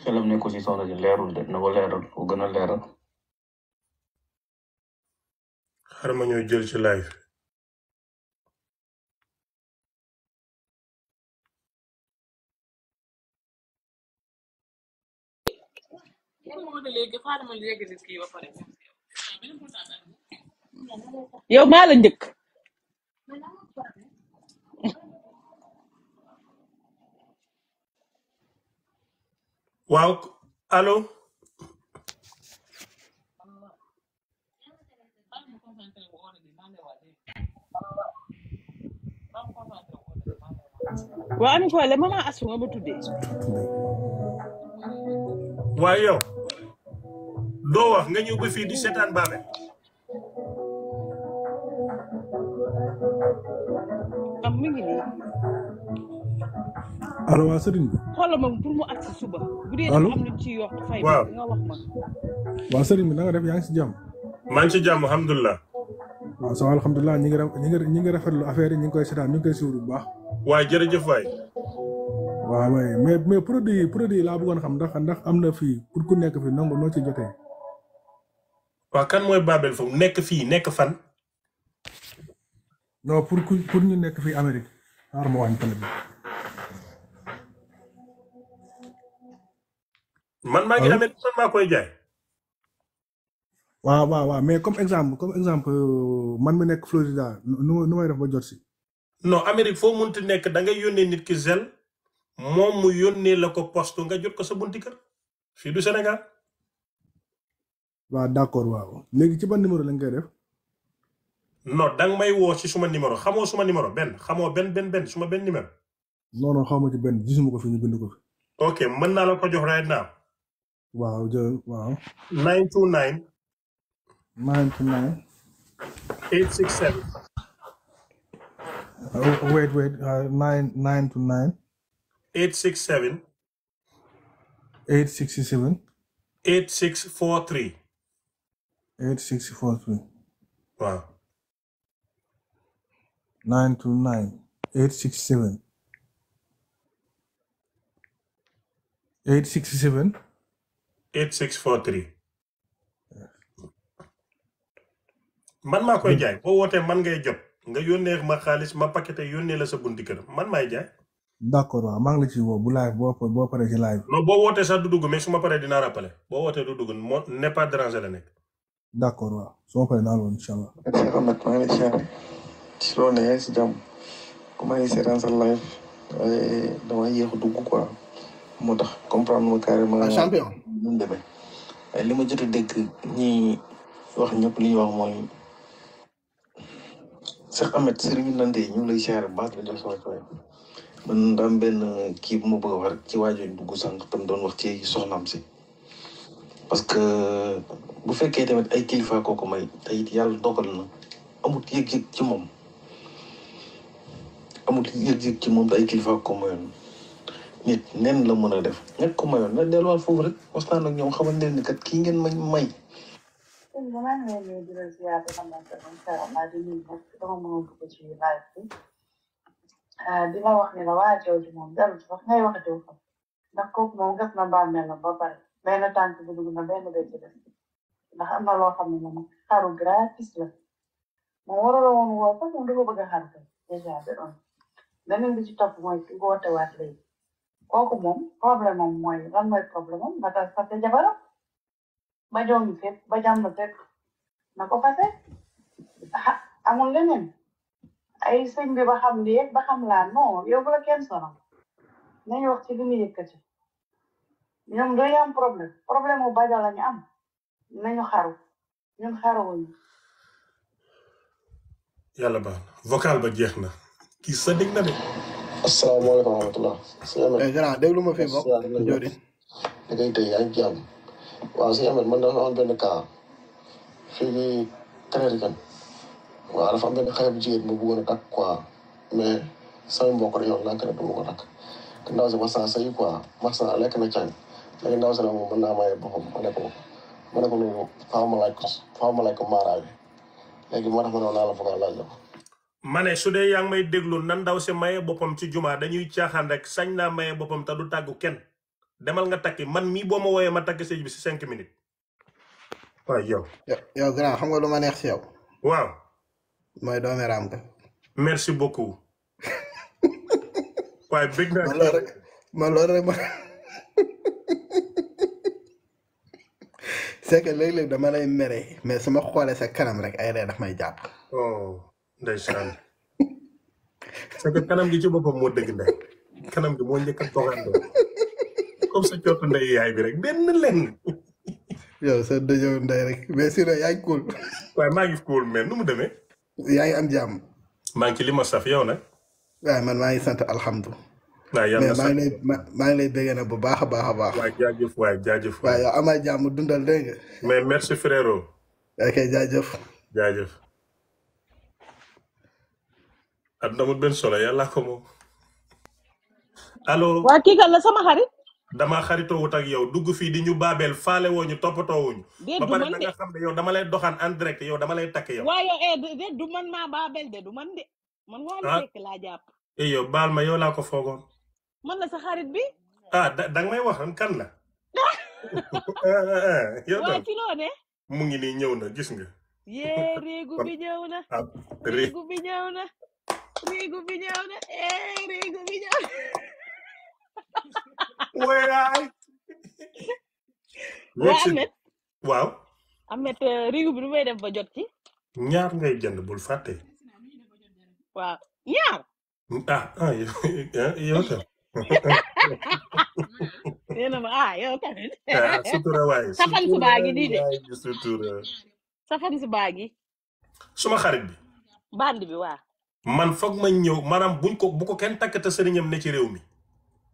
xelam ne ko si soxna si leerul de na ko leeral ko gën a leeral. xaaral ci live. ma léegi yow maa njëkk. waaw allo. waaw Ami Collé maman Asou nga ma tuddee. waaye doo wax nga ñëw ba fii di seetaan baame am mi ngi nii allo waa sëriñ bi xoolal ma pour mu agsi suba bu dee am na ci yokk fay waaw nga wax ma waa sëriñ bi na nga ngi si jàmm maa ngi si jàmm alhamdulilah waaw sama ñi ngi ñi ngi rafetlu ngi koy seetaan ñu ngi koy suivre bu baax waaye jërëjëf waay waaw waaye mais mais produit yi produit yi laa bëggoon xam ndax ndax am na fii ku nekk fii nangu noo ci jotee waaw kan mooy Babel Fom nekk fii nekk fan. non pour pour ñu nekk fii Amérique xaaral ma wàññi télé bi. man maa ngi Amérique man maa koy jaay. waaw waaw mais comme exemple comme exemple euh, man mi nekk Florida nu nu may def ba jot si. non Amérique foo mun munti nekk da ngay yónnee nit ki zel moom mu yónnee la ko poste nga jot ko sa bunti fii du Sénégal. waaw d'accord waaw léegi ci ban numéro lañ koy def. non danga may woo ci suma numéro xamoo suma numéro benn xamoo benn benn benn suma benn numéro. non non xaw ma ci benn gisuma ko fi ñu bind fi. ok mën naa la ko jox right now. waaw jërëjëf waaw. 929. 929. 867. Uh, wait wait uh, 9 929. 867. 867. eight six four two. waaw. nine two nine. eight six seven. eight six seven. eight six four three. man maa koy mm. jaay boo wootee man ngay jot nga yónnee ma xaalis ma paquete yónnee la sa bunti kër man maay jaay. d'accord waaw maa ngi la ci woo bu live boo boo paree ci live. non boo wootee sax du dugg mais su ma paree dinaa rappelé boo wootee du dugg moo ne pas la nekk. D'accord waaw su paree naa loolu incha allah. merci Ahmed maa ngi lay ziar ci loolu la yaa ngi si comme maa ngi seetaan sa live dama yéex a dugg quoi moo tax comprendre ma carrément. ah champion nu mu demee waaye li ma jot a dégg wax ñëpp li ñu wax mooy Cheikh Ahmed Serigne Nande ñu ngi lay ziar baax la jox sama cooy man daam benn kii bu ma bëgg a wax rek ci waajooñ dugg sànq tam doon wax ci soxnaam si. parce que bu fekkee tamit ay kilifa kooku may te it yàlla dogal na amul yëg-yëg ci moom amul yëg-yëg ci moom te ay kilifa ko mayoon nit nen la mën a def ñett ko mayoon foofu rek waxtaan kii ngeen may may. ne ah, la waa moom dellu ci moom gas na bàmmeel na ba pare. benn tànk bi na benn benn ndax am na loo xam ne moom xaru gratis la moom warala woon woo sax moom dafa bëgg a xaru ko dèjà bi doon beneen bi ci topp mooy ki woote waat léegi ba na ko fase amul bi ba xam lii ba xam laa non la kenn sonal nañu wax ci li ñu ñoom dañoo am problème problème mu bajal la ñu am nañu xaru ñun xaruwuñu. yàlla baax na vocal ba jeex na. kii sa dégg na de. asalaamaaleykum wa rahmatulah. eh grand déglu ma fi bokk. jori da waaw sëñ Ameth man dafa am benn cas fii nii keneen kan waaw dafa am benn xale bu jigéen bu bëggoon a takk quoi mais sama mbokk rek yow naa ko ne du ma ko takk ndaw si masaa sëy quoi masaa lekk na càng. léegi ndaw si ne moom mën naa boppam ma ne ko ma ne ko ko faaw ma laaj ko maaraa bi léegi ma ne naa ma ne su dee yaa ngi may déglu nan ndaw si maye boppam ci jumaa dañuy caaxaan rek sañ naa maye boppam te du tàggu kenn demal nga takki man mii boo ma wooyee ma takki sëy bi si cinq minutes. waaw yow. yow xam nga lu ma neex si yow. waaw. mooy doomi raam merci beaucoup. waaye rek c'est que léeg-léeg dama lay mere mais su ma xoolee sa kanam rek ay ree daf may jàpp. oh ndeysaan. c'est kanam gi ci boppam moo dëgg ndey kanam gi moo njëkk a doxandoo comme sa cootu ndey yaay bi rek benn lenn. yow sa dëjëw ndey rek mais sinon yaa ngi cool. waaye maa ngi cool mais nu mu demee. yaa ngi am jàmm. maa ngi ci li ma saf yow nag. waaye man maa ngi sant alhamdulilah. mais maa maa ngi lay béggee nag bu baax a baax a baax. waay jaajëf waay jaajëf. waay yow am na jàmm dundal dégg nga. mais merci frérot. ok jaajëf. jaajëf. àdduna amul benn solo yàlla ko moom. allo. waa kii kan la sama xarit. damaa xaritoo wut ak yow dugg fii di ñu baabeel faale woo ñu toppatoo wuñu. ba pare dama lay doxaan en yow dama lay takk yow. waaye eh de du de. man waa ah. la jàpp. eh baal ma yow laa ko foogoon. man la sa xarit bi. ah da nga may wax kan la. yow tam ci loo ne. mu ngi nii ñëw na gis nga. yee ah, réegu bi ñëw na. réegu bi ñëw na. réegu bi ñëw na eh réegu bi ñëw na. walaay. waa Ahmed. waaw. Ahmed euh, réegu bi nu may def ba jot ci. ñaar ngay jënd bul fàtte. waaw ñaar. ah ah yow tam. nee na ma baa gi suma xarit bi. band bi waa. man foog ma ñëw maanaam buñ ko bu ko kenn takk te sëriñam ne ci réew mi.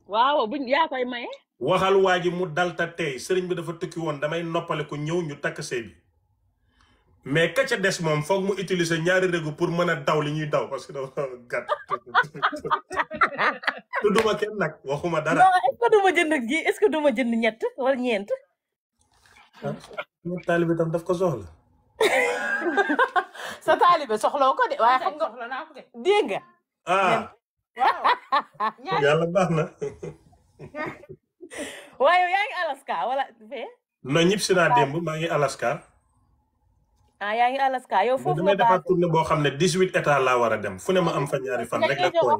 waaw buñ yaa koy maye. waxal waa mu dal ta tey sëriñ bi dafa tukki woon damay noppale ko ñëw ñu takk sëy bi. mais ka ca des moom foog mu utiliser ñaari régu pour mën a daw li ñuy daw parce que dafa gàtt. tudduma kenn nag waxuma dara. non est-ce que duma jënd gi est-ce que duma jënd ñett wala ñeent. ah taalibe tam daf ko soxla. sa taalibe soxlaw ko de waaye xam nga soxla naa ko de dégg nga. ah waaw. yàlla baax na. waaye yaa ngi Alaska wala. non ñib si naa démb maa ngi Alaska. ah yaa ngi Alaska yow foofu la boo xam ne dix huit états laa war a dem fu ne ma am fa ñaari fan rek la koo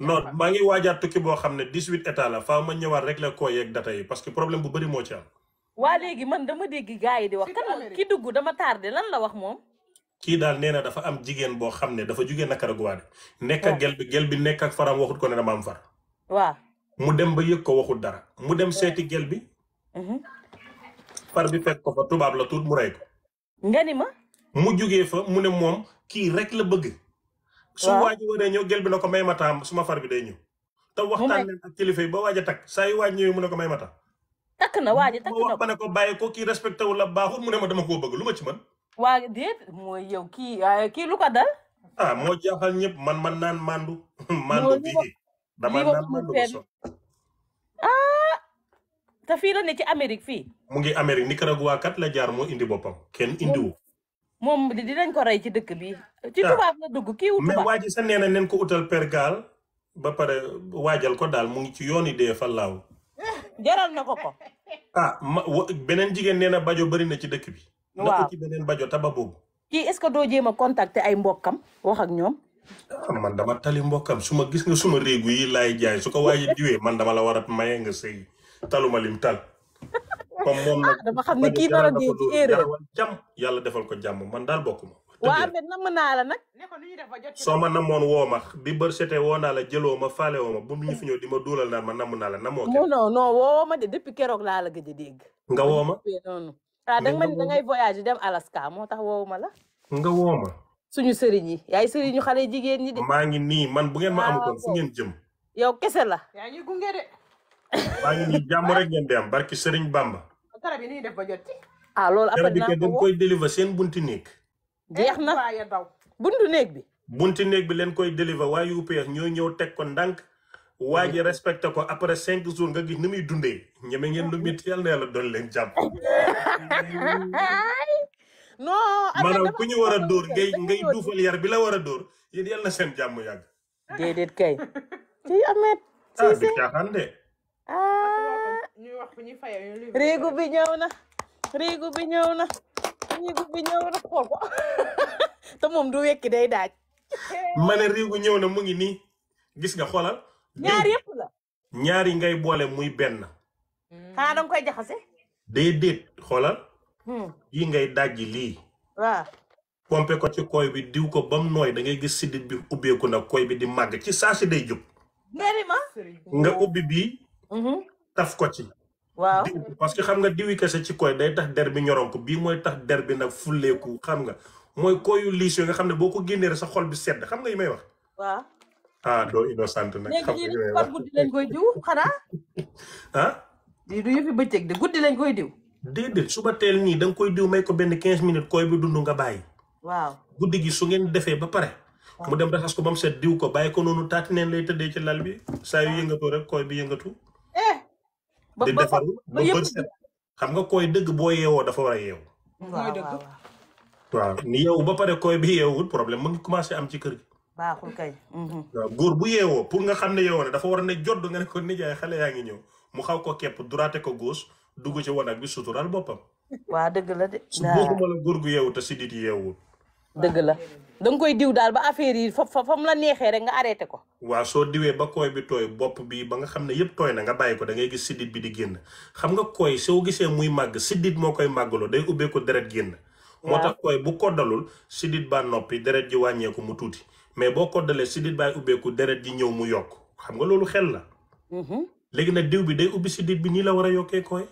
non maa ngi waajaat tukki boo xam ne dix huit états la faaw ma ñëwaat rek la koo yeeg data yi parce que problème bu bëri moo ci am. waa léegi man dama dégg gars yi di wax kan ki dugg dama tardé lan la wax moom. kii daal nee na dafa am jigéen boo xam ne dafa jugee Nicaragua de. nekk ak gel bi gel bi nekk ak faram waxut ko ne dama am far. waaw mu dem ba yëg ko waxut dara mu dem seeti gel bi. Mhm. far bi fekk ko fa tubaab la tuut mu rey ko nga ni ma. mu jógee fa mu ne moom kii rek la bëgg. su waaj waree ñëw gel bi na ko may ma taam suma far bi day ñëw. te waxtaan leen ak kilifa yi ba waaj a takk saa yu waaj ñëwee mu ne ko may ma taam. takk na waaj a takk na ba ne ko bàyyi ko kii respecté wu la baaxul mu ne ma dama koo bëgg lu ma ci mën. waa déet mooy yow kii ah, kii lu ko dal. ah moo jaaxal ñëpp man man naan mandu. mandu bii dama naan mandu bu te fii la ne ci Amérique fii. mu ngi Amérique Nicaragua kat la jaar moo indi boppam kenn indiwu. moom dinañ ko rey ci dëkk bi. Ah. ci tubaab la dugg kii wu waa ji sa nee na nen ko utal pergaal ba pare waajal ko daal mu ngi ci yoon yi dee fa na ko ko. ah ma beneen jigéen nee na bajo bëri na ci dëkk bi. waaw na ci bajo taba boobu. kii ce que doo jéem a contacter ay mbokkam wax ak ñoom. Ah, man dama tali mbokkam su ma gis nga suma réegu yi laay jaay su ko waaye jiwee man dama la war a mayee nga sëy taluma lim tal. comme moom ah, dama xam ne kii dara yàlla defal ko jàmm man daal bokkuma. waa Ahmed namm naa la nag. soo ma namoon woo ma bi bër setee woo naa la jëloo ma faale woo ma bu ma duulal naan ma namm naa namoo. kenn non non woo ma de keroog laa la gëj dégg. nga woo ma ah dem Alaska moo tax woo ma la. nga woo ma. suñu sëriñ yi yaay sëriñu ñu xale jigéen ñi de. maa ngi nii man bu ngeen ma ah, amutoon fu ngeen jëm. kese la. maa ngi jàmm rek ngeen di am barki Serigne Bamba. garab yi ni def ba jot ci. ah ko dañ seen bunti néeg. jeex na buntu néeg bi. bunti néeg bi leen koy délivrer waaye UPS ñoo ñëw teg ko ndànk. waa ji respecté ko après cinq jours nga gis ni muy dundee ñeme ngeen lu métti yàlla na yàlla doon leen jàpp. non maanaam ku ñu war a dóor ngay ngay duufal yar bi la war a dóor yéen yàlla na seen jàmm yàgg. déedéet kay. ci amet. ah caaxaan de. Ah. ñuy wax bu ñuy fayee riigu bi ñëw na riigu bi ñëw na riigu bi te moom du wekki day daaj. ma ne riigu ñëw na mu ngi nii gis nga xoolal. ñaar yëpp la. ñaari ngay boole muy benn. Hmm. xanaa da nga koy jaxase. déedéet xoolal. Hmm. yi ngay dajji lii. waaw. pompe ko ci koy bi diw ko ba mu nooy da ngay gis siddit bi ubbeeku na koy bi di màgg ci saa si day jóg. nga ubbi bii. Mm-hmm. taf ko ci. waaw parce que xam nga diwi kese ci koy day tax der bi ñorom ko bii mooy tax der bi nag fulleeku xam nga mooy koyu liis nga xam ne boo ko génnee sa xol bi sedd xam nga may wax. waaw. ah doo innocent nag. xam nga yi may wax guddi lañ koy diw xanaa. ah. lii du yëfi bëccëg de guddi lañ koy diw. déedéet suba teel nii da nga koy diw may ko benn 15 minutes koy bi dund nga bàyyi. waaw guddi gi su ngeen defee ba pare. mu dem raxas ko ba mu set diw ko bàyyi ko noonu taati neen lay tëddee ci lal bi saa yu yëngatu rek koy bi yëngatu. ba ba ba yëpp xam nga koy dëgg boo yeewoo dafa war a yeewu. waaw ni yeewu ba pare kooy bi yeewul problème mu ngi commencé am ci kër gi. baaxul kay. Mhm. waaw bu yeewoo pour nga xam ne yeewoo ne dafa war a ne jodd nga ne ko nijaay xale yaa ngi ñëw mu xaw ko képp duraate ko goos dugg ci wanag bi suturaal boppam. waa dëgg la de. su bokkuma la góor gu yeewu si sidit yeewul. dëgg la da nga koy diw daal ba affaire yi fa fa mu la neexee rek nga arrêté ko. waa soo diwee ba kooy bi tooy bopp bi ba nga xam ne yëpp tooy na nga bàyyi ko dangay ngay gis siddit bi di génn xam nga kooy soo gisee muy màgg siddit moo koy màggaloo day ubbee deret génn. moo tax kooy bu koddalul siddit baa noppi deret ji wàññeeku mu tuuti mais boo koddalee siddit baay ubbeeku deret ji ñëw mu yokk xam loolu xel la. Mm-hmm. léegi nag diw bi day ubbi siddit bi nii la war a yokkee kooy.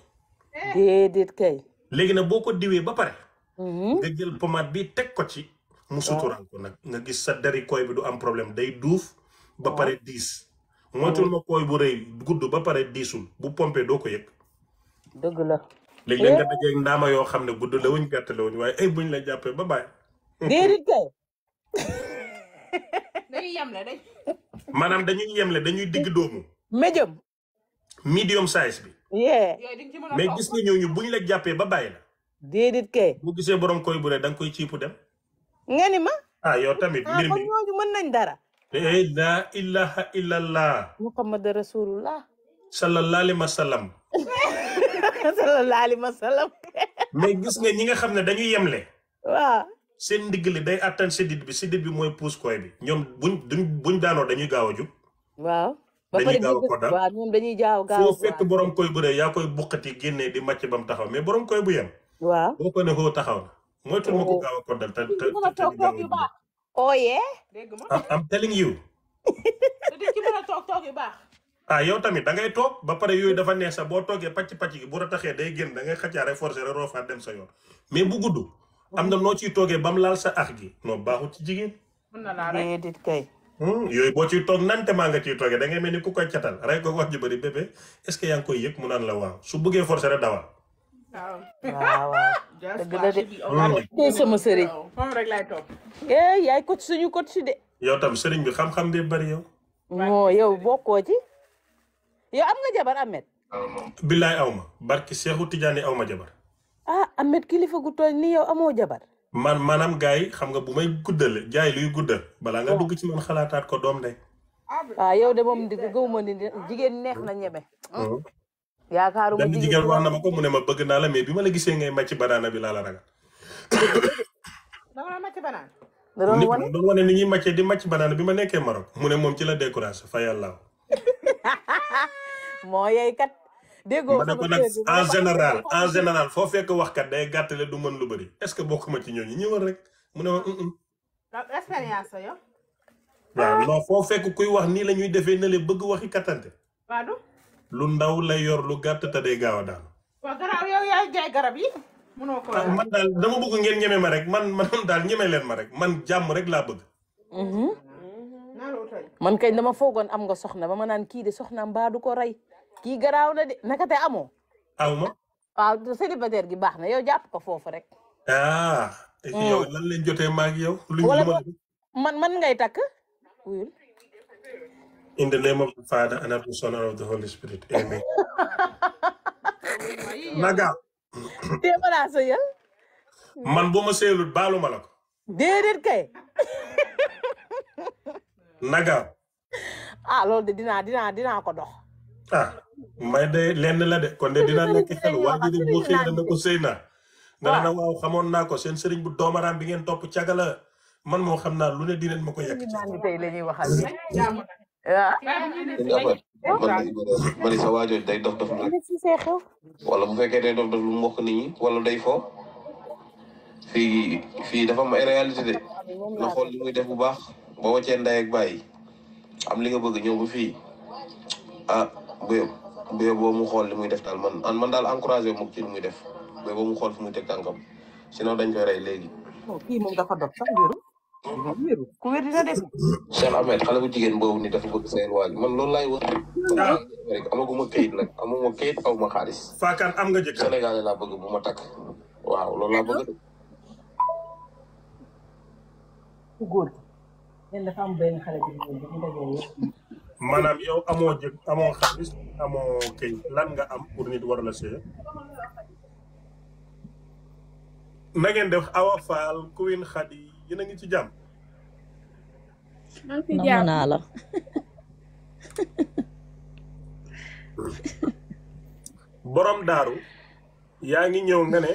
déedéet kay. léegi nag boo ko diwee ba pare. Mm-hmm. nga jël pomade bi teg ko ci mu suturaan ko nag nga gis sa dari koy bi du am problème day duuf ba pare diis moytul ma koy bu rëy gudd ba pare diisul bu pompé doo ko yëg dëgg la léegi nga eh? dajee ndaama yoo xam ne gudd la wuñ gàtt la wuñ waaye ay la jàppee ba bàyyi déedéet kay dañuy maanaam dañuy yemle dañuy digg doomu médium medium size bi yee mais gis nga ñooñu buñ la jàppee ba bàyyi na la déedéet kay bu gisee borom koy bu rëy danga nga koy ciipu dem nga ni ma. ah yow tamit ah, mbir mi ñooñu nañ dara. Eh, eh, la ilaha illallah. muhammad rasulullah. sallallahu alayhi wa sallam. sallallahu alayhi mais gis nga ñi nga xam ne dañuy yemle. waaw. seen ndigg li day attan séddit bi séddit bi mooy puus koy bi. ñoom buñ duñ buñ daanoo dañuy gaaw a jub. waaw. ba pare gaaw a kodal waaw ñoom dañuy gaaw a foo fekk borom koy bu rëy yaa koy buqati génnee di màcc ba mu taxaw mais borom koy bu yem. waaw boo ko ne foo taxaw moytul ma ko oh. gaaw a koddal te te te oye. Oh, am telling you. di ci a toog toog yu baax. ah yow tamit da ngay toog ba pare yooyu dafa neex sax boo toogee pacc pàcc gi bu la taxee day génn da ngay xacaare forcé rek roofaat dem sa yoon mais bu gudd. am na noo ciy toogee ba mu laal sa ax gi. noo baaxul ci jigéen. mën na laa rek déedéet kay. Hmm, yooyu boo ci toog nante maa nga ciy toogee da ngay mel ni ku koy catal rey ko wax ju bëri bébé est ce yaa ngi koy yëg mu naan la waaw su bëggee forcé rek dawal. waaw oh. waaw dëgg la de sama sëriñ moom rek yaay coach suñu coach de yow tam sëriñ bi xam-xam de bari yow moo yow bokkoo ci yow am nga jabar Ahmed billaay ma barki Seexu Tijaani aw ma jabar ah kilifa gu toll ni yow amoo jabar man maanaam gars yi xam nga bu may guddale jaay luy guddal balaa nga oh. dugg ci man xalaataat ko doom de ah, ah yow de moom di gëwuma ni jigéen neex na ñeme oh. yaakaaruma benn jigéen wax na ko mu ne ma bëgg naa la mais bi ma la gisee ngay màcc banaana bi laa la ragal. dama màcc banaana. ñuy màccee di màcc banaana bi ma nekkee Maroc mu ne moom ci la découragé fa yàlla. moo yey kat. déggoo ko nag en général en général foo fekk waxkat day gàttale du mën lu bari est ce que bokkuma ci ñooñu ñëwal rek mu ne ma. expérience la foo fekk kuy wax nii la ñuy defee ne le bëgg waxi kattante. lu ndaw lay yor lu gàtt te day gaaw a yi. mënoo ah, man daal dama bugg ngeen ñeme ma rek man man daal ñeme leen ma rek man jàmm rek laa bëgg. Mhm. Mm-hmm. man kay dama foogoon am nga soxna ba ma naan kii de soxna mbaa du ko rey kii garaaw na de naka te amoo. aw ma. waaw célibataire gi baax na yow jàpp ko foofu rek. ah. yow mm. lan leen jotee ma yow. luñ wala man man ngay takk. In the name of the Father and of the of the Holy Spirit. Amen. Naga. Téem a Man bu ma sëyalut baalo ma la ko. Déedéet kay. Naga. ah loolu de dinaa dinaa dinaa ko dox. ah may de lenn la de kon de dinaa nekk xel waa ji de bu xëy na ne ko sëy naa. dana na waaw xamoon naa ko seen sëriñ bu doomaraam bi ngeen topp cagala man moo xam naa lu ne dinañ ma ko yegg. tey la ñuy waxal bari sa waajoo day dof dof wala bu fekkee day dof dof lu mbokk nit ñi wala day fo fii fii dafa am ay réalité de na xool li muy def bu baax ba wàccee ndey ak bàyyi am li nga bëgg ñëw ba fii ah bu bu boo mu xool li muy def daal man man daal encouragé mu ci li muy def bu boo mu xool fu muy teg tànkam sinon dañ koy rey léegi. kii moom dafa dof ku wér dina des. Cheikh Ahmed xale bu jigéen laay wax. ah rek amaguma kayit am nga jëkkër Sénégal laa waaw loolu laa yow amoo jëg amoo xaalis amoo kayit lan nga am pour nit war la see. na ngeen def Awa Fall Queen Khady. yéen a ngi ci jàmm. namm naa borom daaru yaa ngi ñëw nga ne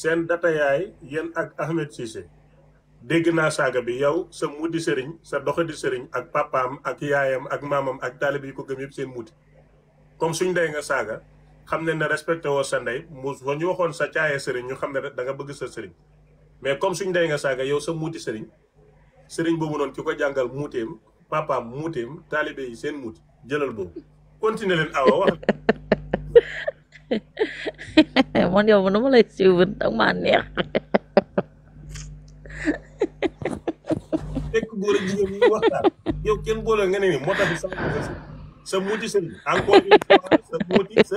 seen data yaay yéen ak Ahmed Cissé dégg naa saaga bi yow sa muuti sëriñ sa doxa di sëriñ ak papaam ak yaayam ak maamam ak taalib yi ko gëm yëpp seen muuti comme suñ ndey nga saaga xam ne ne respecté woo sa ndey mu ñu waxoon sa caaya sëriñ ñu xam ne da nga bëgg sa sëriñ mais comme suñ day nga saaga yow sa muuti sëriñ sëriñ boobu noonu ki ko jàngal muuteem papaam muuteem taalibe yi seen muuti jëlal boobu continuer leen awa wax man yow nu ma lay suivre da maa neex fekk góor ak jigéen ñi waxtaan yow kenn boole nga ne ni moo tax sa muuti sëriñ encore une fois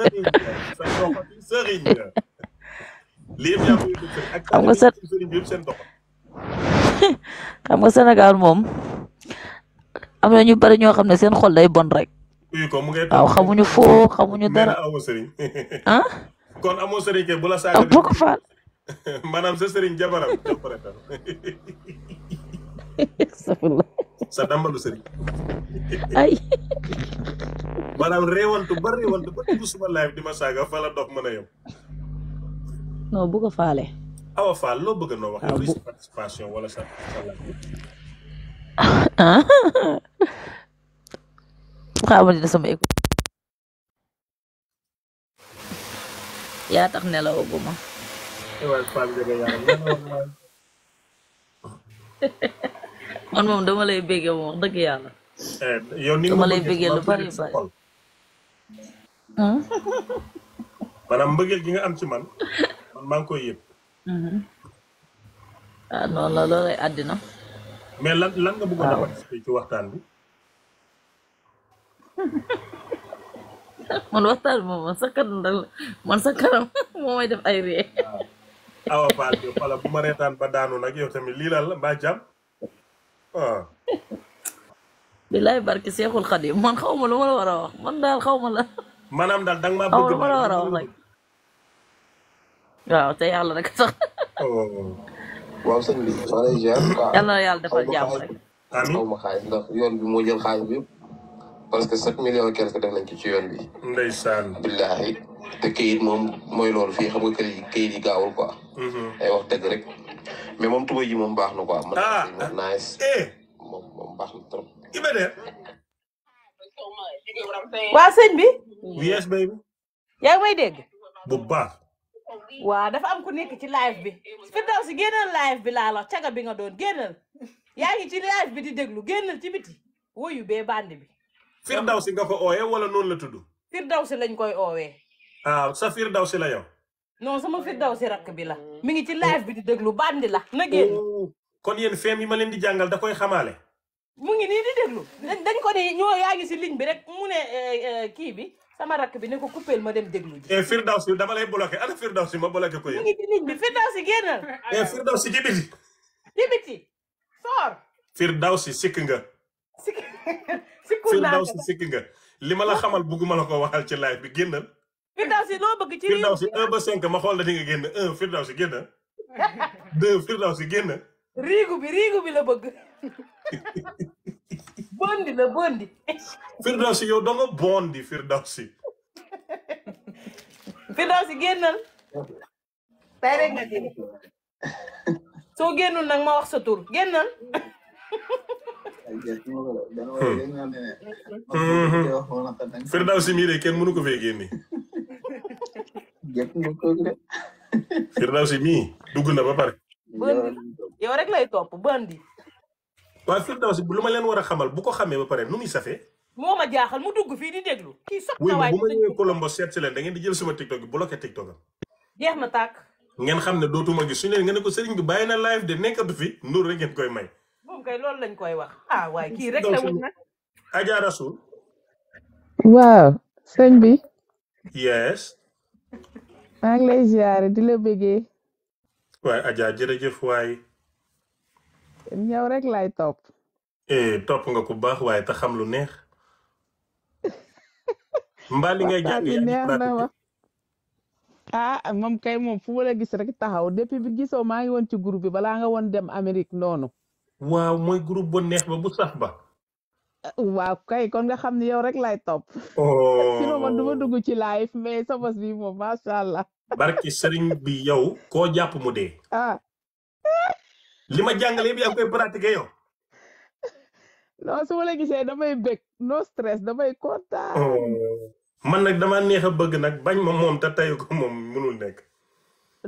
sëriñ sa léegi yaa xam nga seen xam nga Sénégal moom am na ñu bari ñoo xam ne seen xol day bon rek. waaw xamuñu foo xamuñu dara. ah. kon amoo sëriñ kay bu la saaga. bu ko faal. maanaam sa sëriñ jabaram. safullah. sa dambalu sëriñ. ay. maanaam réewantu ba réewantu ba dugg suma live di ma saaga fa dox mën a yem. non bu ko faale. awa faal loo bëgg noo wax. ah bu participation wala sa sa ah. sama écoute. yaa tax ne la oguma. man moom dama lay béggee moom wax dëgg yàlla. Eh, yow lay béggee lu bari bari. Hmm? maanaam mbëggeel gi nga am ci man. man maa ngi koy yëg. Mhm. ah noonu la loolay àddina. mais lan nga bëggoon a ah, participer ci waxtaan bi. man waxtaan bi moom man sa kanam man may def ay ree. Ah. awa Paar bi wala bu ma reetaan ba daanu nag yow tamit lii lan la mbaa jàmm ah. barki Seexul Xadim man xaw ma lu ma la war a wax man daal xaw ma la. maanaam daal da ma lu ma la war a wax waaw te yàlla rek sax. waaw sëñ bi maa lay ziar. yàlla na yàlla defal rek. xaw ma yoon bi moo jël xaalis bi parce que sept millions quelque def nañ ci ci yoon bi. ndeysaan. billahi te këyit moom mooy loolu fii xam nga këyit këyit yi gaawul quoi. ay wax dëgg rek mais moom tuba ji moom baax na quoi. ah man nice moom trop. Ibadan. waa bi. yes may dégg. baax. waaw dafa am ko nekk ci live bi Firdawsi génnal live bi laa la caga bi nga doon génnal yaa ngi ci live bi di déglu génnal ci biti woyu bee band bi. si nga ko ooyee wala noonu la tudd. si lañ koy oowee. ah sa si la yow. non sama si rakk bi la. mi ngi ci live bi di déglu bandi la. na génn oh, kon yéen feem yi ma leen di jàngal da koy xamaale. mu ngi nii di déglu dañ ko ne yaa ngi si ligne bi rek mu ne eh, eh, kii bi. sama rakk bi ne ko coupé ma dem déglu ji. Eh, Firdawsi dama lay bloqué ana Firdawsi ma bloqué ko yow. mi ngi ci ligne bi génnal. Eh, Firdawsi ci biti. sikk nga. sikk sikkul nga li ma la xamal bugguma la ko waxal ci live bi génnal. Firdawsi loo bëgg ci réew ba 5 ma xool la di nga génn 1 Firdawsi génn. 2 Firdawsi génn. riigu bi riigu bi la bëgg. bondi la bondi. Firdawsi yow da bondi Firdawsi. Firdawsi génnal. tey rek nga génn. soo génnul nag ma wax sa tur génnal. Hmm. Firdawsi mii de kenn mënu ko fee génne. Firdawsi mii dugg na ba pare. bondi yow rek lay topp bondi. waaye Firdawsi lu ma leen war a xamal bu ko xamee ba pare nu muy safee. moo ma jaaxal mu dugg fii di déglu. kii sax na waay bu ma ñëwee Colombo seet si leen da ngeen di jël sama TikTok bi bloqué TikTok am. jeex na tàkk. ngeen xam ne dootuma gis su ne nga ne ko sëriñ bi bàyyi na live de nekkatu fi ndóor rek ngeen koy may. moom kay loolu lañ koy wax. ah waaye kii rek la wut nag. Adja Rasoul. waaw sëñ bi. yes. maa ngi lay ziare di la bëggee. waaye Adja jërëjëf waay. ñëw rek laay topp. Eh, topp nga ku baax waaye ta xam lu neex. mbaa li ngay jàng neex na ma ah moom kay moom fu ma la gis rek taxaw depuis bi gisoo maa ngi woon ci group bi bala nga woon dem Amérique noonu. waaw mooy groupe bu neex ba bu sax ba. Eh, waaw kay kon nga xam ne yow rek laay topp. sinon man ma dugg ci oh. live mais sa bos moom macha allah. barki sëriñ bi yow koo jàpp mu dee. ah. li ma jàngale yëpp yaa ngi koy pratiquer yow. non su la gisee damay bëgg no stress damay kontaan. Oh, man nag dama neex a bëgg nag bañ ma moom te tayu ko moom mënul nekk.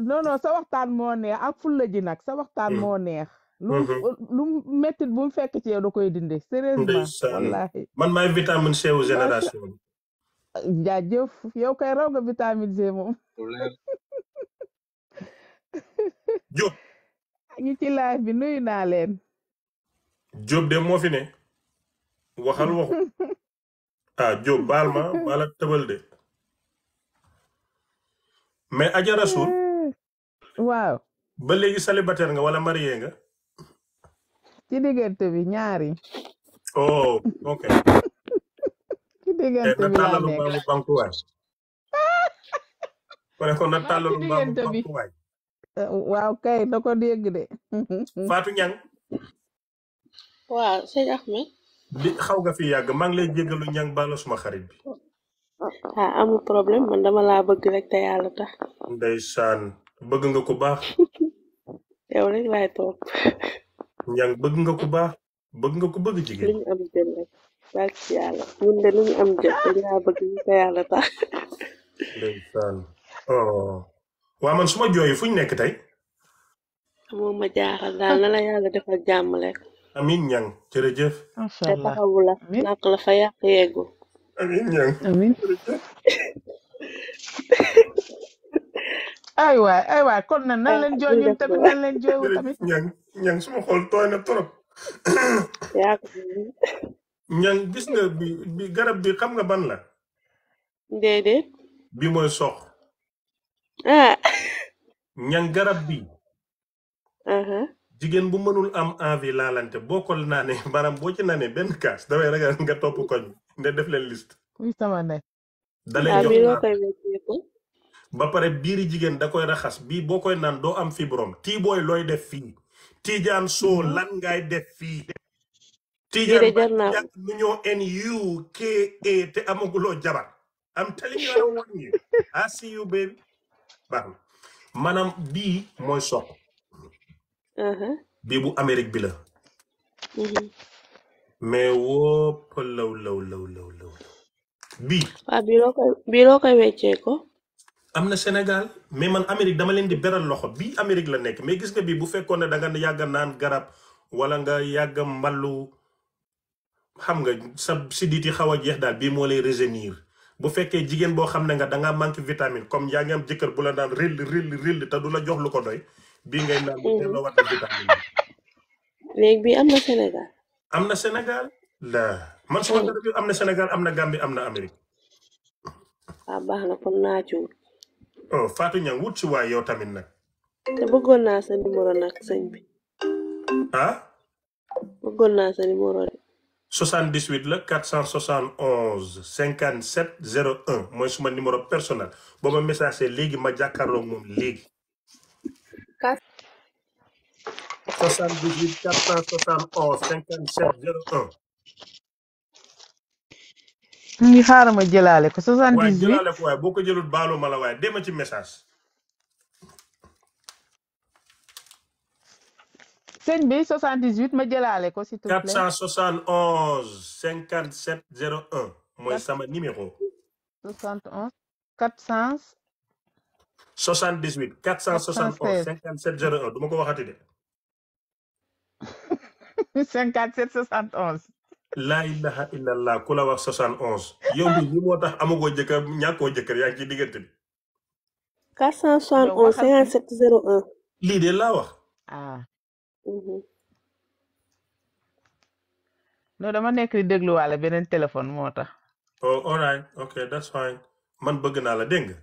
non non sa waxtaan moo neex ak fulla ji nag sa waxtaan mm. moo neex. lu mm-hmm. mettit bu mu fekk ci yow da koy dindi sérieusement wallaahi man maay vitamine C wu génération bi. jaajëf yow kay raw nga vitamine C moom. ñu ci live bi nuyu naa leen. Diop de moo fi ne. waxal waxu ah Diop baal ma baal ak de. mais Adja Rasoul. Eh, waaw. ba léegi célibataire nga wala marié nga. ci diggante bi ñaari. oh ok. ci diggante eh, bi laa nekk na tàllalu na tàllalu mbaamu bankuwaay. waaw kay da ko dégg de. Fatou Niang. waaw sëñ Ahmed. li xaw nga fi yàgg maa ngi lay jégalu Niang baal suma xarit bi. ah amul problème man dama laa bëgg rek te yàlla tax. ndeysaan bëgg nga ku baax. yow rek laay toog. Niang bëgg nga ku baax bëgg nga bëgg jigéen. lu ñu am jël rek baax de lu ñu am jël dañ laa bëgg te yàlla tax. ndeysaan oh. waa man suma jooyi fu ñu nekk tey. moo ma jaaxal daal na la yàlla defal jàmm rek. amiin ñaŋ jërëjëf. macha te taxawu la nak la fa yàq yeggu. amiin ñaŋ amiin. aywa aywa kon nag nan leen joo leen joo tamit. ñaŋ ñaŋ suma xol tooy na trop. yaa ñaŋ bi garab bi xam nga ban la. déedéet. bi mooy sox. Ah. ñan garab bi uh-huh. jigéen bu mënul am envie laalante boo ko naanee maanaam boo ci naanee benn kaas damay ragal nga topp koñ ne def leen liste. Ah, ba pare biiri jigéen da koy raxas bii boo koy naan doo am fibrom tii booy looy def fii. Tijaan soo uh-huh. lan ngay def fii. Tijaan ba jàng nu ñoo NUKE te amaguloo jabar am tali ñu war a wàññi. I see baax na bii mooy soq. Uh-huh. bii bu Amérique bi la. Mm-hmm. mais wópp law law law law law bii. waaw bii loo koy bii ko. am na Sénégal mais man Amérique dama leen di beral loxo bi Amérique la nekk mais gis nga bii bu fekkoon ne danga nga naan garab wala nga yàgg mballu xam nga sa siditi xaw a jeex daal bii moo lay résenir. bu fekkee jigéen boo xam ne nga da ngaa manque vitamine comme yaa ngi am jëkkër bu la naan rill rill te du la jox lu ko doy bii ngay naan te la war vitamine léegi bi am na Sénégal am na Sénégal la man suma garab yi am na Sénégal am na am na Amérique waaw ah, baax na kon naa ci wut oh Fatou wut si waay yow tamit nag te bëggoon naa sa numéro nag sëñ bi ah bëggoon naa sa numéro 78 la 471 57 01 mooy suma numéro personnel boo ma message léegi ma jàkkaarloog moom léegi. 78 471 57 01. ngi xaaral ma jëlaale ko 78 waaye jëlaale waaye boo ko jëlul baalu ma la waaye dema ci message. sëñ bi 78 ma jëlaale ko s'il te plaît 471 57 01 mooy sama numéro. 71 400. 78 471 57 01 du ma ko waxati de. 57 71. laa ilaha illallah ku la wax 71. yow mii li moo tax amagoo jëkkër ñàkkoo jëkkër yaa ngi ci diggante bi. 471 57 01. lii de laa wax. ah. Mm-hmm. non dama nekk di dégluwaale beneen téléphone moo tax. oh all ok that's fine man bëgg naa la dégg nga.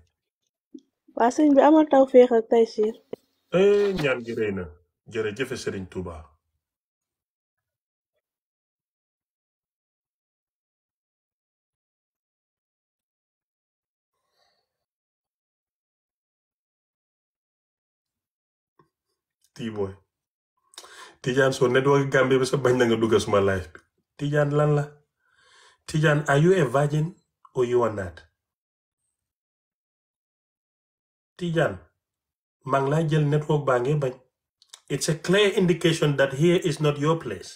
waa sëñ bi amal taw féex tay siir. Eh, ñaan gi na jërëjëf Serigne Touba. T-boy. Tidiane soo network Gambie bi sa bañ na nga dugg suma live bi lan la Tidiane are you a virgin or you are not maa ngi laa jël network baa ngi bañ it's a clear indication that here is not your place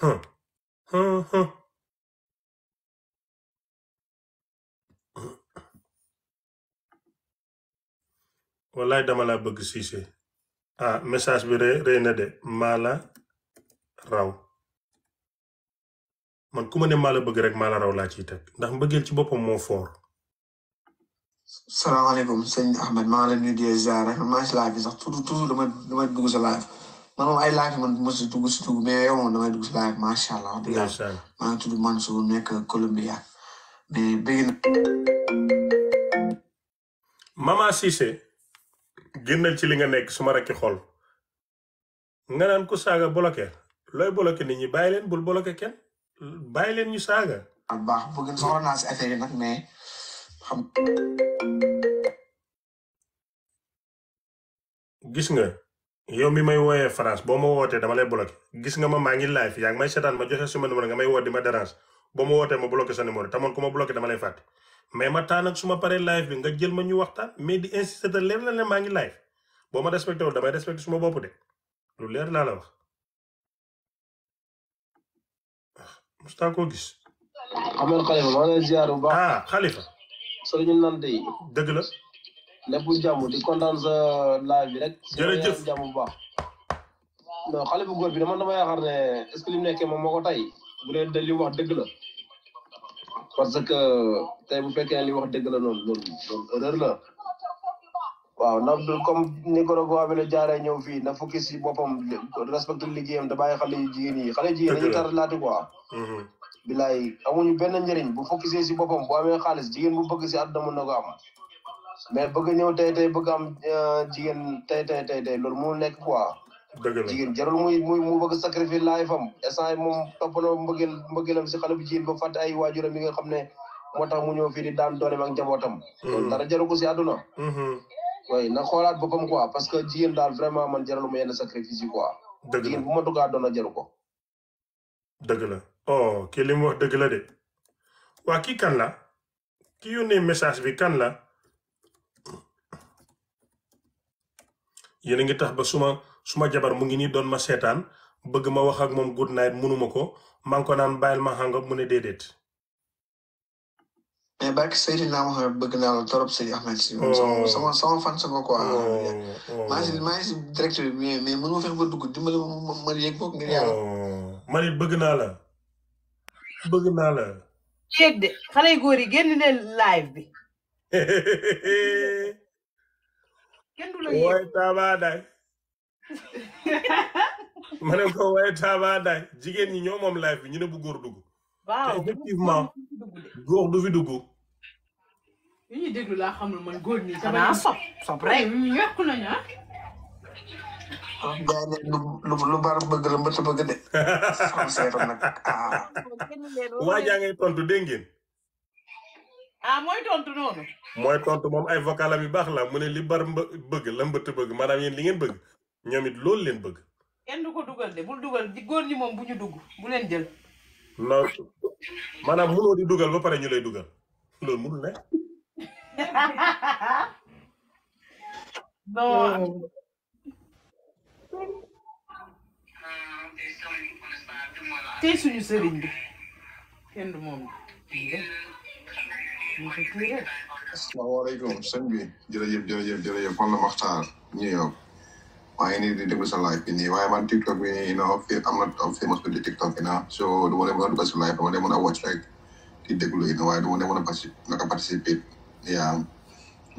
huh. Hmm. Hmm, hmm. dama laa bëgg Ceesay ah message bi rëy na de maa la raw man ku ma ne maa bëgg rek maa raw laa ciy teg ndax mbëggeel ci boppam moo foor salaamaaleykum sëñ Ahmed maa ngi leen di nuyu di ziar maa ngi damay damay dugg si man moom ay live man mos si dugg si dugg mais yow damay dugg si live macha allah maa ngi tudd Mansour nekk Colombia mais bëgg na génnal ci li nga nekk su ma rakki xol nga naan ku saaga bloqué looy bloqué nit ñi bàyyi leen bul bloqué kenn bàyyi leen ñu saaga. waaw baax bëgg na soxla naa si affaire yi nag mais xam. gis nga yow mi may wooyee France boo ma wootee dama lay bloqué gis nga ma maa ngi live yaa ngi may seetaan ma joxe suma numéro nga may woo ma dérange boo ma wootee ma bloqué sa numéro te man ku ma dama lay fàtte. mais ma taan ak su ma paree live bi nga jël ma ñu waxtaan mais di insister te leer na leen maa ngi live boo ma respecté wul damay respecté su bopp de lu leer laa la wax musta koo gis. amoon xalifa maa ngi lay ziar bu baax. ah xalifa. sëriñu Nante di kontaan sa live bi rek. jërëjëf jàmm bu baax. non xale bu góor bi dama dama yaakaar ne est ce que moom moo ko tey bu dee li wax dëgg la. parce que tey bu fekkee li wax dëgg la noonu loolu loolu erreur la comme ni ko doon waxee jaaree ñëw fii na focus si boppam respecté liggéeyam da bàyyi xale yu jigéen yi xale jigéen dañuy tar laati quoi. Mm-hmm. bilaay amuñu benn njëriñ bu focusé si boppam bu amee xaalis jigéen bu bëgg si àdduna mën na ko am mais bëgg ñëw tey tey bëgg am euh, jigéen tey tey tey tey loolu mënul nekk koi dëgg la jigéen jarul muy muy mu bëgg sacrifice laay fam instant yi moom mbëggeel mbëggeelam si xale bu jigéen ba fàtte ay waajuram yi nga xam ne moo tax mu ñëw fii di daan dooleem ak hmm. dara jaru ko si àdduna. Hmm. waaye na xoolaat boppam quoi parce que jigéen daal vraiment man jaralu ma yenn sacrifice yi quoi. dëgg la jigéen bu ma dugg àdduna jaru dëgg la oh kii li wax dëgg la de waa kii kan la ki yónnee message bi kan la yéen a ngi tax ba suma. suma jabar mu ngi nii doon ma seetaan bëgg ma wax ak moom good night munuma ko maa ko naan bàyyil ma hang up mu ne déedéet. mais barke Seydina Mohamed bëgg naa la trop Seydi Ahmed Si. Oh. sama sama oh, oh. directeur bi mais mais mënuma fex ba dugg dimbali ma ma yëg boog ngir yàlla. man bëgg naa la bëgg naa la. de xale yu góor yi génn leen live bi. kenn du mën ne ko waaye taabaadaay jigéen ñi ñoo moom live bi ñu ne bu góor dugg. waaw effectivement góor du fi dugg. li ñuy déglu laa xamul man góor ñi. xanaa sop sop rek yokku nañu ah. ah gars yi lu lu lu baar ah. ah, mooy tontu noonu. mooy tontu moom ay vocal am yu baax la mu ne li bar bëgg la mbët bëgg maanaam yéen li ngeen bëgg. ñoom it loolu leen bëgg. kenn du ko dugal de bul dugal di góor ñi moom bu ñu dugg bu leen jël. non maanaam mënoo di dugal ba pare ñu lay dugal loolu mënul ne. non. tey suñu sëriñ bi kenn du moom asalaamaaleykum sëñ bi jërëjëf jërëjëf jërëjëf man la Maxtaar New York maa ngi nii di déglu sa live bi nii waaye man TikTok bi nii you know am na famous bi di TikTok bi naa so du ma leen mën a dugg si live dama leen mën a watch rek di déglu yi waaye di ma leen mën a maa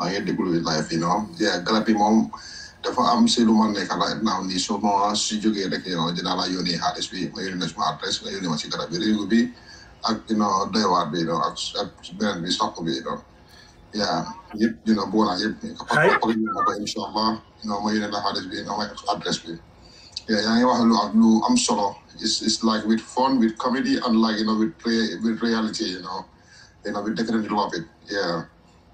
ngi déglu live yi non yaa garab moom dafa am si lu ma nekk la naaw nii soo ma si rek you dinaa la yónnee xaalis bi ma bi réew bi ak you know bi you know ak beneen bi soq bi you yeah, yep, you know, bola yep, kapag pag yun mo ba inshallah, you know, may yun na hadis bin, may address bin. Yeah, yang iwa halu halu am solo. It's it's like with fun, with comedy, and like you know, with play, with reality, you know, you know, we it. Yeah,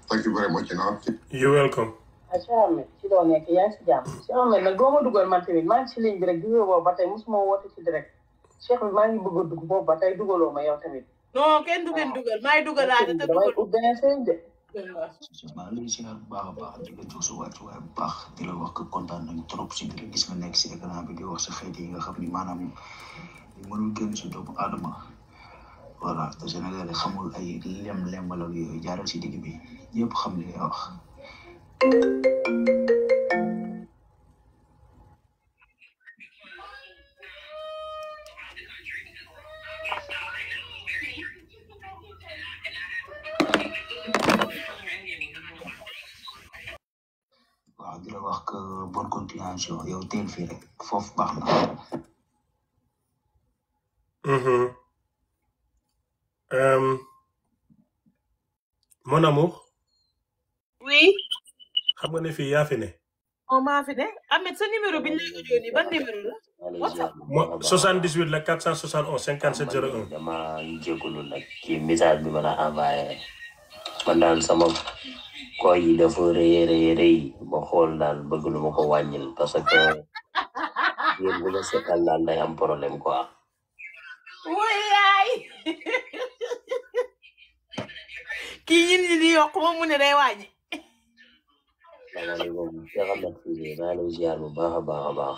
thank you very much. You know, you're welcome. Achame, ci doo nekk yaa ngi si jàmm. si am dugal man tamit maa ngi si bi rek dugaloo boobu ba tey mosuma woote ci direct. Cheikh bi maa ngi bëgg a dugg boobu ba dugaloo ma yow tamit. non kenn du dugal maay dugalaate te dugal. damay ut de. waaw bu baax baax di a jox sa wàccuwaay bu baax di la wax que kontaan nañ trop si di gis nekk si écran bi di wax sa fête yi nga xam ni maanaam mënul génn si doomu aadama voilà te Sénégal xamul ay lem-lem wala jaaral si digg bi ñëpp xam li nga wax. wax que bonne continuation yow teel rek foofu baax na. Mhm. Euh, mon amour. oui. xam nga ne fii yaa fi ne. oh maa fi ne Ahmed sa numéro bi ñu la ko yónnee numéro la. whatsapp mooy 78 la 471 57 01. damaa jégalu nag kii message bi ma la envoyé man daal sama. koy yi dafa rëy rëy rëy ma xool daal bëgg lu ko wàññil parce que yéen bu ma seetal daal problème quoi. wallaay kii ñun ñi di yokk moom mu ne day bu baax a baax a baax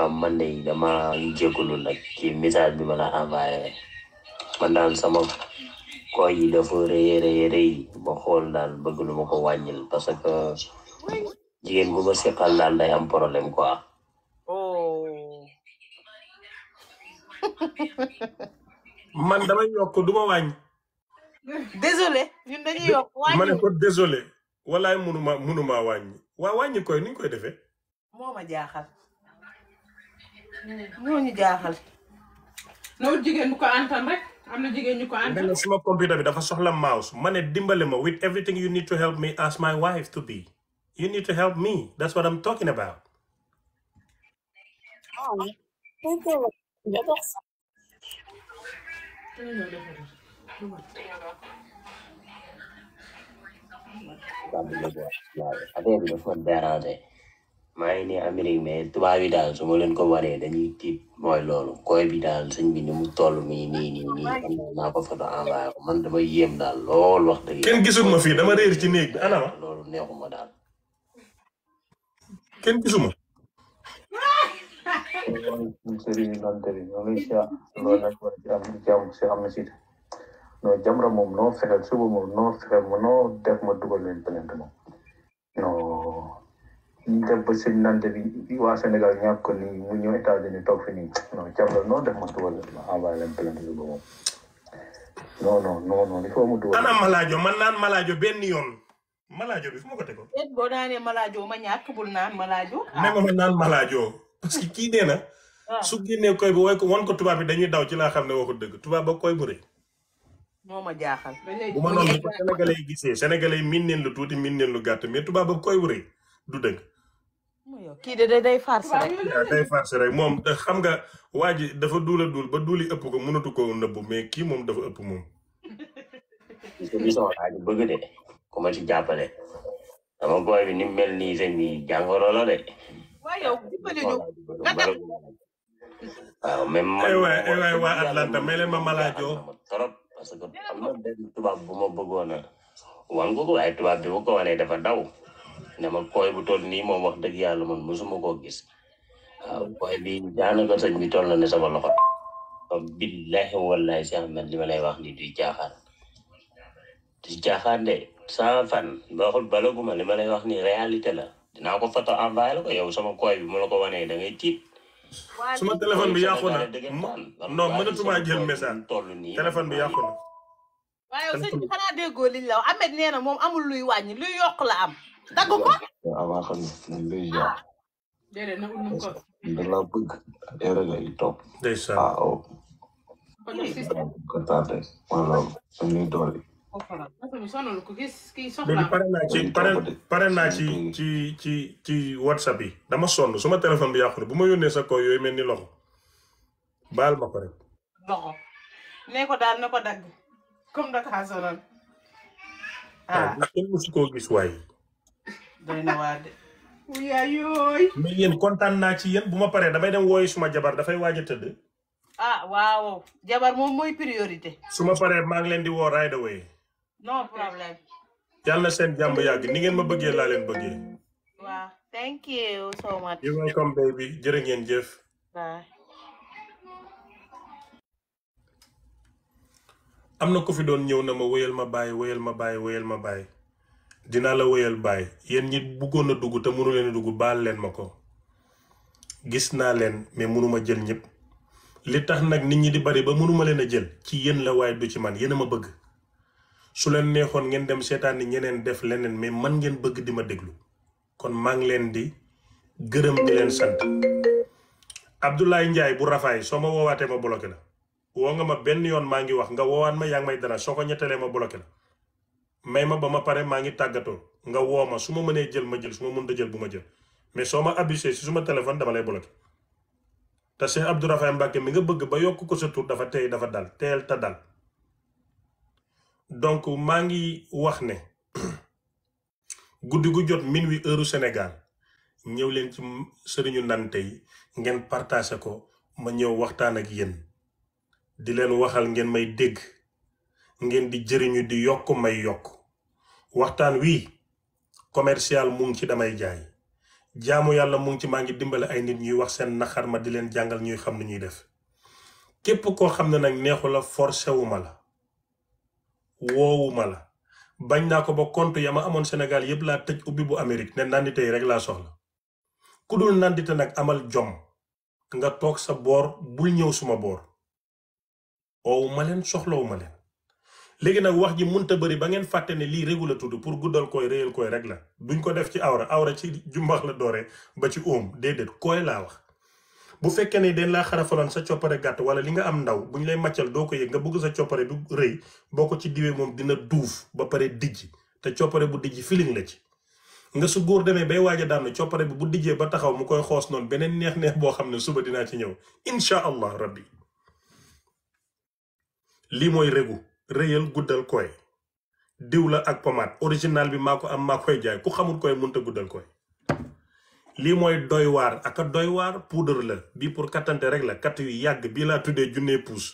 ah man de dama jégalu nag ci message bi ma la envoyé man daal koy yi dafa rëy rëy rëy ba xool daal bëgg lu ma ko wàññil parce que jigéen bo ma seqal daal day am problème quoi. Oh. man damay yokk du ma wàññi. désolé ñun dañuy yokk wàññi ma ne ko désolé walaay munuma munuma wàññi waa wàññi koy ni koy defee. moo ma jaaxal. moo ñu jaaxal. loolu jigéen bu ko antan rek. am na suma computer bi dafa soxla mouse ma dimbali ma with everything you need to help me as my wife to be you need to help me that's what I'm talking about. maa ngi nii Amérique mais tubaab yi daal su ma leen ko waree dañuy tiit mooy loolu koy bi daal sëñ bi ni mu toll nii nii nii nii am naa ko photo envoyé ko man dama yéem daal lool wax dëgg kenn gisul ma fii dama réer ci néeg bi ana ma loolu neexuma daal kenn gisuma sëriñ Lante bi ñoo ngi ca loolu nag war ci am jàmm si am na si non Jamra moom noo fexe suba moom noo fexe ma noo def ma dugal leen plainte moom non ñu def ba sëñ nante bi waa Sénégal ñàkk ko nii mu ñëw États-Unis toog fi nii non Thiam la non def ma tuwal ma envoyé leen plainte bi ba moom non non non non il faut mu tuwal. ana Maladio man naan Maladio benn yoon. Maladio bi fu ma ko tegoon. déet boo naanee Maladio ma ñàkk bul naan Maladio. ah même ma naan Maladio. parce que kii nee na. Ah. su génnee koy bu woy ko won ko tubaab bi dañuy daw ci laa xam ne waxu dëgg tubaab ba koy bu rëy. moo ma jaaxal. bu ma noonu Sénégalais yi gisee Sénégalais yi miin neen lu tuuti miin neen lu gàtt mais tubaab ba koy bu rëy du dëgg. kii de day farce day farce moom xam nga waa ji dafa duula dul ba duuli ëpp ko mënatu koo nëbbu mais kii moom dafa ëpp moom. parce bëgg de ku ma jàppale sama boy bi ni mu mel nii sëñ waa Atlanta mel ne ma malaajoo. trop parce que am bu ma bëggoon a wan ko waaye tubaab bi bu ko wanee dafa daw. ne ma koy bu toll nii moom wax dëgg yàlla man mosuma koo gis waaw koy bi daanaka sëñ bi toll na ne sama loxo billahi wallahi si Ahmed li ma lay wax nii duy caaxaan duy caaxaan de sans fan baaxul balaguma li wax nii réalité la dinaa ko photo envoyé ko yow sama koy bi mu la ko wanee da ngay tiit suma téléphone bi yàqu na non mënatuma jël message téléphone bi yàqu na waaye sëñ bi xanaa la wax Ahmed moom amul luy wàññi luy yokk la am dagg ko. avant xam ne ah, oh. oh, pare naa ci pare pare naa ci ci whatsapp yi dama sonn suma téléphone bi yàqu na bu ma yónnee sa ko yooyu mel ni loxo baal ma ko rek. loxo nee ko daal na ko dagg comme da kaa sonal. ah kenn musu koo gis waaye. doy na waa de. wuyaa yooyu. mais yéen kontaan naa ci yéen bu ma paree damay dem woy suma jabar dafay waaj a tëdd. ah waaw jabar moom mooy priorité. su ma paree maa ngi leen di woo right away. no problème. yàlla na seen jàmm yàgg ni ngeen ma bëggee laa leen bëggee. waaw thank you so much. you're welcome ngeen jëf. am na ku fi doon ñëw na ma wéyal ma bàyyi wéyal ma bàyyi wéyal ma bàyyi. dinaa la woyal baay yéen ñi bëggoon a dugg te mënu leen dugg baal leen ma ko gis naa leen mais mënuma jël ñëpp li tax nag nit ñi di bari ba mënuma leen a jël ci yéen la waaye du ci man yéen a ma bëgg su leen neexoon ngeen dem seetaan ni ñeneen def leneen mais man ngeen bëgg di ma déglu kon maa ngi leen di gërëm di leen sant Abdoulaye njaay bu rafaay soo ma woowaatee ma bloqué la woo nga ma benn yoon maa ngi wax nga woowaan ma yaa ngi may dara soo ko ñettalee ma bloqué la may ma ba ma paree maa ngi tàggatoo nga woo ma su ma mënee jël ma jël su ma mënut a jël bu ma jël mais soo ma abusé si suma téléphone dama lay bloqué te Cheikh Abdou Rafahi Mbacke mi nga bëgg ba yokk ko sa tur dafa tey dafa dal teel te dal donc maa ngi wax ne guddi gu jot minuit heure senegal ñëw leen ci sëriñu nante yi ngeen partagé ko ma ñëw waxtaan ak yéen di leen waxal ngeen may dégg. ngeen di jëriñu di yokk may yokk waxtaan wii commercial mu ngi ci damay jaay jaamu yàlla mu ngi ci maa ngi dimbali ay nit ñuy wax seen naxar ma di leen jàngal ñuy xam ne ñuy def képp koo xam ne nag neexula la forcé wu ma la woowu la bañ naa ko ba compte ya ma amoon senegal yëpp laa tëj ubbi bu Amérique ne nandite yi rek laa soxla ku dul nandite nag amal jom nga toog sa boor bul ñëw suma boor oowu leen soxlawu ma leen léegi nag wax ji mënta bari ba ngeen fàtte ne lii régu la tudd pour guddal koy réyal koy rek la duñ ko def ci awra awra ci jumbax la dooree ba ci óom déedéet koy laa wax bu fekkee ne den laa xarafaloon sa coppare wala li nga am ndaw bu ñu lay màccal doo ko yëg nga bëgg sa coppare du rëy boo ko ci diwee moom dina duuf ba pare dijj te coppare bu dijj feeling la ci nga su góor demee bay waaj a daan coppare bi bu dijjee ba taxaw mu koy xoos noonu beneen neex neex boo xam ne suba dinaa ci ñëw incha allah rabbi lii mooy régu rëyal guddal koy diw la ak pommade original bi maa ko am maa koy jaay ku xamul koy mënta guddal koy lii mooy doy waar ak a la bii pour kattante rek la katt yu yàgg bii laa tuddee junnee puus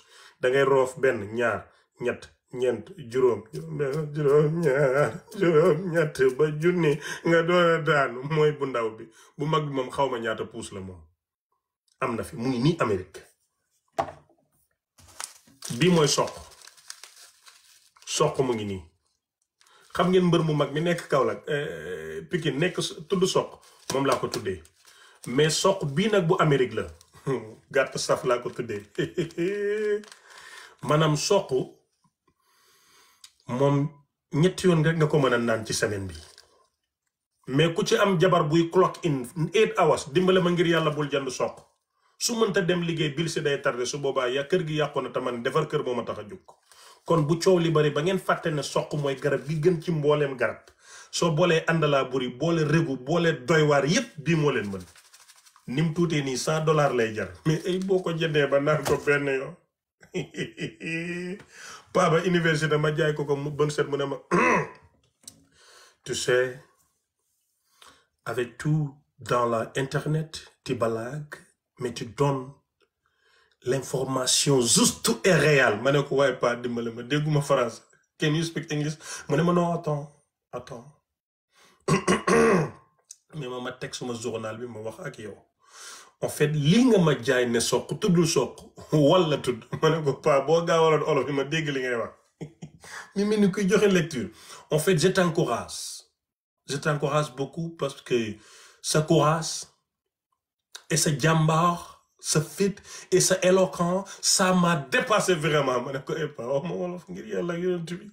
dangay ngay roof benn ñaar ñett ñeent juróom ñaar juróom ñett ba junni nga doon a daanu mooy bu ndaw bi bu mag bi moom xaw ma ñaata puus la moom am na fi mu ngi nii Amérique bii mooy soq soq mu ngi nii xam ngeen mbër mu mag mi nekk Kaolack eh, Pikine nekk tudd soq moom laa ko tuddee mais soq bii nag bu Amérique la gàtt saf laa ko tuddee maanaam soq moom ñetti yoon rek nga ko mën a naan ci semaine bi mais ku ci am jabar buy clock in eight hours dimbale ma ngir yàlla bul jënd soq su mënta dem liggéey bil si day tardé su boobaa ya kër gi yàqoon na taman defar kër moo ma tax a jóg kon bu coow li bari ba ngeen fàtte ne soq mooy garab gi gën ci mbooleem garab soo boolee àndalaa buri boole régu boole doywaar yépp bii moo leen mën ni mu tuutee nii cent dollars lay jar mais eh, boo ko jëndee ba naan ko benn yoo paaba université ma jaay ko ko bën set mu ne ma tu sais avec tout dans la internet tu balagues mais tu l'information juste et réelle ma ne ko waaye pas dimbale ma dégguma français can you speak English mu ne ma non attends attends mais ma ma teg suma journal bi ma wax ak yow en fait li nga ma jaay ne soq tuddul soq walla tudd ma ne ko pas boo gaawaloon olof bi ma dégg li ngay wax mi mel ni kuy joxe lecture en fait je t'encourage je beaucoup parce que sa courage et sa jàmbaar sa fit et sa éloquent ça m'a dépassé vraiment ma ne ko epa eh, wax ma wolof ngir yàlla yonent bi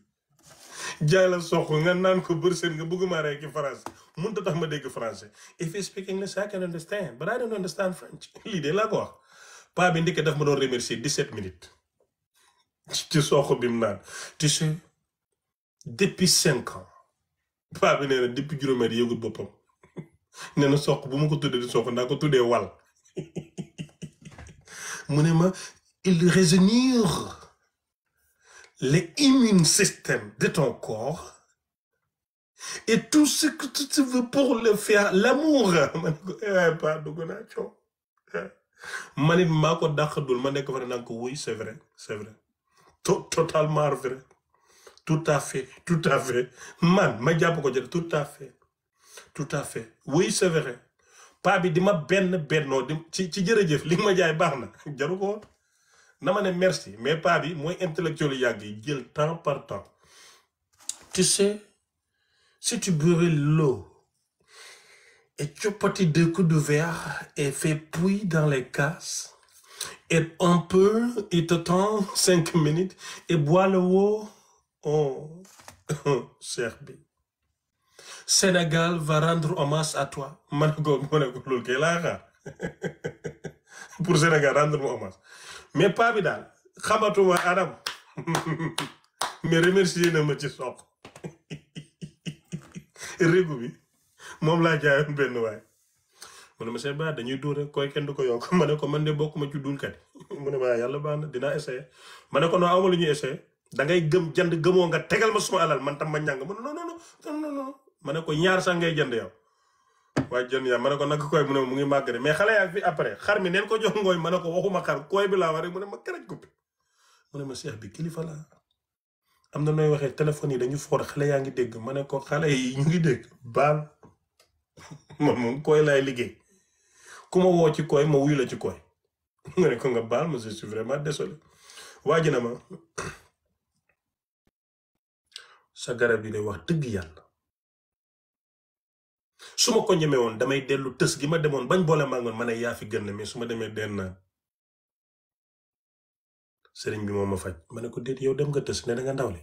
jaay la soq nga naan ko bërsën nga bëgguma rek ci français mënut a tax ma dégg français if you speak English I can understand but I don't understand French lii de laa ko wax paa bi ndeke daf ma doon remercier 17 minutes ci soq bi mu naan ti sais depuis cinq ans paa bi nee na depuis juróomi at yëgul boppam nee na soq bu ma ko tuddee di soq ndaa ko tuddee wal mu ne ma il rajeunir les immune système de ton corps et tout ce que tu veux pour le faire l'amour ma ne ko eh pas dugg naa coow ma ne ma nekk fa ne naan ko oui c'est vrai c'est vrai totalement vrai tout à fait tout à fait man ma jàpp ko jël tout à fait tout à fait oui c'est vrai paa bi di ma benn bennoo di ci ci jërëjëf li ma jaay baax na jaru ko na ma ne merci mais paa bi mooy intellectuel yu yàgg yi jël temps par temps tu sais si tu brûles l'eau et tu deux coups de verre et fais puits dans les casses et un peu, il te cinq minutes et bois le haut. Oh, Sénégal va rendre hommage à toi ma ne ko ma ne ko pour Sénégal rendre ma mais paa bi daal xamatuma mais remercier na ma ci soq régu bi moom laa jaayoon benn waay mu ne ma seen baax dañuy dóor rek koy kenn du ko yokk ma ne ko man de bokk ma duulkat yi mu ne ma yàlla baax na dinaa essayer ma ne ko lu ñuy essayer da ngay gëm jënd gëmoo nga tegal ma suma alal man tam ma ñàng ma non non ma ne ko ñaar sax ngay jënd yow waaye jënd yaa ma ne ko naka koy mu ne mu ngi màgg de mais xale yaa fi après xar mi neen ko jox ngooy ma ko waxuma xar koy bi laa war rek mu ne ma keraj ko mu ne ma seex bi kilifa am na nooy waxee téléphone yi dañu foor xale yaa ngi dégg ma ne ko xale ñu ngi dégg baal koy laay liggéey ku ma woo ci koy ma wuyu la ci koy nga ne ko nga baal ma je suis vraiment désolé waa ji na ma sa garab yi day wax dëgg yàlla su ma ko ñeme woon damay dellu tës gi ma demoon bañ boole maa man ma ne yaa fi gën mais su ma demee deen naa sëriñ bi moom ma faj ma ne ko déet yow dem nga tës ne da nga le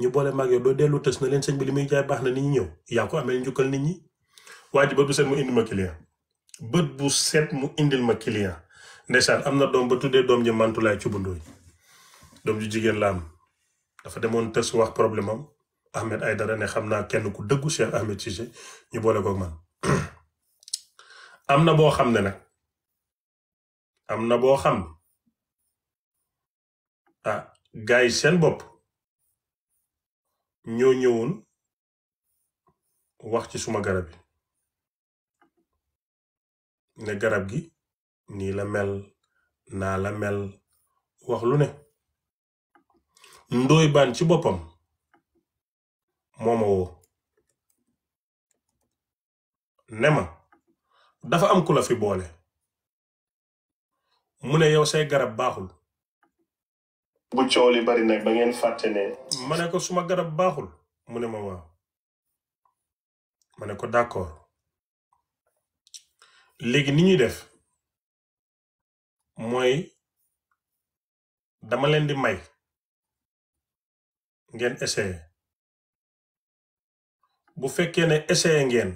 ñu boole maag yow doo dellu tës na leen sëñ bi li muy jaay baax na nit ñi ñëw yaa ko amee njukkal nit ñi waa ji bët bu set mu indil ma client bët bu set mu indil ma client ndeysaan am na doom ba tuddee doom ji mantulaay cubandooy doom ju jigéen la am dafa demoon tës wax problème am ay dara ne xam naa kenn ku dëggu Cheikh Ahmed Cissé ñu boole koog man am na boo xam ne nag am na boo xam ah gars yi seen bopp ñoo ñëwoon wax ci suma garab yi ne garab gi nii la mel naa la mel wax lu ne ndooy baan ci boppam moo ma woo ne ma dafa am ku la fi boole mu ne yow say garab baaxul. bu coow bari nag da ngeen fàtte ne. ma ne ko suma garab baaxul mu ne ma waaw ma ne ko d'accord léegi ni ñuy def mooy dama leen di may ngeen essayer. bu fekkee ne essayé ngeen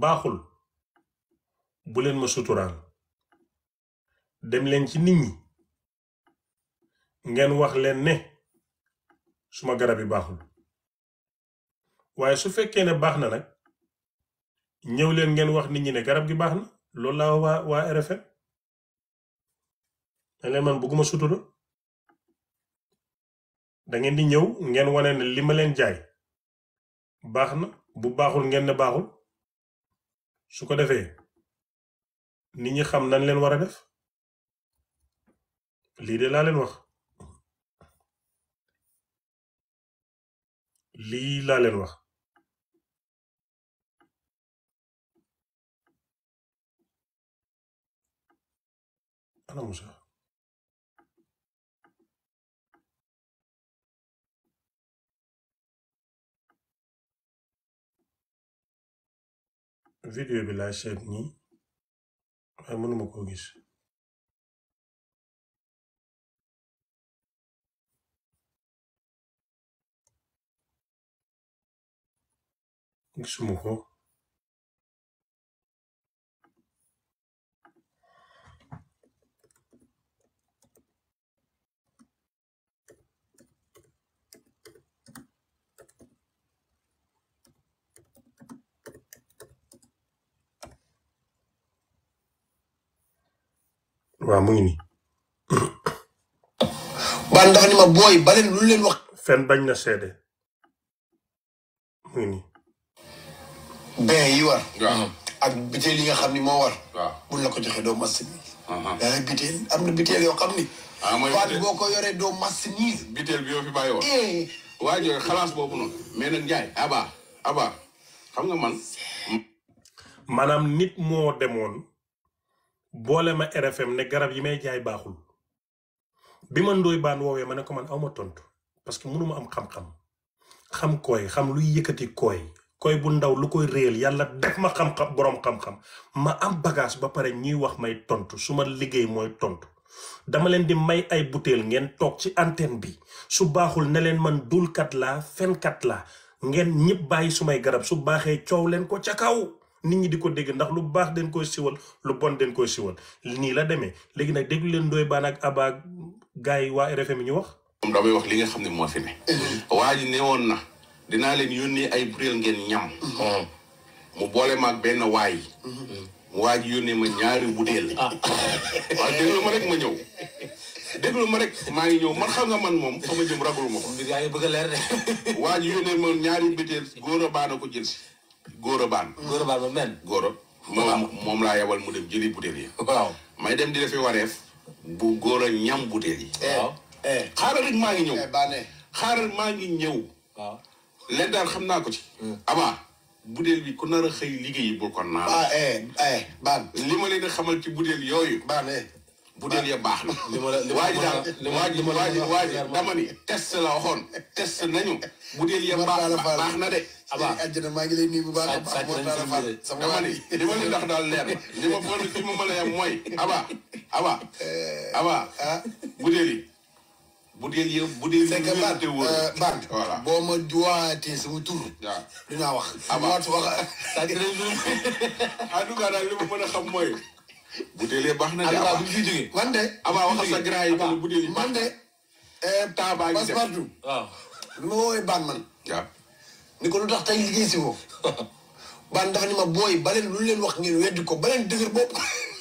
baaxul bu leen ma suturaal dem leen ci nit ñi ngeen wax leen ne suma garab yi baaxul waaye su fekkee ne baax na nag ñëw leen ngeen wax nit ñi ne garab gi baax na loolu laa waa waa RFM da leen man bëgguma sutura da ngeen di ñëw ngeen wane ne li ma leen jaay baax na bu baaxul ngeen ne baaxul su ko defee nit ñi xam nañ leen wara def lii de laa leen wax lii laa leen wax vidéo bi laa seet nii waaye mënuma koo gis gisuma waaw mu ngi nii. Ban dafa booy ba leen lu leen wax. fen bañ na seede. mu nii. benn yi war. ak biteel yi nga xam ni moo war. waaw buñ la ko joxee doo mas ni. biteel yoo xam ni. Ah, boo ko yoree doo mas ni. biteel bi yoo fi bàyyi woon. Eh. waa jooy xalaas boobu noonu. mais nag Ndiaye abaa abaa xam nga man. maanaam nit moo demoon. boole ma RFM ne garab yi may jaay baaxul bi ma ndooy baan woowee ma ne ko man awma tontu parce que mënuma am xam-xam xam kooy xam luy yëkkati kooy koy bu ndaw lu koy réel yàlla def ma xam-xam boroom xam-xam ma am bagage ba pare ñuy wax may tontu su ma liggéey mooy tontu dama leen di may ay butéel ngeen toog ci antenne bi su baaxul ne leen man dulkat laa fenkat laa ngeen ñëpp bàyyi su may garab su baaxee coow leen ko ca kaw nit ñi di ko dégg ndax lu baax den koy siwal lu bon den koy siwal nii la demee léegi nag déglu leen Ndoye Bane ak Aba gars yi waa RFM ñu wax. moom damay wax li nga xam ne moo fi ne. waa ji ne woon na dinaa leen yónnee ay buréel ngeen ñam. mu boole maag benn waay. waa ji yónnee ma ñaari butéel. waaw déglu ma ma ñëw. déglu ma rek maa ngi ñëw man xam nga man moom fa ma jëm raglu ma ko. mbir yaa leer waa ji ñaari butéel góor a baana ko jël si. góor a ba mel. góor moom moom laa yebal mu dem jëli butéel yi. waaw may dem di defi wareef. bu góor a ñam butéel yi. Eh, waaw eh. xaaral rek maa ngi ñëw. Eh, xaaral maa ngi ñëw. waaw leen daal xam naa ko ci. Hmm. abaa butéel bi ku nar a xëy liggéeyi bu ko naan. Ah, li ma leen di xamal ci butéel yooyu. baan bu dee baax na. li ma la li ma la li ma la waa ji waa ji la baax na de. abaa àjjana maa ngi lay nuyu bu baax a baax moo tax la sama li ma leen ndax daal leer li ma mën li ma mën a yem mooy abaa abaa eh, abaa ah. bu dee bu dee yow bu dee. c'est que Bart euh, Bart boo ma sama tur. waaw wax. abaa wax. li ma mën a xam mooy. butéelee baax na de abaa bu ñu fi jógee man de. abaa wax ba man de. Eh, temps ma ko lu tax tey liggéey si woo. booy baleen lu leen wax ngeen weddi ko baleen dëgër bopp.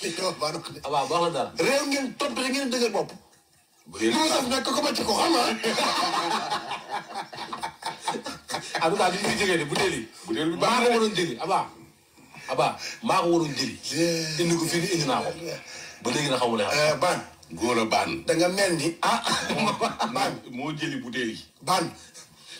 li ci wax Ban wax de. abaa baax na ngeen topp rek ngeen dëgër bopp. bu dee lu nag ko ci ko xam ah. en tout cas bi ñu fi jógee de butéel yi. butéel bi baax na de maa ko mënoon jógee abaa. Aba maa ko waroon jëli. indi ko fii indi naa ko. ba léegi na xamul ne eh, Ban. góor a Ban. da nga mel ni ah. Ban moo jëli butéel yi. Ban.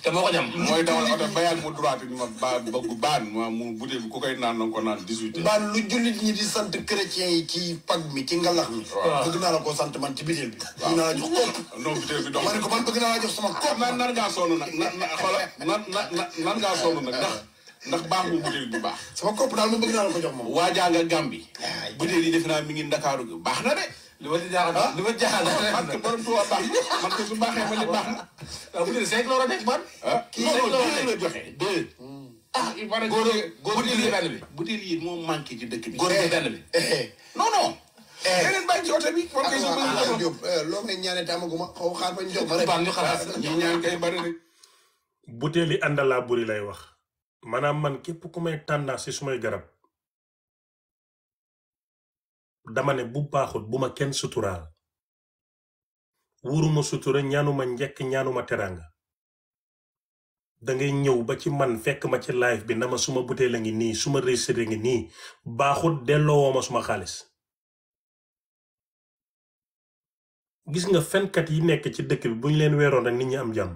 te moo ko ñam. mooy dawal oto bayal mu droit bi ma ba Ban mu butéel bi ku koy naan na ko naan dix-huit. Ban lu jullit ñi di sant chrétien yi ci pag mi ci ngalax mi. waaw bëgg naa la koo sant man ci butéel bi. waaw bëgg naa la jox kopp. non butéel bi dox ma ne ko man bëgg naa la jox sama kopp. nan ah, nan ngaa sonn nag nan nan xoolal nan nan nan ngaa sonn nag ndax. ndax baax mu butéel bu baax. sama kopp daal ma bëgg naa la ko jox moom. waa jànga Gàmbi. waay butéel yi defe naa mi ngi Ndakaaru gi baax na de. li ma ci jaaxal ah? li ma jaaxal ah, parce que borom tubaab baax na man su baaxee ma ne baax na. waaw ah, butéel cinq la joxe deux. ah il paraît góor yi benn bi butéel yi moo manqué ci dëkk bi. góor yi eh, benn bi. Eh, eh. non non. beneen bàyyi ci oto bi. ah waaw loo may ñaanee jox amaguma xaw ba ñu jox ma rek. ñu ñaan kay bari rek. yi àndalaa buri lay wax maanaam man képp ku may tendance ci sumay garab dama ne bu baaxut bu ma kenn suturaal wuruma sutura ñaanuma njekk ñaanuma teraanga dangay ñëw ba ci man fekk ma ci live bi na ma suma butéel a ngi nii suma réussite ngi nii baaxut delloowoo ma suma xaalis gis nga fenkat yi nekk ci dëkk bi bu ñu leen weeroon rek nit ñi am jàmm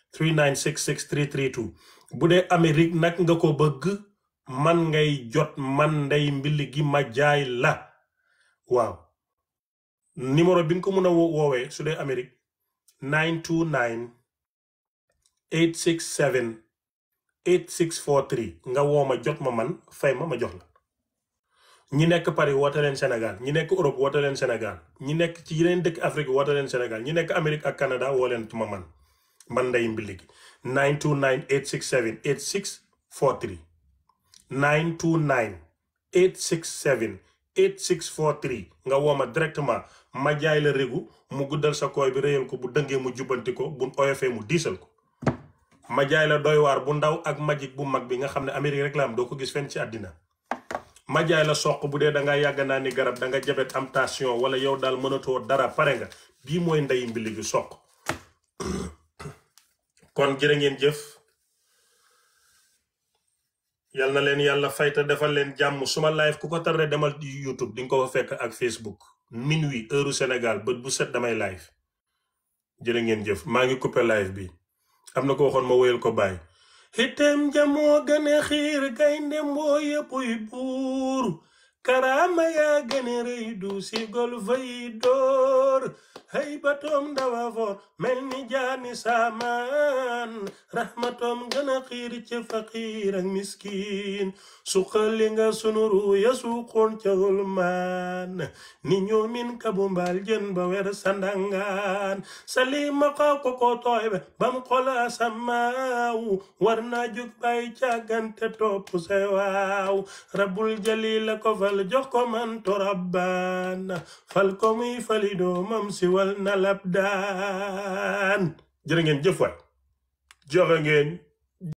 3966332 bu dee Amérique nag nga ko bëgg man ngay jot man ndey mbill gi ma jaay la waaw numéro bi nga ko mën a woowee su dee Amérique 929 867 8643 nga woo ma jot ma man fay ma ma jox la ñi nekk Paris woote leen senegal ñi nekk Europe woote leen Sénégal ñi nekk ci yeneen dëkk Afrique woote leen senegal ñi nekk Amérique ak Canada woo leen ma man man nday mbiligi 929 867 8643 929 867 8643 nga woo ma directement ma jaay la régu mu guddal sa kooy bi réyal ko bu dëngee mu jubbanti ko bu oyofee mu diisal ko ma jaay la doy waar bu ndaw ak magic bu mag bi nga xam ne Amérique rek la doo ko gis fenn ci àddina ma la soq bu dee da nga yàgg naa ni garab da nga jabet am tension wala yow daal mënatoo dara pare nga bii mooy ndeyi mbili gi soq kon jërë ngeen jëf yal na leen yàlla fayta defal leen jàmm suma live ku ko tarre demal YouTube di ko fa fekk ak Facebook minuit heure Sénégal bët bu set damay live jërë ngeen jëf maa ngi coupé live bi am na ko waxoon ma woyal ko bàyyi. itam jamoo gën xiir gaynde mboo yëppuy buur karaama yaa gëne rëy du si gol fay door hay foor mel ni jaani saamaan rahmatoom gëna xiir ca faqiir ak miskiin suqali nga sunu ruu ya ca hulmaan ni ñoomin kabu mbaal jën ba wer sandangaan salima kaa koko tooy be bam xola samaaw war naa jug bàyyi càggante topp say waaw rabul jalila ko fa fal jox ko man torabaan fal ko muy fali doomam si wal na labdaan jërë ngeen jëf ngeen